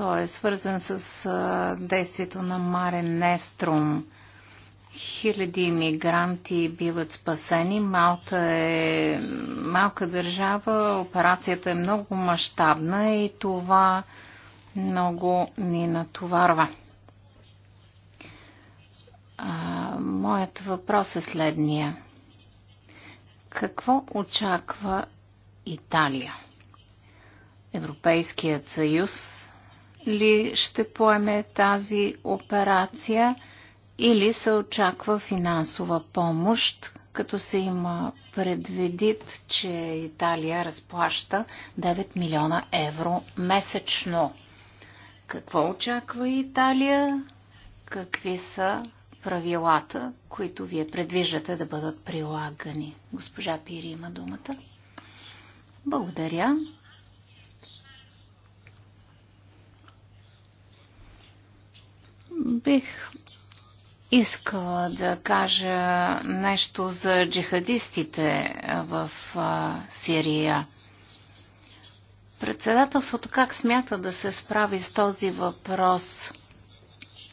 Той е свързан с а, действието на Маре Неструм. Хиляди мигранти биват спасени. Малта е малка държава, операцията е много мащабна и това много ни натоварва. А, моят въпрос е следния. Какво очаква Италия? Европейският съюз ли ще поеме тази операция или се очаква финансова помощ, като се има предвидит, че Италия разплаща 9 милиона евро месечно. Какво очаква Италия? Какви са правилата, които вие предвиждате да бъдат прилагани? Госпожа Пири има думата. Благодаря. Бих искала да кажа нещо за джихадистите в Сирия. Председателството как смята да се справи с този въпрос?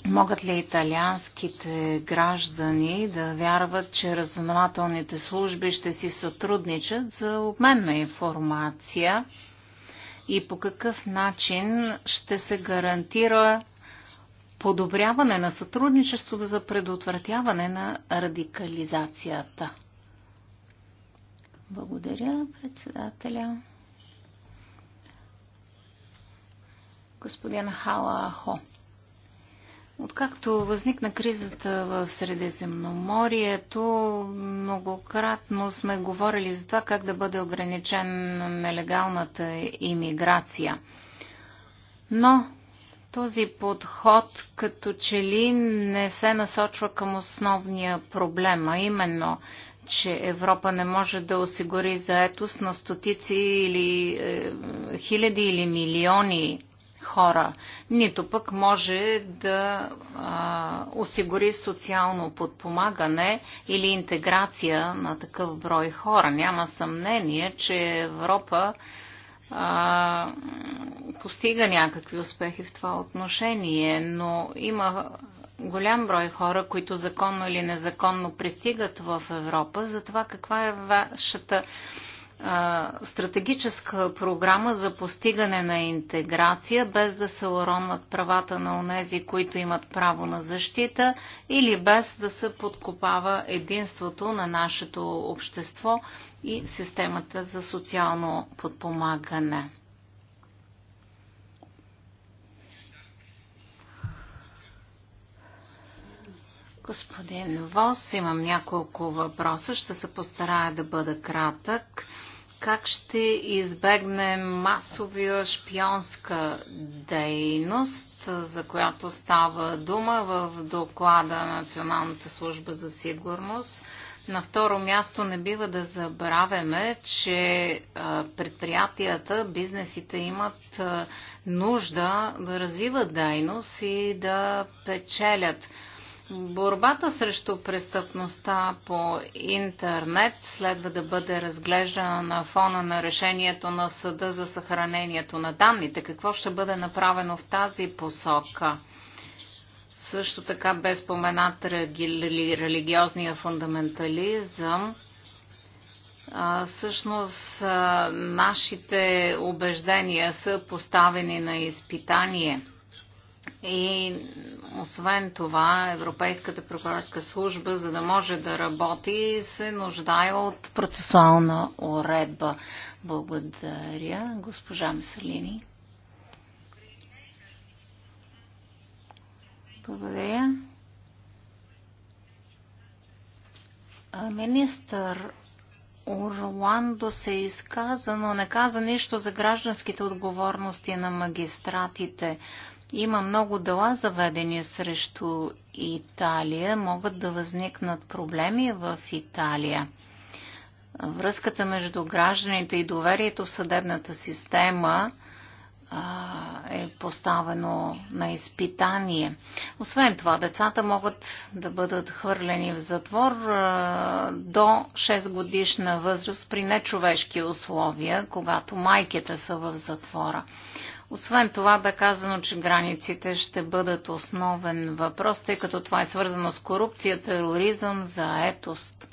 Могат ли италианските граждани да вярват, че разузнавателните служби ще си сътрудничат за обмен на информация и по какъв начин ще се гарантира подобряване на сътрудничеството за предотвратяване на радикализацията. Благодаря, председателя. Господин Халахо. Откакто възникна кризата в Средиземноморието, многократно сме говорили за това как да бъде ограничен нелегалната имиграция. Но този подход като че ли не се насочва към основния проблем, а именно, че Европа не може да осигури заетост на стотици или е, хиляди или милиони хора, нито пък може да а, осигури социално подпомагане или интеграция на такъв брой хора. Няма съмнение, че Европа а, постига някакви успехи в това отношение, но има голям брой хора, които законно или незаконно пристигат в Европа. За това каква е вашата стратегическа програма за постигане на интеграция, без да се уронват правата на онези, които имат право на защита, или без да се подкопава единството на нашето общество и системата за социално подпомагане. Господин Вос, имам няколко въпроса. Ще се постарая да бъда кратък. Как ще избегнем масовия шпионска дейност, за която става дума в доклада на Националната служба за сигурност? На второ място не бива да забравяме, че предприятията, бизнесите имат нужда да развиват дейност и да печелят. Борбата срещу престъпността по интернет следва да бъде разглеждана на фона на решението на съда за съхранението на данните. Какво ще бъде направено в тази посока? Също така бе споменат религиозния фундаментализъм. А, всъщност нашите убеждения са поставени на изпитание – и освен това, Европейската прокурорска служба, за да може да работи, се нуждае от процесуална уредба. Благодаря, госпожа Меселини. Благодаря. Министър Орландо се изказа, но не каза нищо за гражданските отговорности на магистратите. Има много дела заведени срещу Италия. Могат да възникнат проблеми в Италия. Връзката между гражданите и доверието в съдебната система е поставено на изпитание. Освен това, децата могат да бъдат хвърлени в затвор до 6 годишна възраст при нечовешки условия, когато майките са в затвора. Освен това бе казано, че границите ще бъдат основен въпрос, тъй като това е свързано с корупция, тероризъм, заетост.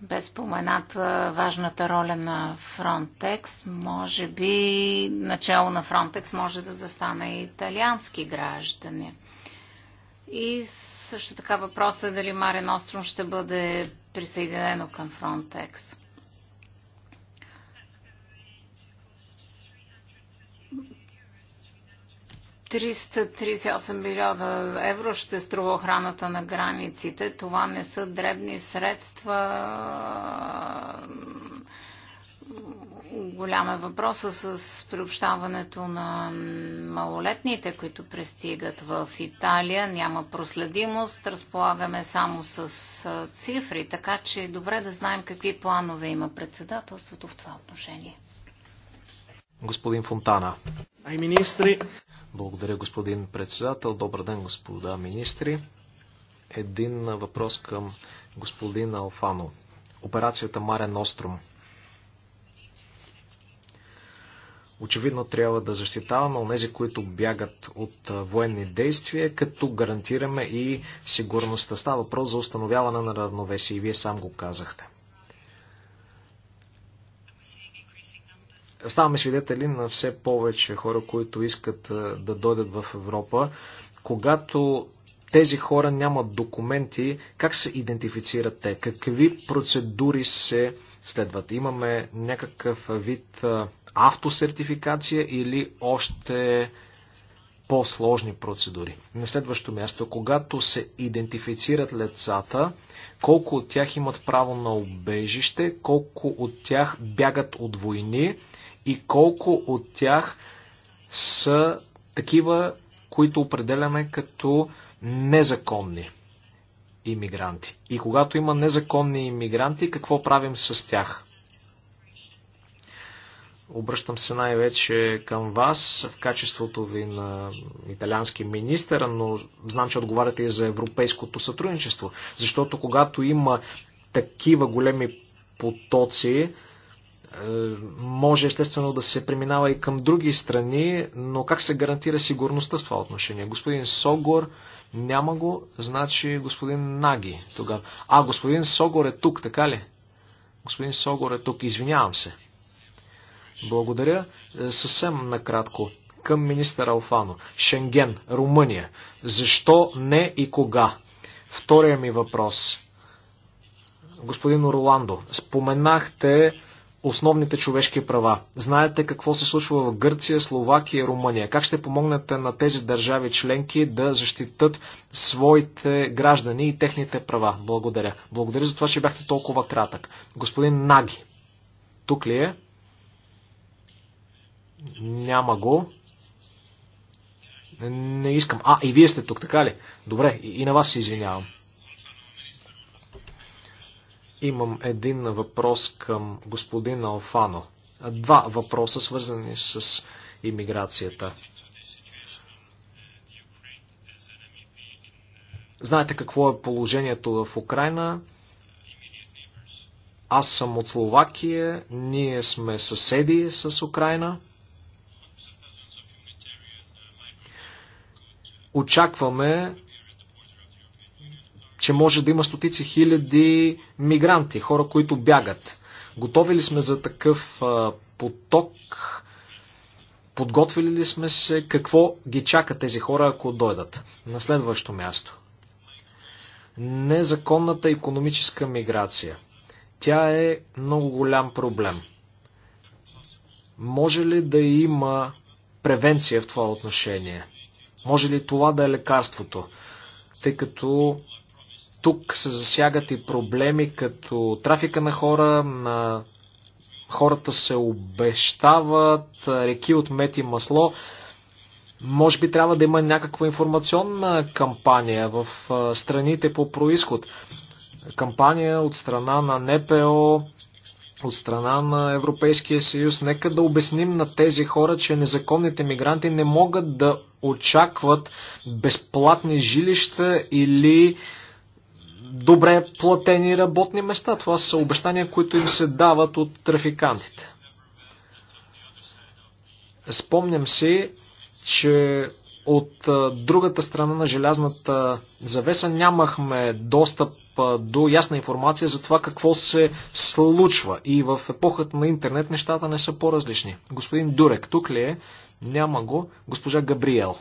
Без спомената важната роля на Фронтекс, може би начало на Фронтекс може да застане и италиански граждани. И също така въпросът е дали Марен Остром ще бъде присъединено към Фронтекс? 338 милиона евро ще струва охраната на границите. Това не са дребни средства. Голям е въпроса с приобщаването на малолетните, които пристигат в Италия. Няма проследимост, разполагаме само с цифри, така че е добре да знаем какви планове има председателството в това отношение. Господин Фонтана. Ай, министри. Благодаря, господин председател. Добър ден, господа министри. Един въпрос към господин Алфано. Операцията Марен Остром. Очевидно трябва да защитаваме онези, които бягат от военни действия, като гарантираме и сигурността. Става въпрос за установяване на равновесие и вие сам го казахте. Ставаме свидетели на все повече хора, които искат да дойдат в Европа. Когато тези хора нямат документи, как се идентифицират те? Какви процедури се следват? Имаме някакъв вид автосертификация или още по-сложни процедури? На следващо място, когато се идентифицират лицата, колко от тях имат право на убежище, колко от тях бягат от войни, и колко от тях са такива, които определяме като незаконни иммигранти. И когато има незаконни иммигранти, какво правим с тях? Обръщам се най-вече към вас в качеството ви на италиански министър, но знам, че отговаряте и за европейското сътрудничество. Защото когато има такива големи потоци, може естествено да се преминава и към други страни, но как се гарантира сигурността в това отношение? Господин Согор няма го, значи господин Наги тогава. А, господин Согор е тук, така ли? Господин Согор е тук, извинявам се. Благодаря. Е, съвсем накратко към министър Алфано. Шенген, Румъния. Защо не и кога? Втория ми въпрос. Господин Орландо, споменахте основните човешки права. Знаете какво се случва в Гърция, Словакия и Румъния. Как ще помогнете на тези държави членки да защитат своите граждани и техните права? Благодаря. Благодаря за това, че бяхте толкова кратък. Господин Наги, тук ли е? Няма го. Не искам. А, и вие сте тук, така ли? Добре, и на вас се извинявам. Имам един въпрос към господин Алфано. Два въпроса, свързани с иммиграцията. Знаете какво е положението в Украина. Аз съм от Словакия, ние сме съседи с Украина. Очакваме че може да има стотици хиляди мигранти, хора, които бягат. Готови ли сме за такъв а, поток? Подготвили ли сме се? Какво ги чака тези хора, ако дойдат? На следващо място. Незаконната економическа миграция. Тя е много голям проблем. Може ли да има превенция в това отношение? Може ли това да е лекарството? Тъй като тук се засягат и проблеми като трафика на хора, на хората се обещават, реки от мед и масло. Може би трябва да има някаква информационна кампания в страните по происход. Кампания от страна на НПО, от страна на Европейския съюз. Нека да обясним на тези хора, че незаконните мигранти не могат да очакват безплатни жилища или добре платени работни места. Това са обещания, които им се дават от трафикантите. Спомням си, че от другата страна на желязната завеса нямахме достъп до ясна информация за това какво се случва. И в епохата на интернет нещата не са по-различни. Господин Дурек, тук ли е? Няма го. Госпожа Габриел.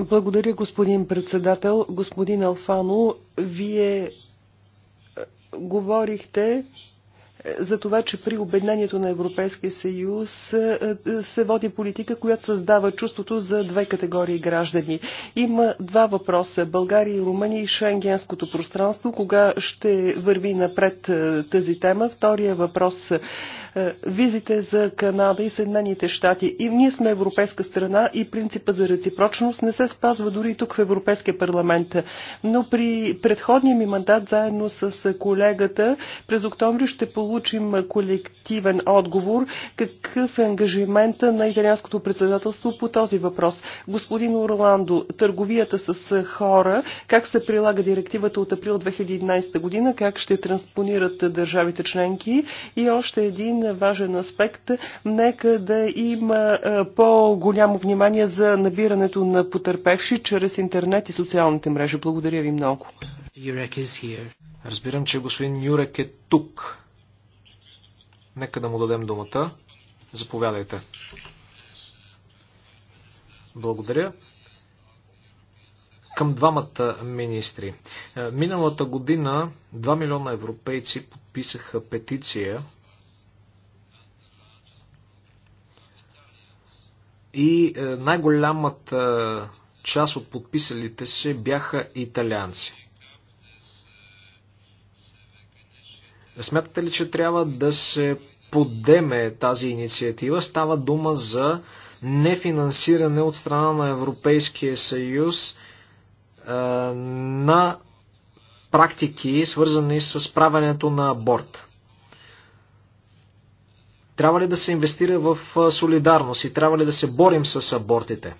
Благодаря, господин председател. Господин Алфано, вие е, говорихте е, за това, че при обеднението на Европейския съюз е, се води политика, която създава чувството за две категории граждани. Има два въпроса. България и Румъния и Шенгенското пространство. Кога ще върви напред тази тема? Втория въпрос е, визите за Канада и Съединените щати. И ние сме европейска страна и принципа за реципрочност не се спазва дори и тук в Европейския парламент. Но при предходния ми мандат заедно с колегата през октомври ще получим колективен отговор какъв е ангажимента на италианското председателство по този въпрос. Господин Орландо, търговията с хора, как се прилага директивата от април 2011 година, как ще транспонират държавите членки и още един важен аспект. Нека да има е, по-голямо внимание за набирането на потерпевши чрез интернет и социалните мрежи. Благодаря ви много. Разбирам, че господин Юрек е тук. Нека да му дадем думата. Заповядайте. Благодаря. Към двамата министри. Е, миналата година 2 милиона европейци подписаха петиция и е, най-голямата част от подписалите се бяха италианци. Смятате ли, че трябва да се подеме тази инициатива? Става дума за нефинансиране от страна на Европейския съюз е, на практики, свързани с правенето на аборт. Трябва ли да се инвестира в солидарност и трябва ли да се борим с абортите?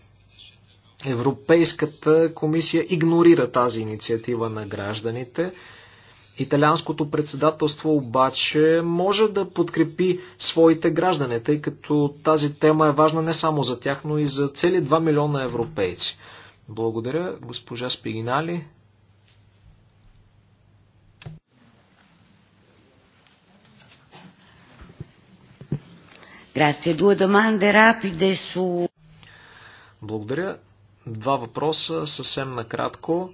Европейската комисия игнорира тази инициатива на гражданите. Италианското председателство обаче може да подкрепи своите граждани, тъй като тази тема е важна не само за тях, но и за цели 2 милиона европейци. Благодаря, госпожа Спигинали. Grazie. Due domande rapide su... Благодаря. Два въпроса съвсем накратко.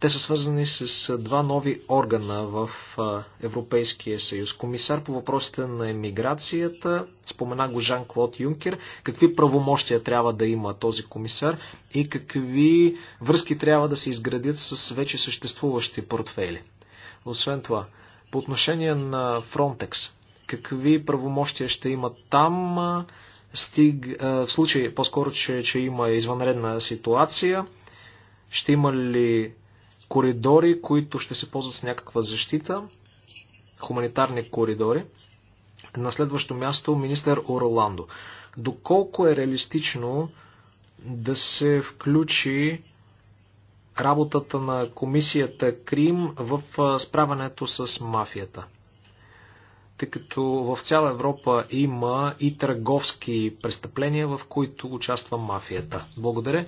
Те са свързани с два нови органа в Европейския съюз. Комисар по въпросите на емиграцията, спомена го Жан-Клод Юнкер, какви правомощия трябва да има този комисар и какви връзки трябва да се изградят с вече съществуващи портфели. Освен това, по отношение на Фронтекс, какви правомощия ще има там, стиг, в случай по-скоро, че, че има извънредна ситуация, ще има ли коридори, които ще се ползват с някаква защита, хуманитарни коридори. На следващо място министър Орландо. Доколко е реалистично да се включи работата на комисията Крим в справянето с мафията? тъй като в цяла Европа има и търговски престъпления, в които участва мафията. Благодаря.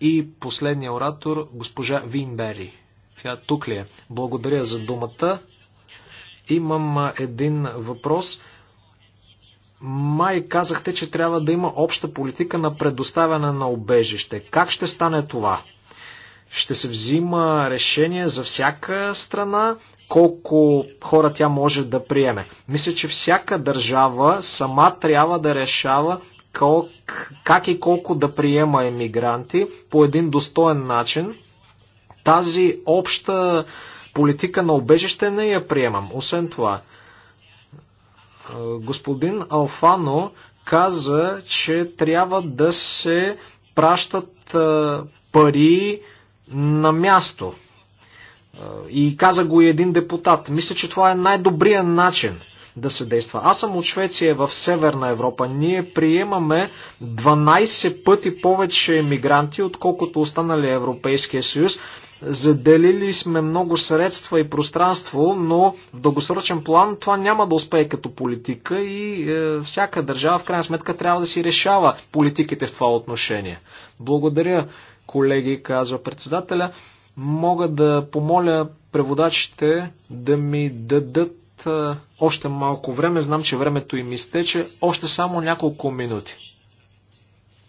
И последния оратор, госпожа Винбери. Тя тук ли е? Благодаря за думата. Имам един въпрос. Май казахте, че трябва да има обща политика на предоставяне на обежище. Как ще стане това? Ще се взима решение за всяка страна колко хора тя може да приеме. Мисля, че всяка държава сама трябва да решава как и колко да приема емигранти по един достоен начин. Тази обща политика на обежище не я приемам. Освен това, господин Алфано каза, че трябва да се пращат пари на място и каза го и един депутат. Мисля, че това е най-добрият начин да се действа. Аз съм от Швеция в Северна Европа. Ние приемаме 12 пъти повече мигранти, отколкото останали Европейския съюз. Заделили сме много средства и пространство, но в дългосрочен план това няма да успее като политика и е, всяка държава в крайна сметка трябва да си решава политиките в това отношение. Благодаря, колеги, казва председателя мога да помоля преводачите да ми дадат още малко време. Знам, че времето им изтече. Още само няколко минути.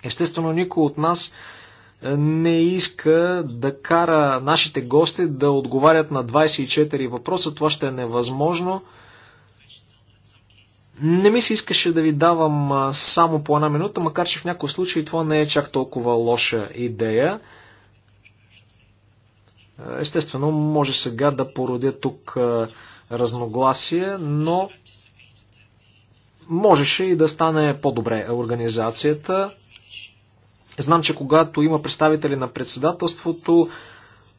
Естествено, никой от нас не иска да кара нашите гости да отговарят на 24 въпроса. Това ще е невъзможно. Не ми се искаше да ви давам само по една минута, макар че в някои случаи това не е чак толкова лоша идея. Естествено, може сега да породя тук разногласие, но можеше и да стане по-добре организацията. Знам, че когато има представители на председателството,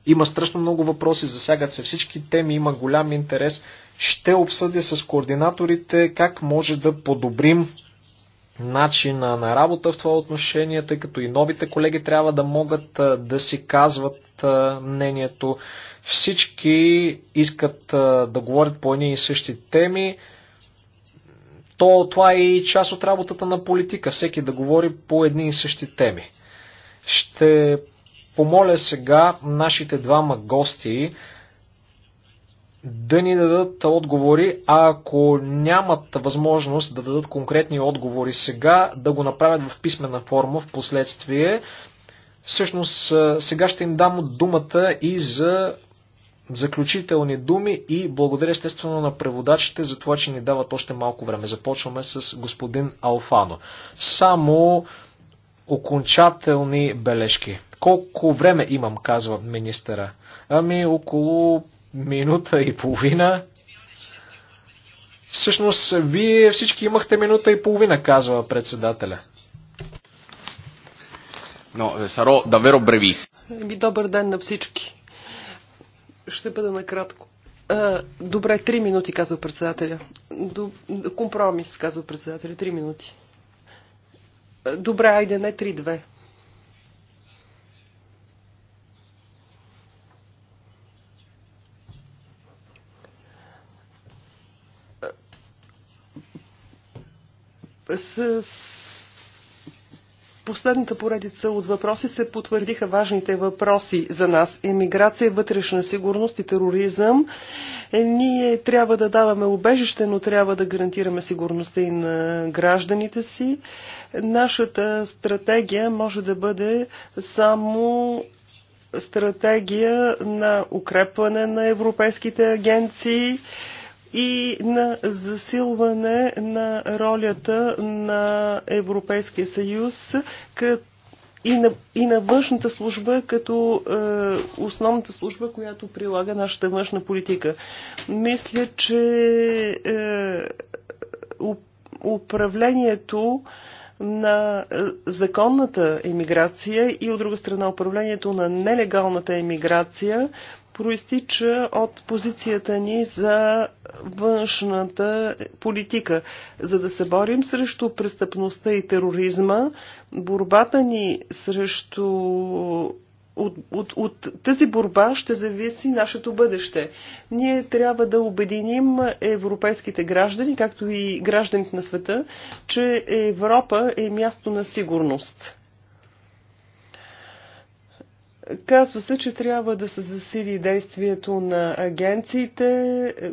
има страшно много въпроси, засягат се всички теми, има голям интерес. Ще обсъдя с координаторите как може да подобрим начина на работа в това отношение, тъй като и новите колеги трябва да могат да си казват мнението. Всички искат да говорят по едни и същи теми. То, това е и част от работата на политика. Всеки да говори по едни и същи теми. Ще помоля сега нашите двама гости да ни дадат отговори, а ако нямат възможност да дадат конкретни отговори сега, да го направят в писмена форма в последствие. Всъщност, сега ще им дам думата и за заключителни думи и благодаря естествено на преводачите за това, че ни дават още малко време. Започваме с господин Алфано. Само окончателни бележки. Колко време имам, казва министъра? Ами около минута и половина. Всъщност, вие всички имахте минута и половина, казва председателя. Но, Саро, да веро бревис. Добър ден на всички. Ще бъда накратко. Добре, три минути, казва председателя. Компромис, казва председателя, три минути. Добре, айде, не три-две. с последната поредица от въпроси се потвърдиха важните въпроси за нас. Емиграция, вътрешна сигурност и тероризъм. Ние трябва да даваме убежище, но трябва да гарантираме сигурността и на гражданите си. Нашата стратегия може да бъде само стратегия на укрепване на европейските агенции, и на засилване на ролята на Европейския съюз като и на, и на външната служба като е, основната служба, която прилага нашата външна политика. Мисля, че е, управлението на е, законната емиграция и от друга страна управлението на нелегалната емиграция проистича от позицията ни за външната политика. За да се борим срещу престъпността и тероризма, борбата ни срещу от, от, от тази борба ще зависи нашето бъдеще. Ние трябва да обединим европейските граждани, както и гражданите на света, че Европа е място на сигурност. Казва се, че трябва да се засили действието на агенциите е,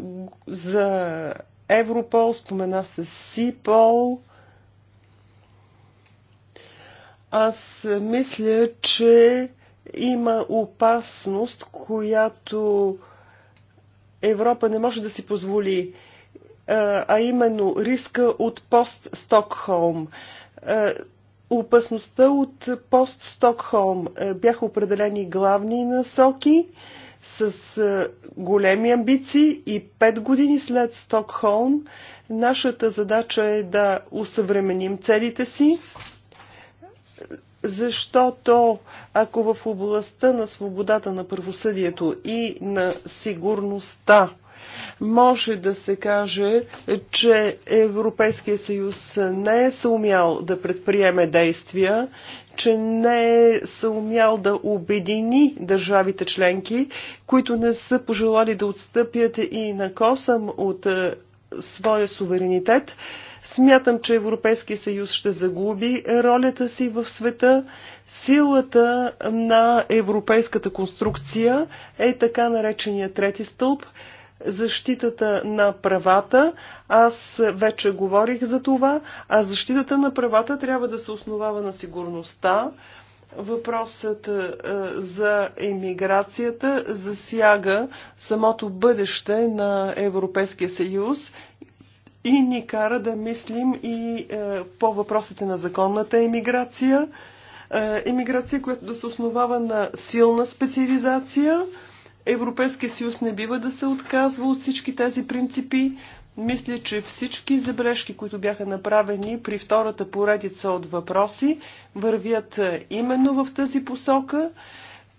за Европол, спомена се СИПОЛ. Аз мисля, че има опасност, която Европа не може да си позволи, е, а именно риска от пост-Стокхолм е, опасността от пост-Стокхолм. Е, бяха определени главни насоки с е, големи амбиции и пет години след Стокхолм нашата задача е да усъвременим целите си, защото ако в областта на свободата на правосъдието и на сигурността може да се каже, че Европейския съюз не е съумял да предприеме действия, че не е съумял да обедини държавите членки, които не са пожелали да отстъпят и на косъм от е, своя суверенитет. Смятам, че Европейския съюз ще загуби ролята си в света. Силата на европейската конструкция е така наречения трети стълб – защитата на правата. Аз вече говорих за това, а защитата на правата трябва да се основава на сигурността. Въпросът е, за емиграцията засяга самото бъдеще на Европейския съюз и ни кара да мислим и е, по въпросите на законната емиграция. Емиграция, която да се основава на силна специализация – Европейския съюз не бива да се отказва от всички тези принципи. Мисля, че всички забележки, които бяха направени при втората поредица от въпроси, вървят е, именно в тази посока.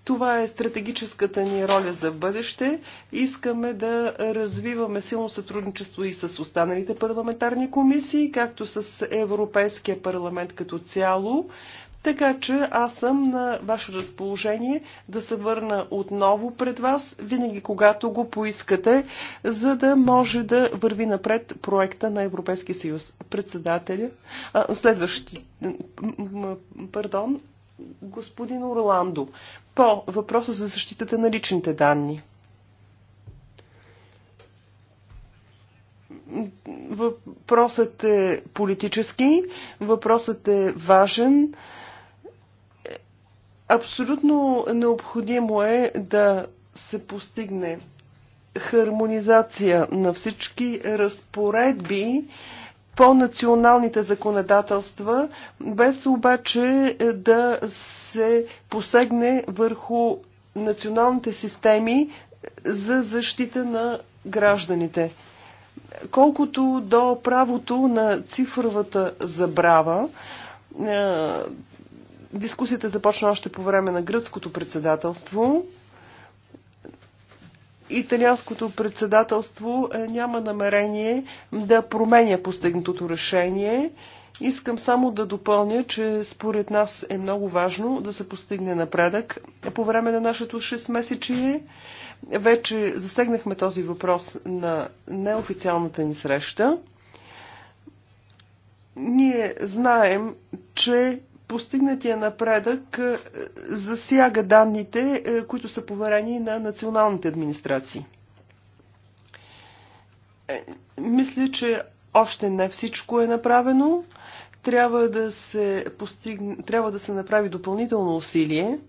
Това е стратегическата ни роля за бъдеще. Искаме да развиваме силно сътрудничество и с останалите парламентарни комисии, както с Европейския парламент като цяло. Така че аз съм на ваше разположение да се върна отново пред вас, винаги когато го поискате, за да може да върви напред проекта на Европейския съюз. Председателя, следващи, пардон, господин Орландо, по въпроса за защитата на личните данни. Въпросът е политически, въпросът е важен. Абсолютно необходимо е да се постигне хармонизация на всички разпоредби по националните законодателства, без обаче е, да се посегне върху националните системи е, за защита на гражданите. Колкото до правото на цифровата забрава, е, Дискусията започна още по време на гръцкото председателство. Италианското председателство е, няма намерение да променя постигнатото решение. Искам само да допълня, че според нас е много важно да се постигне напредък по време на нашето 6 месечие. Вече засегнахме този въпрос на неофициалната ни среща. Ние знаем, че Постигнатия напредък е, засяга данните, е, които са поверени на националните администрации. Е, мисля, че още не всичко е направено. Трябва да се, постигне, трябва да се направи допълнително усилие –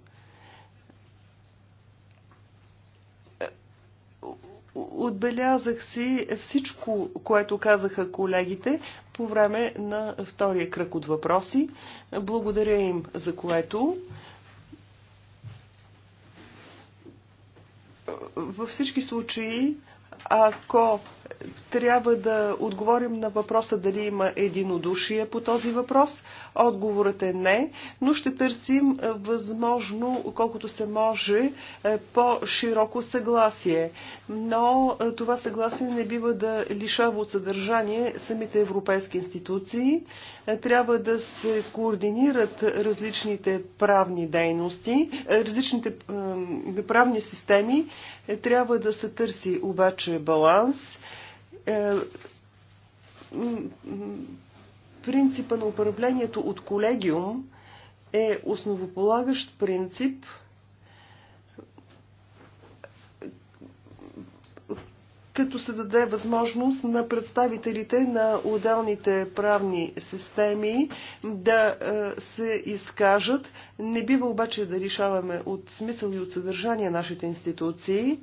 Отбелязах си всичко, което казаха колегите по време на втория кръг от въпроси. Благодаря им за което. Във всички случаи ако трябва да отговорим на въпроса дали има единодушие по този въпрос. Отговорът е не, но ще търсим е, възможно, колкото се може, е, по-широко съгласие. Но е, това съгласие не бива да лишава от съдържание самите европейски институции. Трябва да се координират различните правни дейности, различните правни системи. Трябва да се търси обаче финансови баланс, е, принципа на управлението от колегиум е основополагащ принцип, като се даде възможност на представителите на отделните правни системи да е, се изкажат. Не бива обаче да решаваме от смисъл и от съдържание нашите институции.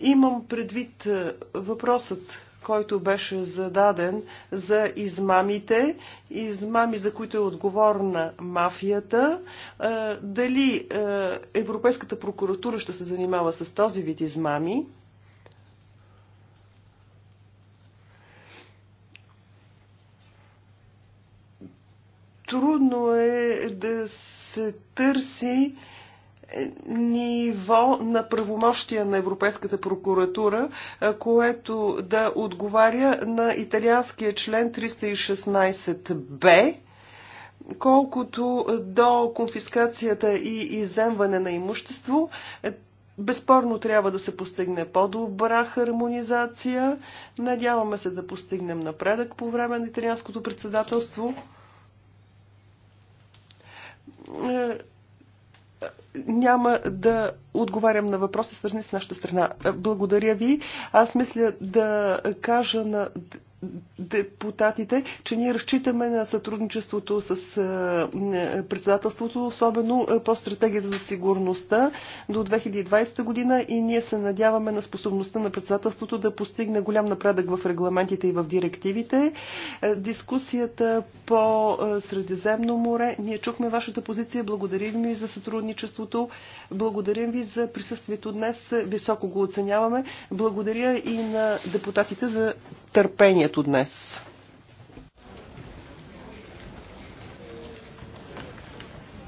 Имам предвид е, въпросът, който беше зададен за измамите, измами, за които е отговорна мафията. Е, дали е, Европейската прокуратура ще се занимава с този вид измами? Трудно е да се търси ниво на правомощия на Европейската прокуратура, което да отговаря на италианския член 316б, колкото до конфискацията и иземване на имущество. Е, безспорно трябва да се постигне по-добра хармонизация. Надяваме се да постигнем напредък по време на италианското председателство е, няма да отговарям на въпроси, свързани с нашата страна. Благодаря ви. Аз мисля да кажа на депутатите, че ние разчитаме на сътрудничеството с председателството, особено по стратегията за сигурността до 2020 година и ние се надяваме на способността на председателството да постигне голям напредък в регламентите и в директивите. Дискусията по Средиземно море, ние чухме вашата позиция, благодарим ви за сътрудничеството, благодарим ви за присъствието днес, високо го оценяваме, благодаря и на депутатите за търпение заседанието днес.